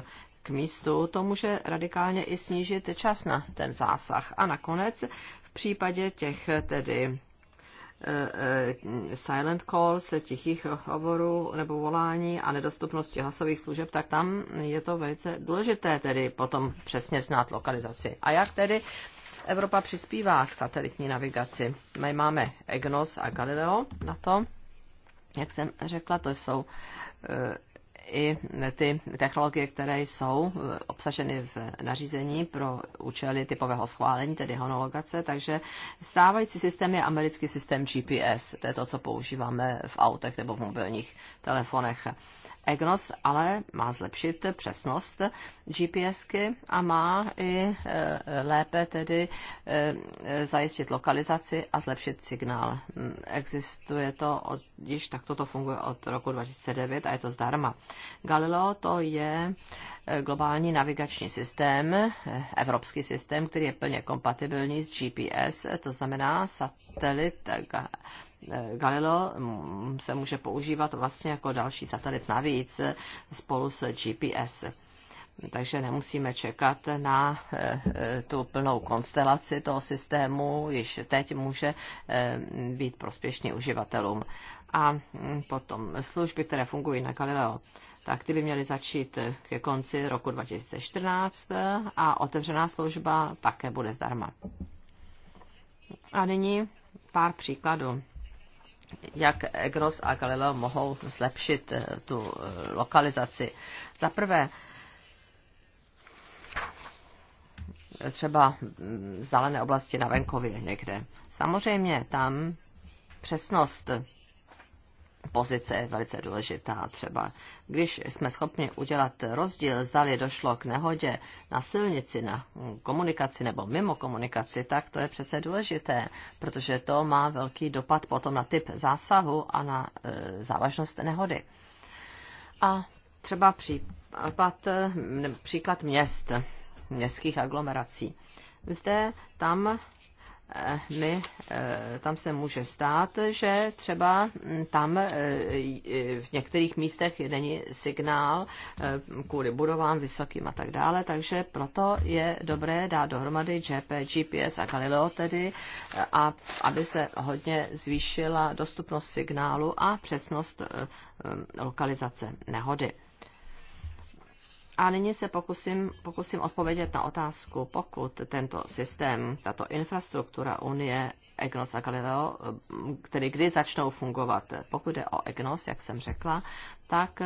k místu, to může radikálně i snížit čas na ten zásah. A nakonec v případě těch tedy Eh, silent calls, tichých hovorů nebo volání a nedostupnosti hlasových služeb, tak tam je to velice důležité tedy potom přesně znát lokalizaci. A jak tedy Evropa přispívá k satelitní navigaci? My máme EGNOS a Galileo na to. Jak jsem řekla, to jsou eh, i ty technologie, které jsou eh, obsaženy v nařízení pro účely typového schválení, tedy honologace. Takže stávající systém je americký systém GPS. To je to, co používáme v autech nebo v mobilních telefonech. EGNOS ale má zlepšit přesnost GPSky a má i e, lépe tedy e, e, zajistit lokalizaci a zlepšit signál. Mm, existuje to, od, již takto to funguje od roku 2009 a je to zdarma. Galileo to je globální navigační systém, evropský systém, který je plně kompatibilní s GPS, to znamená satelit Eh, Galileo mm, se může používat vlastně jako další satelit navíc eh, spolu s GPS. Takže nemusíme čekat na eh, tu plnou konstelaci toho systému, již teď může být prospěšný uživatelům. A mm, potom služby, které fungují na Galileo tak ty by měly začít ke konci roku 2014 a otevřená služba také bude zdarma. A nyní pár příkladů jak EGROS a Galileo mohou zlepšit eh, tu eh, lokalizaci. Za prvé, třeba mm, vzdálené oblasti na venkově někde. Samozřejmě tam přesnost pozice je velice důležitá. Třeba když jsme schopni udělat rozdíl, zdali došlo k nehodě na silnici, na komunikaci nebo mimo komunikaci, tak to je přece důležité, protože to má velký dopad potom na typ zásahu a na e, závažnost nehody. A třeba případ, příklad měst, městských aglomerací. Zde tam Eh, my, eh, tam se může stát, že třeba hm, tam eh, v některých místech není signál kvůli budovám vysokým a tak dále, takže proto je dobré dát dohromady GPS a Galileo tedy, a aby se hodně zvýšila dostupnost signálu a přesnost lokalizace nehody. A nyní se pokusím, pokusím odpovědět na otázku, pokud tento systém, tato infrastruktura Unie EGNOS a Galileo, který kdy začnou fungovat. Pokud jde o EGNOS, jak jsem řekla, tak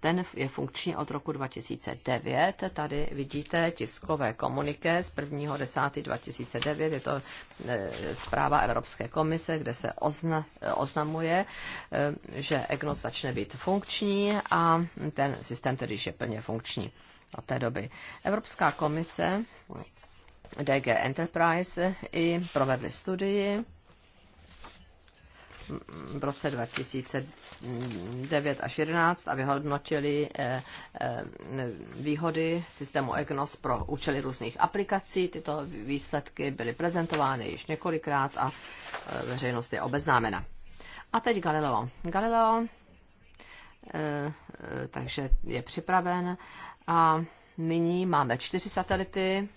ten je funkční od roku 2009. Tady vidíte tiskové komuniké z 1.10.2009. Je to e, zpráva Evropské komise, kde se ozna, e, oznamuje, e, že EGNOS začne být funkční a ten systém tedy je plně funkční od té doby. Evropská komise DG Enterprise i provedli studii v roce 2009 až 2011 a vyhodnotili eh, eh, výhody systému EGNOS pro účely různých aplikací. Tyto výsledky byly prezentovány již několikrát a eh, veřejnost je obeznámena. A teď Galileo. Galileo takže je připraven a nyní máme čtyři satelity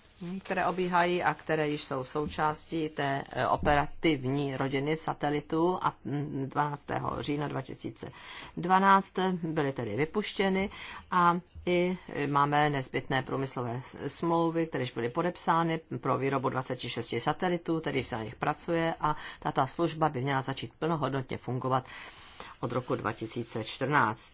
které obíhají a které již jsou součástí té eh, operativní rodiny satelitu a 12. Mm, října 2012 byly tedy vypuštěny a i eh, máme nezbytné průmyslové smlouvy, které byly podepsány pro výrobu 26 satelitů, tedy se na nich pracuje a tato služba by měla začít plnohodnotně fungovat od roku 2014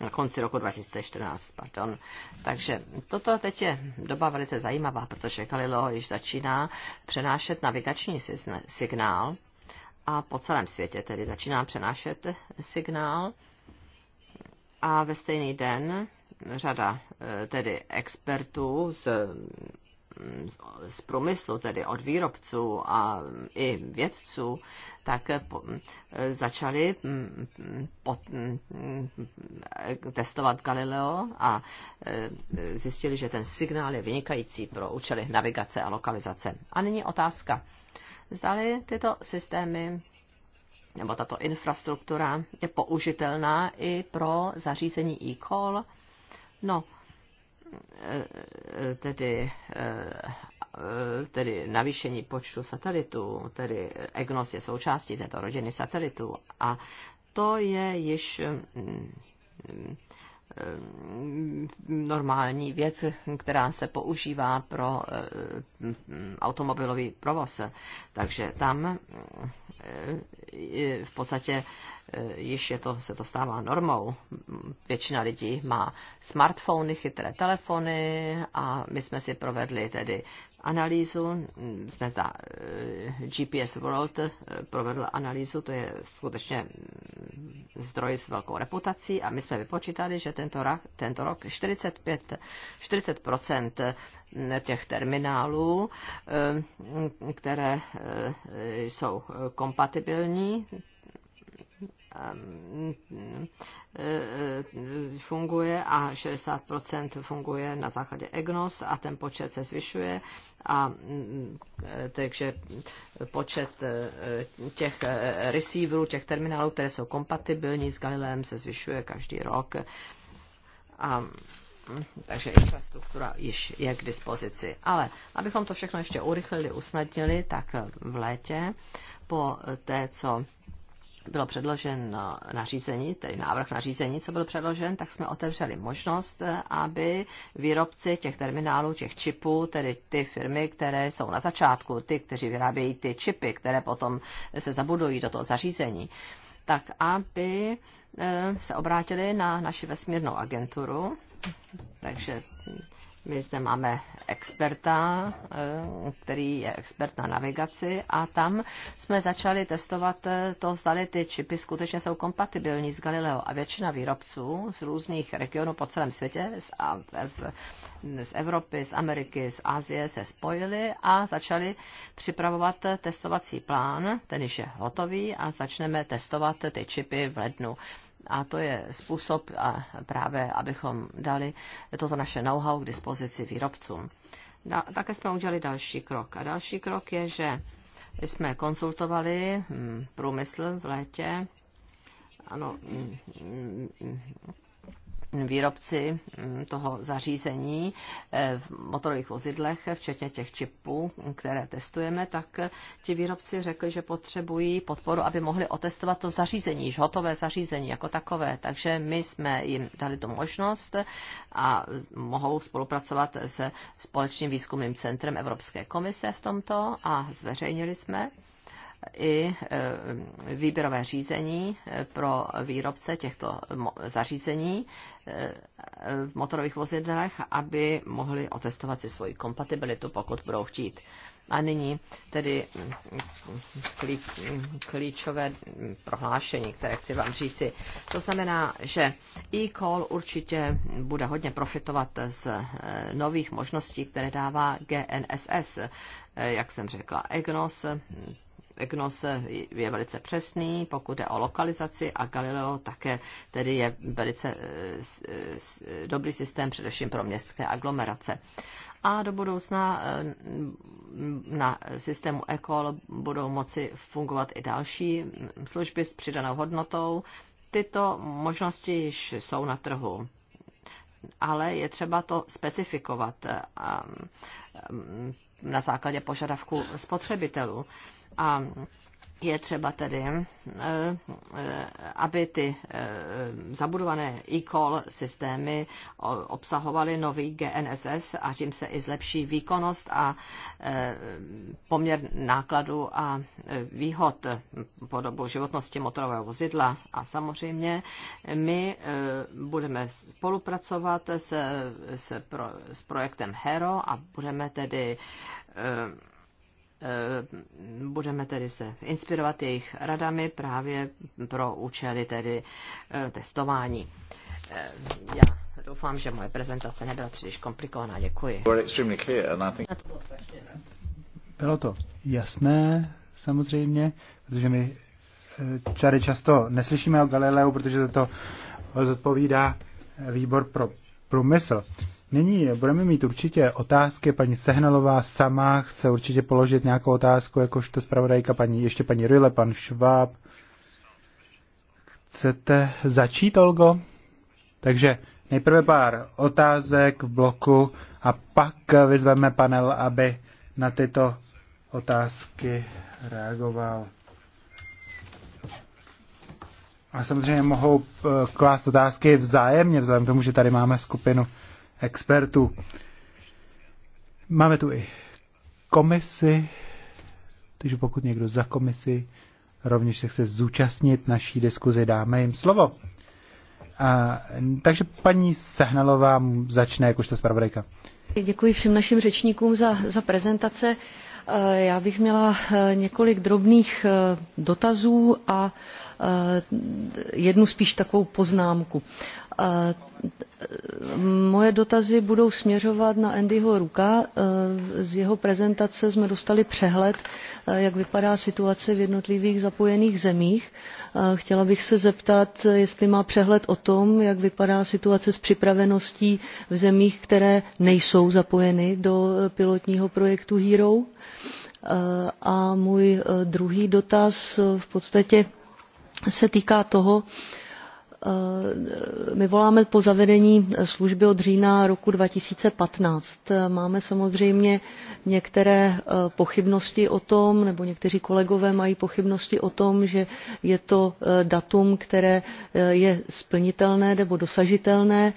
na konci roku 2014. Pardon. Takže toto teď je doba velice zajímavá, protože Galileo již začíná přenášet navigační signál a po celém světě tedy začíná přenášet signál a ve stejný den řada eh, tedy expertů z z průmyslu, tedy od výrobců a i vědců, tak začali mm, mm, mm, testovat Galileo a e, zjistili, že ten signál je vynikající pro účely navigace a lokalizace. A nyní otázka. Zdali tyto systémy nebo tato infrastruktura je použitelná i pro zařízení e-call? No, tedy, eh, tedy navýšení počtu satelitů, tedy EGNOS je součástí této rodiny satelitů a to je již mm, Ehm, normální věc, která se používá pro ehm, automobilový provoz. Takže tam ehm, v podstatě již je to, se to stává normou. Většina lidí má smartfony, chytré telefony a my jsme si provedli tedy analýzu, mm, zda e, GPS World e, provedl analýzu, to je skutečně mm, zdroj s velkou reputací a my jsme vypočítali, že tento rok, tento rok 45, 40% mm, těch terminálů, e, které jsou kompatibilní, Um, funguje a 60% funguje na základě EGNOS a ten počet se zvyšuje a mm, takže počet eh, těch eh, receiverů, těch terminálů, které jsou kompatibilní s Galileem, se zvyšuje každý rok. A mm, takže infrastruktura již je k dispozici. Ale abychom to všechno ještě urychlili, usnadnili, tak v létě po té, co bylo předložen nařízení, tedy návrh nařízení, co byl předložen, tak jsme otevřeli možnost, eh, aby výrobci těch terminálů, těch čipů, tedy ty firmy, které jsou na začátku, ty, kteří vyrábějí ty čipy, které potom se zabudují do toho zařízení, tak aby eh, se obrátili na naši vesmírnou agenturu. Takže my zde máme experta, eh, který je expert na navigaci a tam jsme začali testovat eh, to, zda ty čipy skutečně jsou kompatibilní s Galileo a většina výrobců z různých regionů po celém světě, z Evropy, z Ameriky, z Asie se spojili a začali připravovat testovací plán, ten již je hotový a začneme testovat ty čipy v lednu. A to je způsob a právě, abychom dali toto naše know-how k dispozici výrobcům. Da, také jsme udělali další krok. A další krok je, že jsme konsultovali hm, průmysl v létě. Ano, hm, hm, výrobci mm, toho zařízení eh, v motorových vozidlech, včetně těch čipů, které testujeme, tak eh, ti výrobci řekli, že potřebují podporu, aby mohli otestovat to zařízení, již hotové zařízení jako takové. Takže my jsme jim dali tu možnost a mohou spolupracovat se Společným výzkumným centrem Evropské komise v tomto a zveřejnili jsme i e, výběrové řízení e, pro výrobce těchto zařízení e, v motorových vozidlech, aby mohli otestovat si svoji kompatibilitu, pokud budou chtít. A nyní tedy klíčové prohlášení, které chci vám říci. To znamená, že e-call určitě bude hodně profitovat z nových možností, které dává GNSS, jak jsem řekla, EGNOS, EGNOS je velice přesný, pokud jde o lokalizaci a Galileo také tedy je velice eh, eh, eh, dobrý systém především pro městské aglomerace a do budoucna na systému ECOL budou moci fungovat i další služby s přidanou hodnotou. Tyto možnosti již jsou na trhu, ale je třeba to specifikovat na základě požadavku spotřebitelů. A je třeba tedy, eh, eh, aby ty eh, zabudované e-call systémy obsahovaly nový GNSS a tím se i zlepší výkonnost a poměr nákladu a výhod po dobu životnosti motorového vozidla. A samozřejmě my budeme spolupracovat s, s, pro, s projektem HERO a budeme tedy Eh, budeme tedy se inspirovat jejich radami právě pro účely tedy eh, testování. Eh, já doufám, že moje prezentace nebyla příliš komplikovaná. Děkuji. Bylo to jasné, samozřejmě, protože my tady často neslyšíme o Galileu, protože to zodpovídá výbor pro průmysl. Nyní budeme mít určitě otázky. Paní Sehnalová sama chce určitě položit nějakou otázku, jakožto zpravodajka, paní, ještě paní Ryle, pan Šváb. Chcete začít, Olgo? Takže nejprve pár otázek v bloku a pak vyzveme panel, aby na tyto otázky reagoval. A samozřejmě mohou eh, klást otázky vzájemně, vzhledem k tomu, že tady máme skupinu expertů. Máme tu i komisi, takže pokud někdo za komisi rovněž se chce zúčastnit naší diskuzi, dáme jim slovo. A, takže paní Sehnalová začne jakožto zpravodajka. Děkuji všem našim řečníkům za, za prezentace. E, já bych měla e, několik drobných e, dotazů a Eh, jednu spíš takovou poznámku. Eh, moje dotazy budou směřovat na Andyho Ruka. Eh, z jeho prezentace jsme dostali přehled, jak vypadá situace v jednotlivých zapojených zemích. Chtěla bych se zeptat, jestli má přehled o tom, jak vypadá situace s připraveností v zemích, které nejsou zapojeny do pilotního projektu Hero. A můj druhý dotaz v podstatě se týká toho, eh, my voláme po zavedení služby od října roku 2015. Máme samozřejmě některé eh, pochybnosti o tom, nebo někteří kolegové mají pochybnosti o tom, že je to eh, datum, které je splnitelné nebo dosažitelné,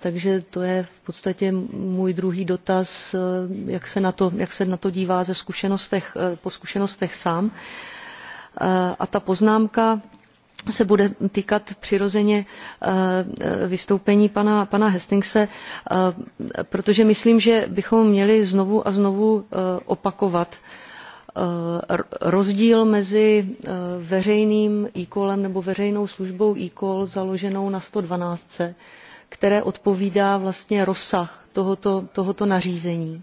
takže to je v podstatě můj druhý dotaz, jak se na to, jak se na to dívá ze zkušenostech, po zkušenostech sám. A ta poznámka, se bude týkat přirozeně eh, eh, vystoupení pana, pana Hastingse, eh, protože myslím, že bychom měli znovu a znovu opakovat rozdíl mezi veřejným e-callem nebo veřejnou službou e-call založenou na 112, které odpovídá vlastně rozsah tohoto, tohoto nařízení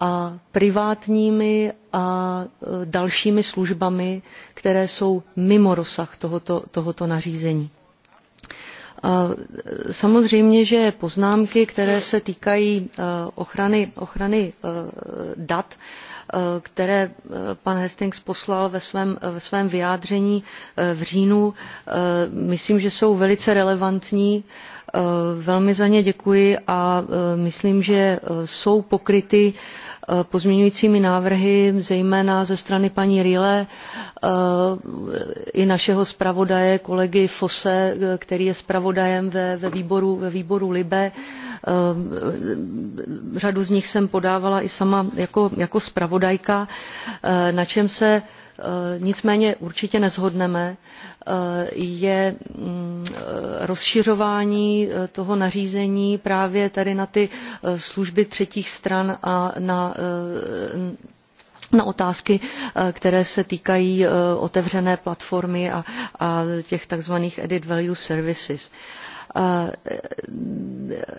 a privátními a e, dalšími službami, které jsou mimo rozsah tohoto, tohoto nařízení. A e, samozřejmě, že poznámky, které se týkají e, ochrany, ochrany dat, které pan Hastings poslal ve svém, ve svém vyjádření v říjnu, myslím, že jsou velice relevantní. Velmi za ně děkuji a myslím, že jsou pokryty Eh, pozměňujícími návrhy, zejména ze strany paní Rile eh, i našeho zpravodaje, kolegy Fose, eh, který je zpravodajem ve, ve, výboru, ve výboru Libe. Řadu z nich jsem podávala i sama jako, jako zpravodajka, na čem se Eh, nicméně určitě nezhodneme eh, je mm, eh, rozšiřování toho nařízení právě tady na ty služby třetích stran a na na otázky, které se týkají otevřené platformy a, a těch takzvaných added value services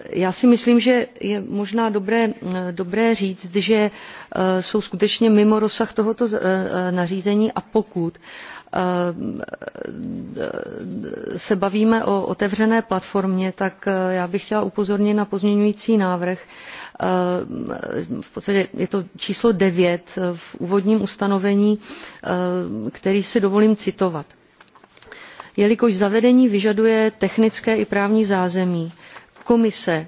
já si myslím že je možná dobré, dobré říct že e, jsou skutečně mimo rozsah tohoto e, e, nařízení a pokud se bavíme o otevřené platformě tak já bych chtěla upozornit na pozměňující návrh v podstatě je to číslo nine v úvodním ustanovení který si dovolím citovat jelikož zavedení vyžaduje technické i právní zázemí. komise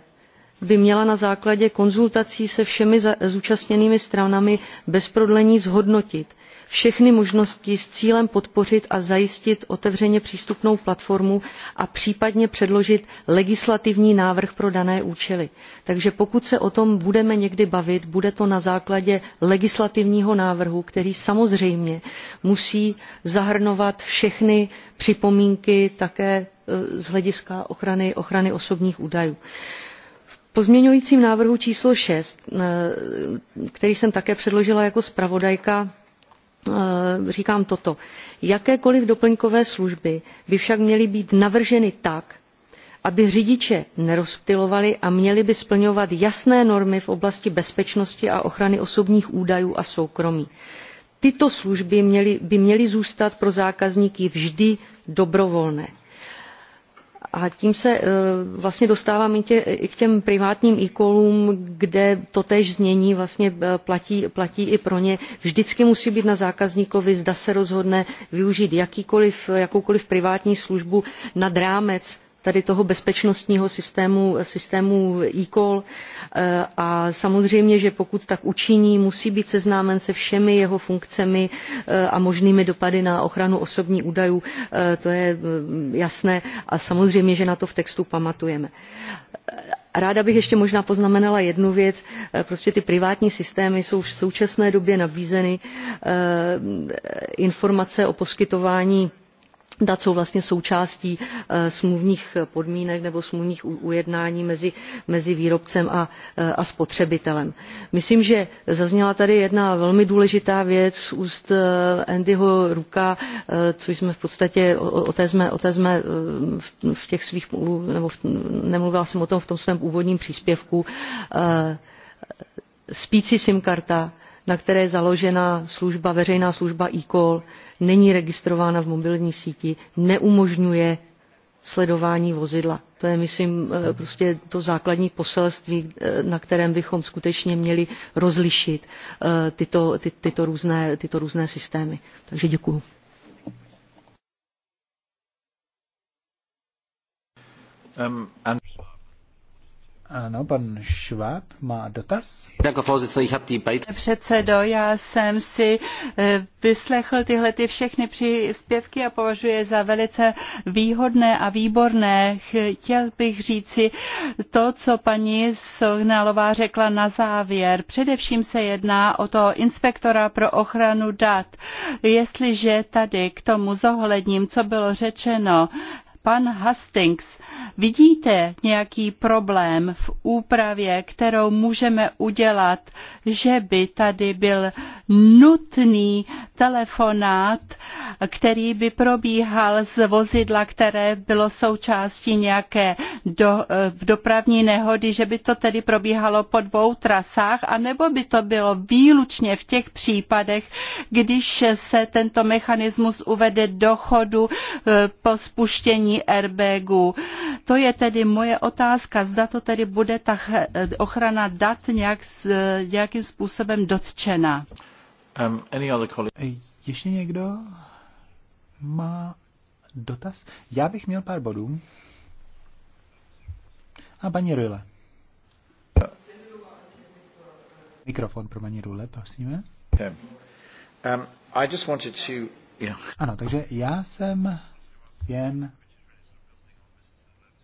by měla na základě konzultací se všemi zúčastněnými stranami bez prodlení zhodnotit všechny možnosti s cílem podpořit a zajistit otevřeně přístupnou platformu a případně předložit legislativní návrh pro dané účely. takže pokud se o tom budeme někdy bavit bude to na základě legislativního návrhu který samozřejmě musí zahrnovat všechny připomínky také e, z hlediska ochrany, osobních údajů pozměňovacím návrhu číslo six e, který jsem také předložila jako zpravodajka Eh, říkám toto jakékoliv doplňkové služby by však měly být navrženy tak aby řidiče nerozptylovaly a měly by splňovat jasné normy v oblasti bezpečnosti a ochrany osobních údajů a soukromí. tyto služby by měly zůstat pro zákazníky vždy dobrovolné a tím se eh, vlastně dostávám i, tě, i k těm privátním e-callům, kde též znění vlastně eh, platí, platí i pro ně. Vždycky musí být na zákazníkovi, zda se rozhodne využít jakýkoliv, jakoukoliv privátní službu nad rámec tady toho bezpečnostního systému, systému e a samozřejmě, že pokud tak učiní, musí být seznámen se všemi jeho funkcemi e, a možnými dopady na ochranu osobních údajů, e, to je e, jasné a samozřejmě, že na to v textu pamatujeme ráda bych ještě možná poznamenala jednu věc prostě ty privátní systémy jsou v současné době nabízeny informace o poskytování dat jsou vlastně součástí eh, smluvních podmínek nebo smluvních ujednání mezi, mezi výrobcem a, eh, a spotřebitelem. myslím že zazněla tady jedna velmi důležitá věc z úst eh, andyho ruka což jsme v podstatě o, o té jsme, o té jsme v těch svých nebo v, nemluvila jsem o tom v tom svém úvodním příspěvku spící sim karta na které je založena služba, veřejná služba e není registrována v mobilní síti, neumožňuje sledování vozidla. To je, myslím, eh, hmm. prostě to základní poselství, eh, na kterém bychom skutečně měli rozlišit eh, tyto, ty, tyto, různé, tyto různé systémy. Takže děkuju. Um, and... Ano, pan Šváb má dotaz. Pane předsedo, já jsem si eh, vyslechl tyhle ty všechny příspěvky a považuji je za velice výhodné a výborné. Chtěl bych říci to, co paní Sognalová řekla na závěr. Především se jedná o toho inspektora pro ochranu dat. Jestliže tady k tomu zohledním, co bylo řečeno, Pan Hastings, vidíte nějaký problém v úpravě, kterou můžeme udělat, že by tady byl nutný telefonát, který by probíhal z vozidla, které bylo součástí nějaké do, eh, dopravní nehody, že by to tedy probíhalo po dvou trasách, anebo by to bylo výlučně v těch případech, když se tento mechanismus uvede do chodu eh, po spuštění zavedení airbagů. To je tedy moje otázka, zda to tedy bude ta ochrana dat nějak, nějakým způsobem dotčena. Um, any other Ještě někdo má dotaz? Já bych měl pár bodů. A paní Rule. Mikrofon pro paní Rule, prosíme. Okay. Um, I just wanted to, you know... Ano, takže já jsem jen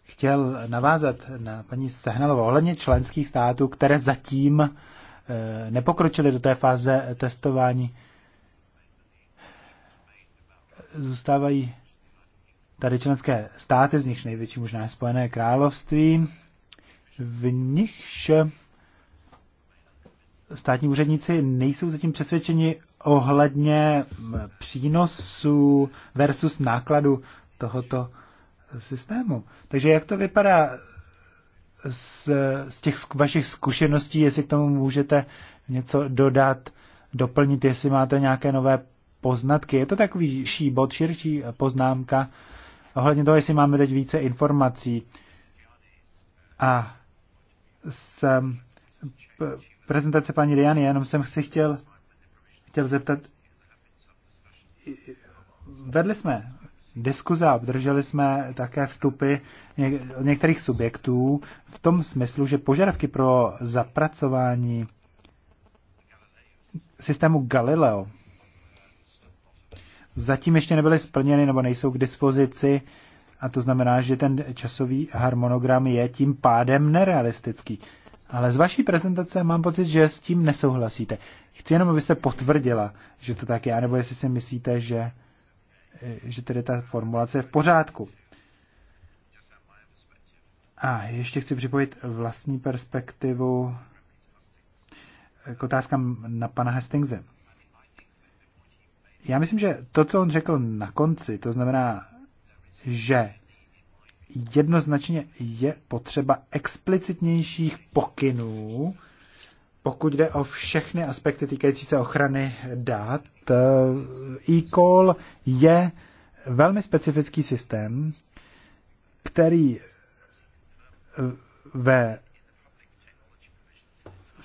chtěl navázat na paní Sehnalovou ohledně členských států, které zatím eh, nepokročily do té fáze testování. Zůstávají tady členské státy, z nichž největší možná je Spojené království, v nichž státní úředníci nejsou zatím přesvědčeni ohledně přínosu versus nákladu tohoto systému. Takže jak to vypadá z, z těch vašich zkušeností, jestli k tomu můžete něco dodat, doplnit, jestli máte nějaké nové poznatky. Je to takový ší bod, širší poznámka ohledně toho, jestli máme teď více informací. A z prezentace paní Diany, jenom jsem si chtěl, chtěl zeptat, vedli jsme diskuze a obdrželi jsme také vstupy něk- některých subjektů v tom smyslu, že požadavky pro zapracování systému Galileo zatím ještě nebyly splněny nebo nejsou k dispozici a to znamená, že ten časový harmonogram je tím pádem nerealistický. Ale z vaší prezentace mám pocit, že s tím nesouhlasíte. Chci jenom, abyste potvrdila, že to tak je, nebo jestli si myslíte, že Eh, že tedy ta formulace je v pořádku. A ještě chci připojit vlastní perspektivu eh, k otázkám na pana Hastingse. Já myslím, že to, co on řekl na konci, to znamená, že jednoznačně je potřeba explicitnějších pokynů, pokud jde o všechny aspekty týkající se ochrany dát, e-call je velmi specifický systém, který eh, ve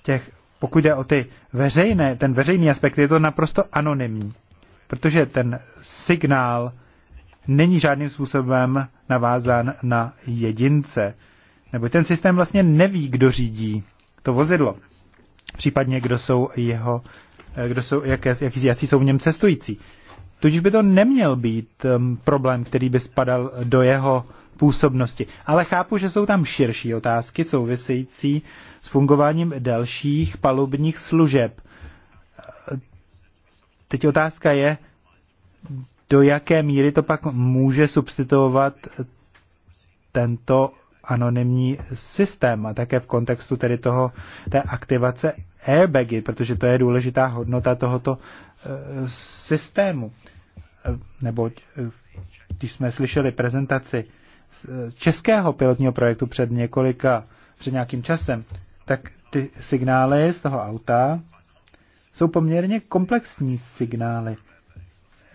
těch, pokud jde o ty veřejné, ten veřejný aspekt, je to naprosto anonymní, protože ten signál není žádným způsobem navázán na jedince. Nebo ten systém vlastně neví, kdo řídí to vozidlo, případně kdo jsou jeho Eh, kdo jsou, jaké, jaký, jaký jsou v něm cestující. Tudíž by to neměl být um, problém, který by spadal do jeho působnosti. Ale chápu, že jsou tam širší otázky související s fungováním dalších palubních služeb. Eh, teď otázka je, do jaké míry to pak může substituovat tento anonymní systém a také v kontextu tedy toho, té aktivace airbagy, protože to je důležitá hodnota tohoto eh, systému. Eh, Neboť eh, když jsme slyšeli prezentaci českého pilotního projektu před několika, před nějakým časem, tak ty signály z toho auta jsou poměrně komplexní signály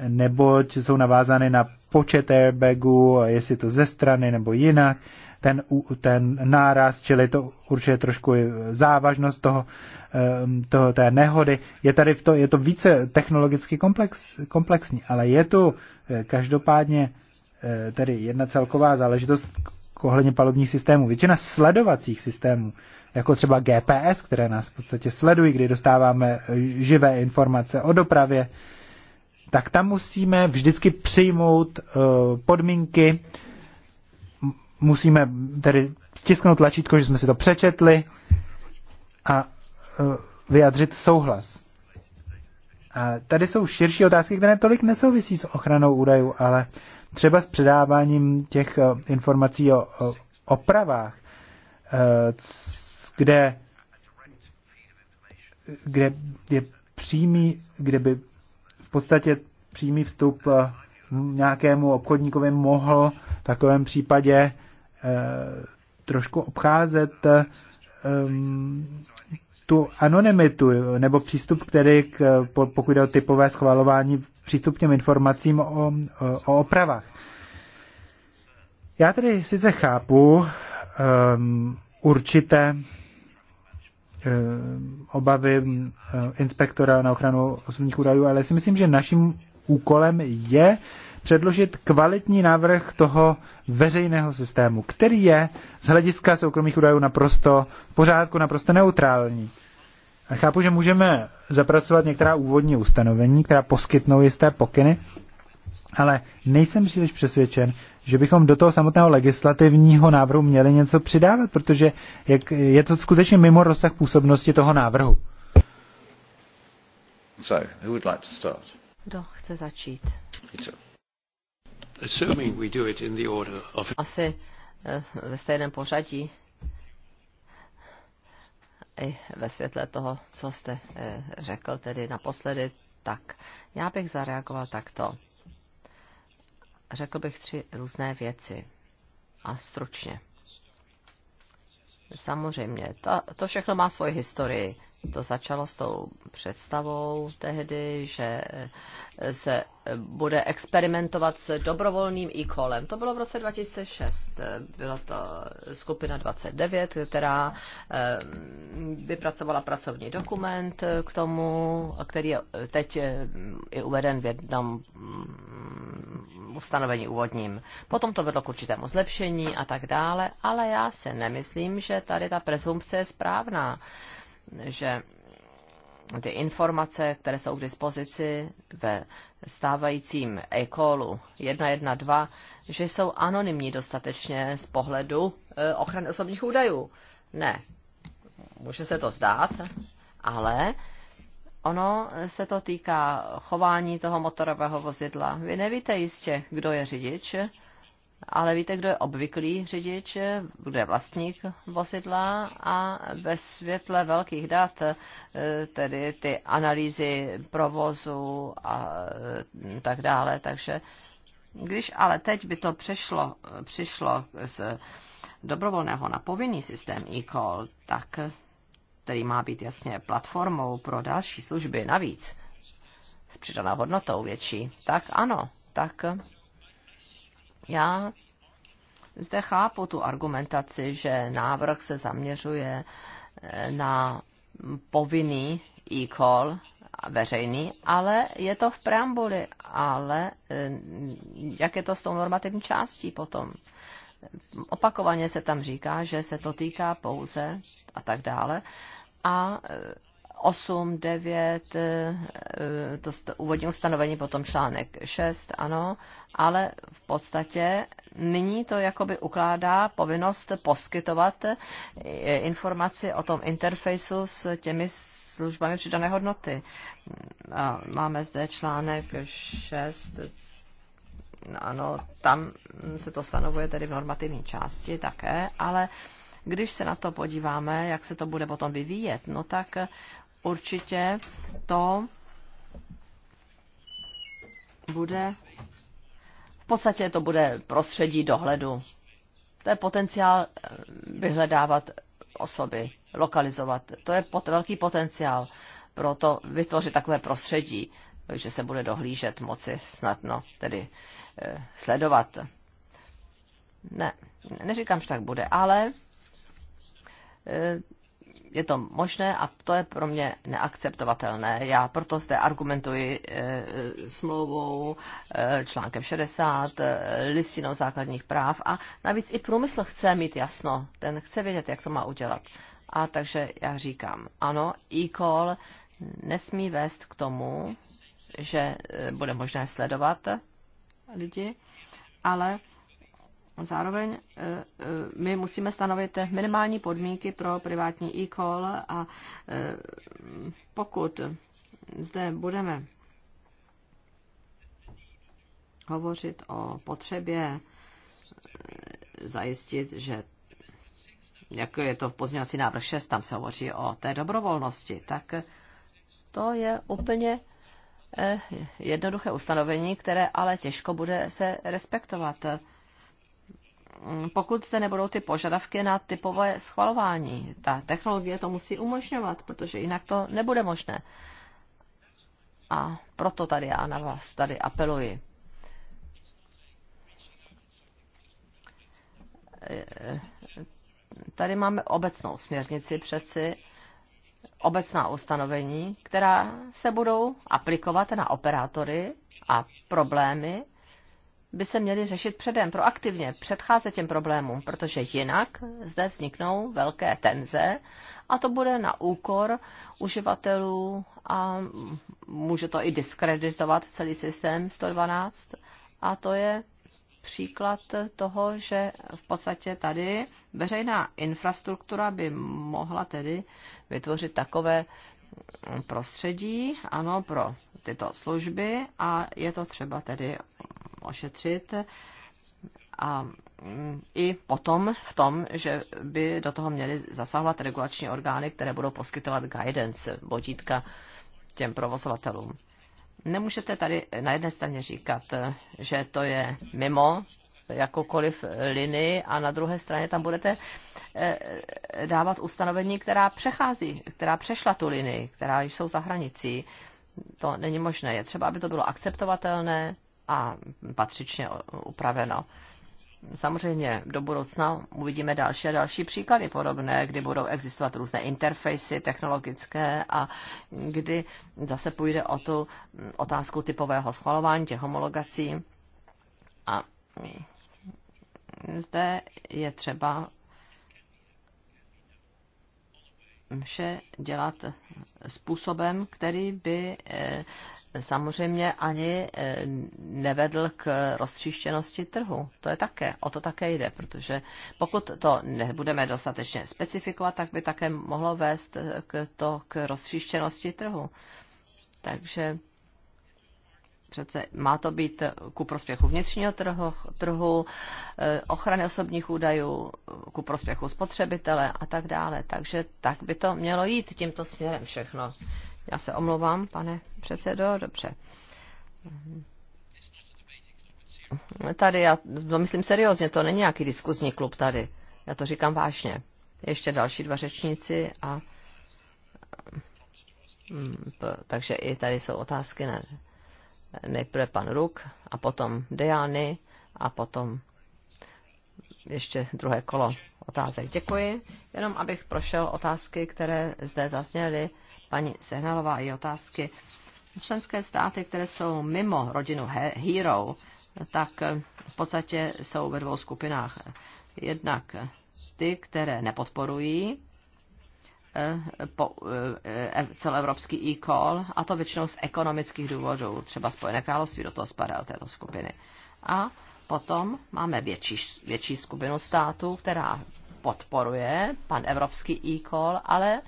neboť jsou navázány na počet airbagů, jestli to ze strany nebo jinak, ten, ten náraz, čili to určitě trošku závažnost toho, ehm, toho té nehody. Je tady v to, je to více technologicky komplex, komplexní, ale je tu eh, každopádně eh, tedy jedna celková záležitost ohledně palubních systémů. Většina sledovacích systémů, jako třeba GPS, které nás v podstatě sledují, kdy dostáváme eh, živé informace o dopravě, tak tam musíme vždycky přijmout eh, podmínky, musíme tedy stisknout tlačítko, že jsme si to přečetli a eh, vyjádřit souhlas. A tady jsou širší otázky, které tolik nesouvisí s ochranou údajů, ale třeba s předáváním těch eh, informací o opravách, kde, kde je přímý, kde by podstatě přímý vstup eh, nějakému obchodníkovi mohl v takovém případě eh, trošku obcházet eh, tu anonymitu nebo přístup, který, k, pokud jde o typové schvalování, přístup k těm informacím o, o opravách. Já tedy sice chápu um, určité Eh, obavy eh, inspektora na ochranu osobních údajů, ale si myslím, že naším úkolem je předložit kvalitní návrh toho veřejného systému, který je z hlediska soukromých údajů naprosto v pořádku, naprosto neutrální. A chápu, že můžeme zapracovat některá úvodní ustanovení, která poskytnou jisté pokyny, ale nejsem příliš přesvědčen, že bychom do toho samotného legislativního návrhu měli něco přidávat, protože jak, je to skutečně mimo rozsah působnosti toho návrhu. So, who would like to start? Kdo chce začít? we do it in the order of... Asi eh, ve stejném pořadí i ve světle toho, co jste eh, řekl tedy naposledy, tak já bych zareagoval takto. Řekl bych tři různé věci a stručně. Samozřejmě, ta, to všechno má svoji historii to začalo s tou představou tehdy, že eh, se eh, bude experimentovat s dobrovolným e-callem. To bylo v roce 2006. Eh, byla to skupina 29, která vypracovala pracovní dokument k tomu, který je teď je uveden v jednom mm, ustanovení úvodním. Potom to vedlo k určitému zlepšení a tak dále, ale já si nemyslím, že tady ta prezumpce je správná že ty informace, které jsou k dispozici ve stávajícím e-callu 112, že jsou anonymní dostatečně z pohledu eh, ochrany osobních údajů. Ne, může se to zdát, ale ono se to týká chování toho motorového vozidla. Vy nevíte jistě, kdo je řidič, ale víte, kdo je obvyklý řidič, kdo je vlastník vozidla a ve světle velkých dat, e, tedy ty analýzy provozu a e, tak dále. Takže když ale teď by to přešlo, přišlo z dobrovolného na povinný systém e-call, tak který má být jasně platformou pro další služby navíc, s přidanou hodnotou větší, tak ano, tak já zde chápu tu argumentaci, že návrh se zaměřuje eh, na povinný e-call veřejný, ale je to v preambuli, ale eh, jak je to s tou normativní částí potom? Opakovaně se tam říká, že se to týká pouze a tak dále. A eh, 8, 9, eh, eh, to úvodní ustanovení, potom článek 6, ano, ale v podstatě nyní to jakoby ukládá povinnost poskytovat eh, informaci o tom interfejsu s těmi službami přidané hodnoty. A máme zde článek 6, ano, tam se to stanovuje tedy v normativní části také, ale když se na to podíváme, jak se to bude potom vyvíjet, no tak určitě to bude, v podstatě to bude prostředí dohledu. To je potenciál eh, vyhledávat osoby, lokalizovat. To je pot, velký potenciál pro to vytvořit takové prostředí, že se bude dohlížet moci snadno, tedy e, sledovat. Ne, neříkám, že tak bude, ale eh, je to možné a to je pro mě neakceptovatelné. Já proto zde argumentuji e, smlouvou, e, článkem 60, e, listinou základních práv a navíc i průmysl chce mít jasno, ten chce vědět, jak to má udělat. A takže já říkám, ano, e-call nesmí vést k tomu, že e, bude možné sledovat lidi, ale Zároveň e, e, my musíme stanovit minimální podmínky pro privátní e-call a e, pokud zde budeme hovořit o potřebě zajistit, že jako je to v pozměňovací návrh 6, tam se hovoří o té dobrovolnosti, tak to je úplně jednoduché ustanovení, které ale těžko bude se respektovat Mm, pokud zde nebudou ty požadavky na typové schvalování. Ta technologie to musí umožňovat, protože jinak to nebude možné. A proto tady já na vás tady apeluji. Tady máme obecnou směrnici přeci, obecná ustanovení, která se budou aplikovat na operátory a problémy by se měly řešit předem, proaktivně, předcházet těm problémům, protože jinak zde vzniknou velké tenze a to bude na úkor uživatelů a může to i diskreditovat celý systém 112 a to je příklad toho, že v podstatě tady veřejná infrastruktura by mohla tedy vytvořit takové prostředí, ano, pro tyto služby a je to třeba tedy ošetřit a mm, i potom v tom, že by do toho měly zasahovat regulační orgány, které budou poskytovat guidance, bodítka těm provozovatelům. Nemůžete tady na jedné straně říkat, že to je mimo jakoukoliv linii a na druhé straně tam budete eh, dávat ustanovení, která přechází, která přešla tu linii, která jsou za hranicí. To není možné. Je třeba, aby to bylo akceptovatelné a patřičně upraveno. Samozřejmě do budoucna uvidíme další a další příklady podobné, kdy budou existovat různé interfejsy technologické a kdy zase půjde o tu otázku typového schvalování, těch homologací. A zde je třeba vše dělat způsobem, který by eh, samozřejmě ani eh, nevedl k roztříštěnosti trhu. To je také, o to také jde, protože pokud to nebudeme dostatečně specifikovat, tak by také mohlo vést eh, k to k roztříštěnosti trhu. Takže přece má to být ku prospěchu vnitřního trhu, trhu eh, ochrany osobních údajů, ku prospěchu spotřebitele a tak dále. Takže tak by to mělo jít tímto směrem všechno. Já se omlouvám, pane předsedo, dobře. Tady já no myslím seriózně, to není nějaký diskuzní klub tady. Já to říkám vážně. Ještě další dva řečníci a mm, takže i tady jsou otázky na nejprve pan Ruk a potom Dejany a potom ještě druhé kolo otázek. Děkuji. Jenom abych prošel otázky, které zde zazněly paní Sehnalová i otázky. Členské státy, které jsou mimo rodinu Hero, tak eh, v podstatě jsou ve dvou skupinách. Jednak ty, které nepodporují eh, po, eh, celoevropský e-call, a to většinou z ekonomických důvodů. Třeba Spojené království do toho spadá této skupiny. A potom máme větší, větší skupinu států, která podporuje pan evropský e-call, ale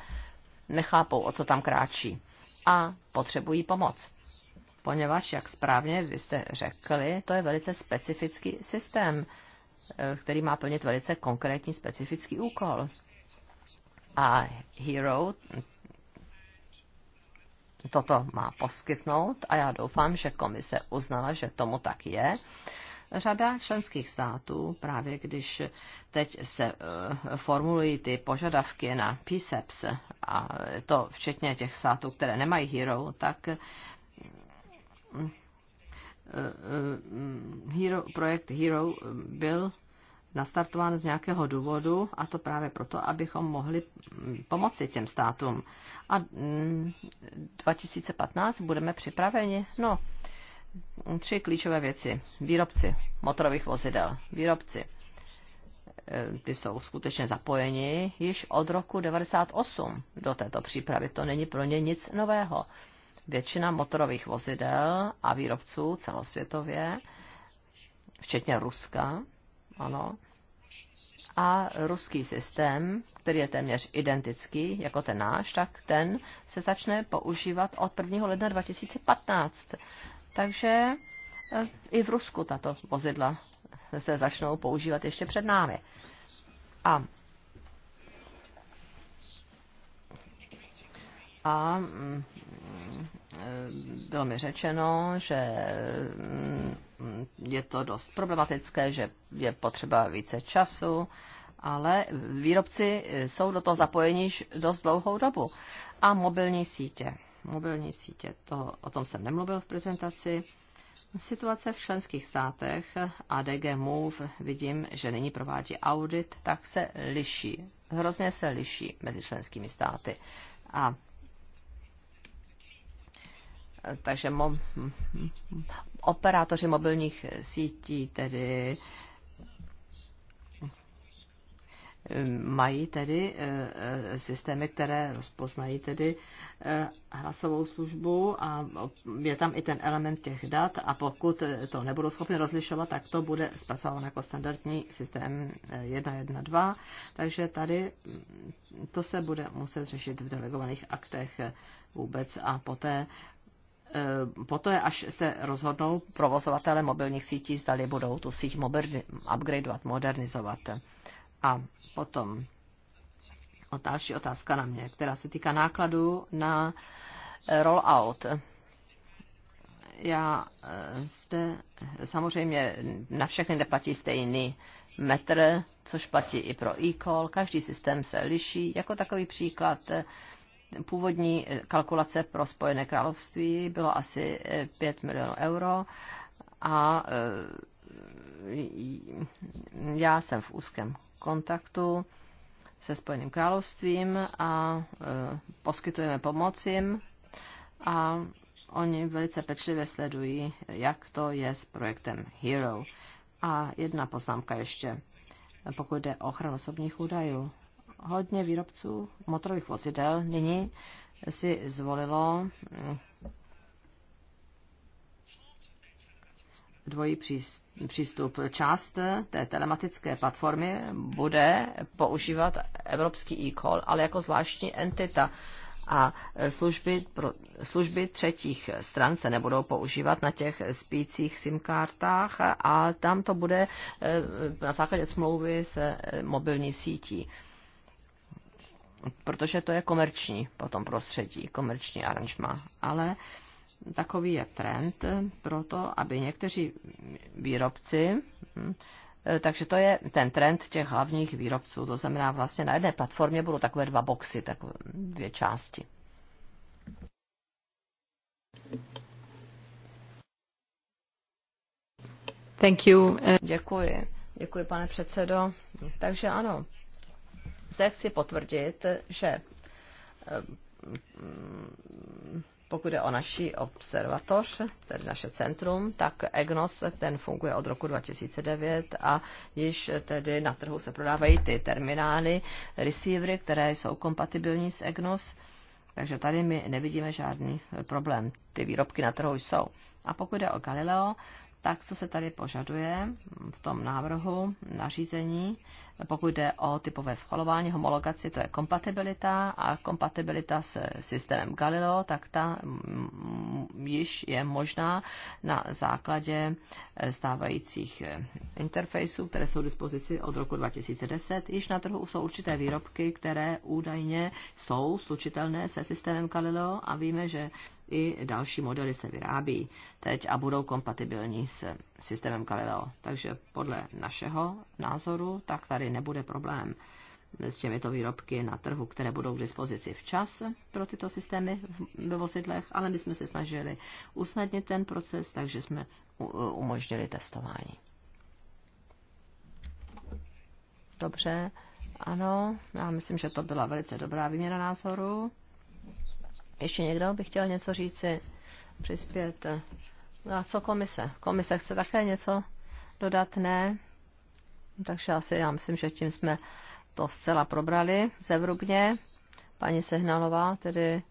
nechápou, o co tam kráčí a potřebují pomoc. Poněvadž, jak správně vy jste řekli, to je velice specifický systém, eh, který má plnit velice konkrétní specifický úkol. A Hero toto má poskytnout a já doufám, že komise uznala, že tomu tak je Řada členských států, právě když teď se eh, formulují ty požadavky na PSEPS, e a to včetně těch států, které nemají hero, tak eh, eh, Hero, projekt Hero byl nastartován z nějakého důvodu, a to právě proto, abychom mohli hm, pomoci těm státům. A 2015 hm, budeme připraveni? No, tři klíčové věci. Výrobci motorových vozidel, výrobci, eh, ty jsou skutečně zapojeni již od roku 98 do této přípravy. To není pro ně nic nového. Většina motorových vozidel a výrobců celosvětově, včetně Ruska, ano, a ruský systém, který je téměř identický jako ten náš, tak ten se začne používat od 1. ledna 2015. Takže eh, i v Rusku tato vozidla se začnou používat ještě před námi. A, a eh, bylo mi řečeno, že mm, je to dost problematické, že je potřeba více času, ale výrobci jsou do toho zapojeni již dost dlouhou dobu. A mobilní sítě mobilní sítě. To, o tom jsem nemluvil v prezentaci. Situace v členských státech a DG Move vidím, že nyní provádí audit, tak se liší. Hrozně se liší mezi členskými státy. A takže mo- operátoři mobilních sítí tedy mají tedy e, e, systémy, které rozpoznají tedy Eh, hlasovou službu a je tam i ten element těch dat a pokud to nebudou schopni rozlišovat, tak to bude zpracováno jako standardní systém 1.1.2, eh, takže tady mm, to se bude muset řešit v delegovaných aktech eh, vůbec a poté poté, až se rozhodnou provozovatele mobilních sítí, zdali budou tu síť upgradeovat, modernizovat. A potom Další otázka na mě, která se týká nákladů na eh, rollout. Já eh, zde eh, samozřejmě na všechny neplatí stejný metr, což platí i pro e-call. Každý systém se liší. Jako takový příklad původní kalkulace pro Spojené království bylo asi 5 milionů euro a já jsem v úzkém kontaktu se Spojeným královstvím a e, poskytujeme pomoc jim a oni velice pečlivě sledují, jak to je s projektem Hero. A jedna poznámka ještě, pokud jde o ochranu osobních údajů. Hodně výrobců motorových vozidel nyní si zvolilo dvojí přístup. Část té telematické platformy bude používat evropský e-call, ale jako zvláštní entita a služby, pro, služby třetích stran se nebudou používat na těch spících SIM kartách a tam to bude eh, na základě smlouvy se eh, mobilní sítí. Protože to je komerční potom prostředí, komerční aranžma. Ale eh, takový je trend pro to, aby někteří výrobci, hm, e, takže to je ten trend těch hlavních výrobců, to znamená vlastně na jedné platformě budou takové dva boxy, takové dvě části. Thank you. E, Děkuji. Děkuji, pane předsedo. Takže ano, zde chci potvrdit, že e, pokud je o naši observatoř, tedy naše centrum, tak EGNOS, ten funguje od roku 2009 a již tedy na trhu se prodávají ty terminály, receivery, které jsou kompatibilní s EGNOS, takže tady my nevidíme žádný problém. Ty výrobky na trhu jsou. A pokud je o Galileo, tak co se tady požaduje v tom návrhu nařízení, pokud jde o typové schvalování, homologaci, to je kompatibilita a kompatibilita s systémem Galileo, tak ta mm, mm, již je možná na základě eh, stávajících eh, interfejsů, které jsou v dispozici od roku 2010. Již na trhu jsou určité výrobky, které údajně jsou slučitelné se systémem Galileo a víme, že i další modely se vyrábí teď a budou kompatibilní s systémem Galileo. Takže podle našeho názoru, tak tady nebude problém s těmito výrobky na trhu, které budou k dispozici včas pro tyto systémy ve vozidlech, ale my jsme se snažili usnadnit ten proces, takže jsme umožnili testování. Dobře, ano, já myslím, že to byla velice dobrá výměna názoru. Ještě někdo by chtěl něco říci, přispět? No a co komise? Komise chce také něco dodat? Ne. Takže asi já myslím, že tím jsme to zcela probrali zevrubně. Paní Sehnalová tedy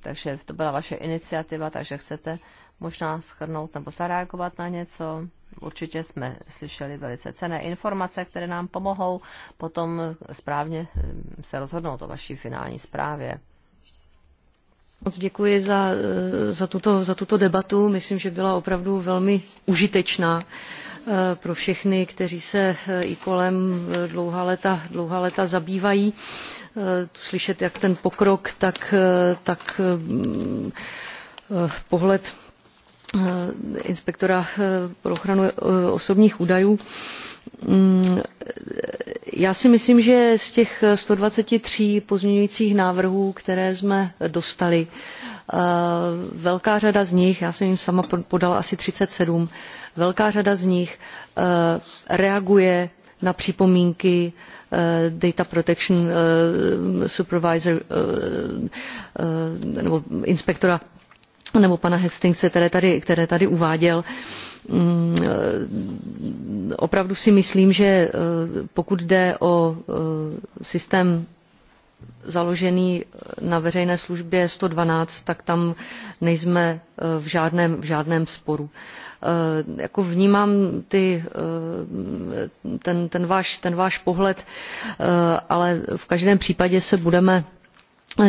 takže to byla vaše iniciativa, takže chcete možná schrnout nebo zareagovat na něco. Určitě jsme slyšeli velice cené informace, které nám pomohou potom správně hm, se rozhodnout o vaší finální zprávě. Moc děkuji za, eh, za, tuto, za tuto debatu. Myslím, že byla opravdu velmi užitečná eh, pro všechny, kteří se eh, i kolem dlouhá léta, dlouhá léta zabývají. Slyšet jak ten pokrok, tak, tak pohled Eh, inspektora eh, pro ochranu eh, osobních údajů mm, já si myslím že z těch one hundred and twenty three pozměňujících návrhů které jsme dostali velká řada z nich já jsem jich sama podala asi thirty seven velká řada z nich reaguje na připomínky data protection supervisor nebo inspektora nebo pana Hestingse, které tady, které tady uváděl, mm, eh, opravdu si myslím, že eh, pokud jde o eh, systém založený na veřejné službě 112, tak tam nejsme v žádném, v žádném sporu. Jako vnímám ty, ten, ten, váš, ten váš pohled, ale v každém případě se budeme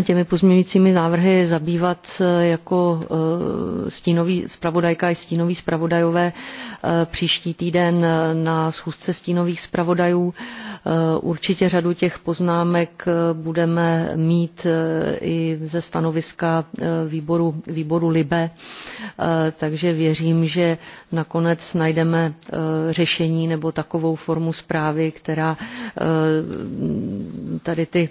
těmi pozměňujícími návrhy zabývat eh, jako eh, stínový zpravodajka i stínový zpravodajové eh, příští týden na schůzce stínových zpravodajů. Určitě řadu těch poznámek budeme mít i ze stanoviska výboru, výboru LIBE, takže věřím, že nakonec najdeme řešení nebo takovou formu zprávy, která tady ty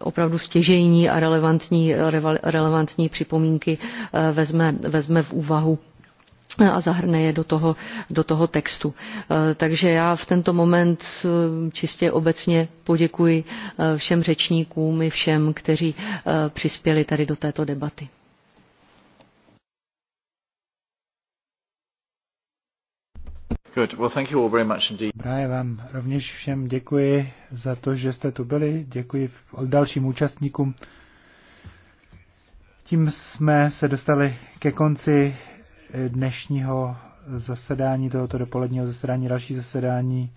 opravdu stěžejní a relevantní, relevantní připomínky eh, vezme, vezme v úvahu eh, a zahrne je do toho, do toho textu. Eh, takže já v tento moment čistě obecně poděkuji všem řečníkům i všem, kteří přispěli tady do této debaty. Good. Well, thank you all very much indeed. já vám rovněž všem děkuji za to, že jste tu byli. Děkuji dalším účastníkům. Tím jsme se dostali ke konci eh, dnešního zasedání, tohoto dopoledního zasedání. Další zasedání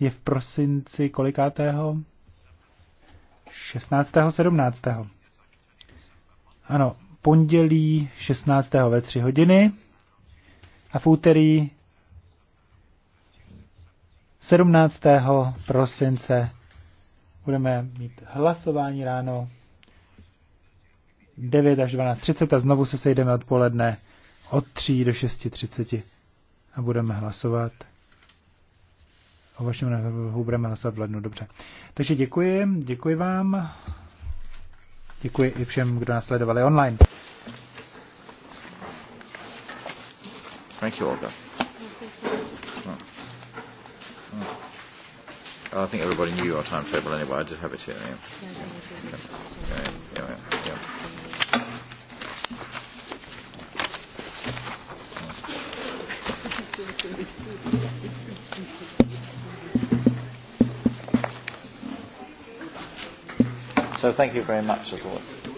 je v prosinci kolikátého? 16. 17. Ano, pondělí 16. ve 3 hodiny a v úterý 17. prosince budeme mít hlasování ráno 9 až 12.30 a znovu se sejdeme odpoledne od 3 do 6.30 a budeme hlasovat. O vašem návrhu budeme hlasovat v lednu, dobře. Takže děkuji, děkuji vám. Děkuji i všem, kdo nás sledovali online. Thank you, Olga. No. Hmm. I think everybody knew our timetable anyway. I did have it here. Yeah. Yeah. Yeah. Yeah. Yeah. So thank you very much as well.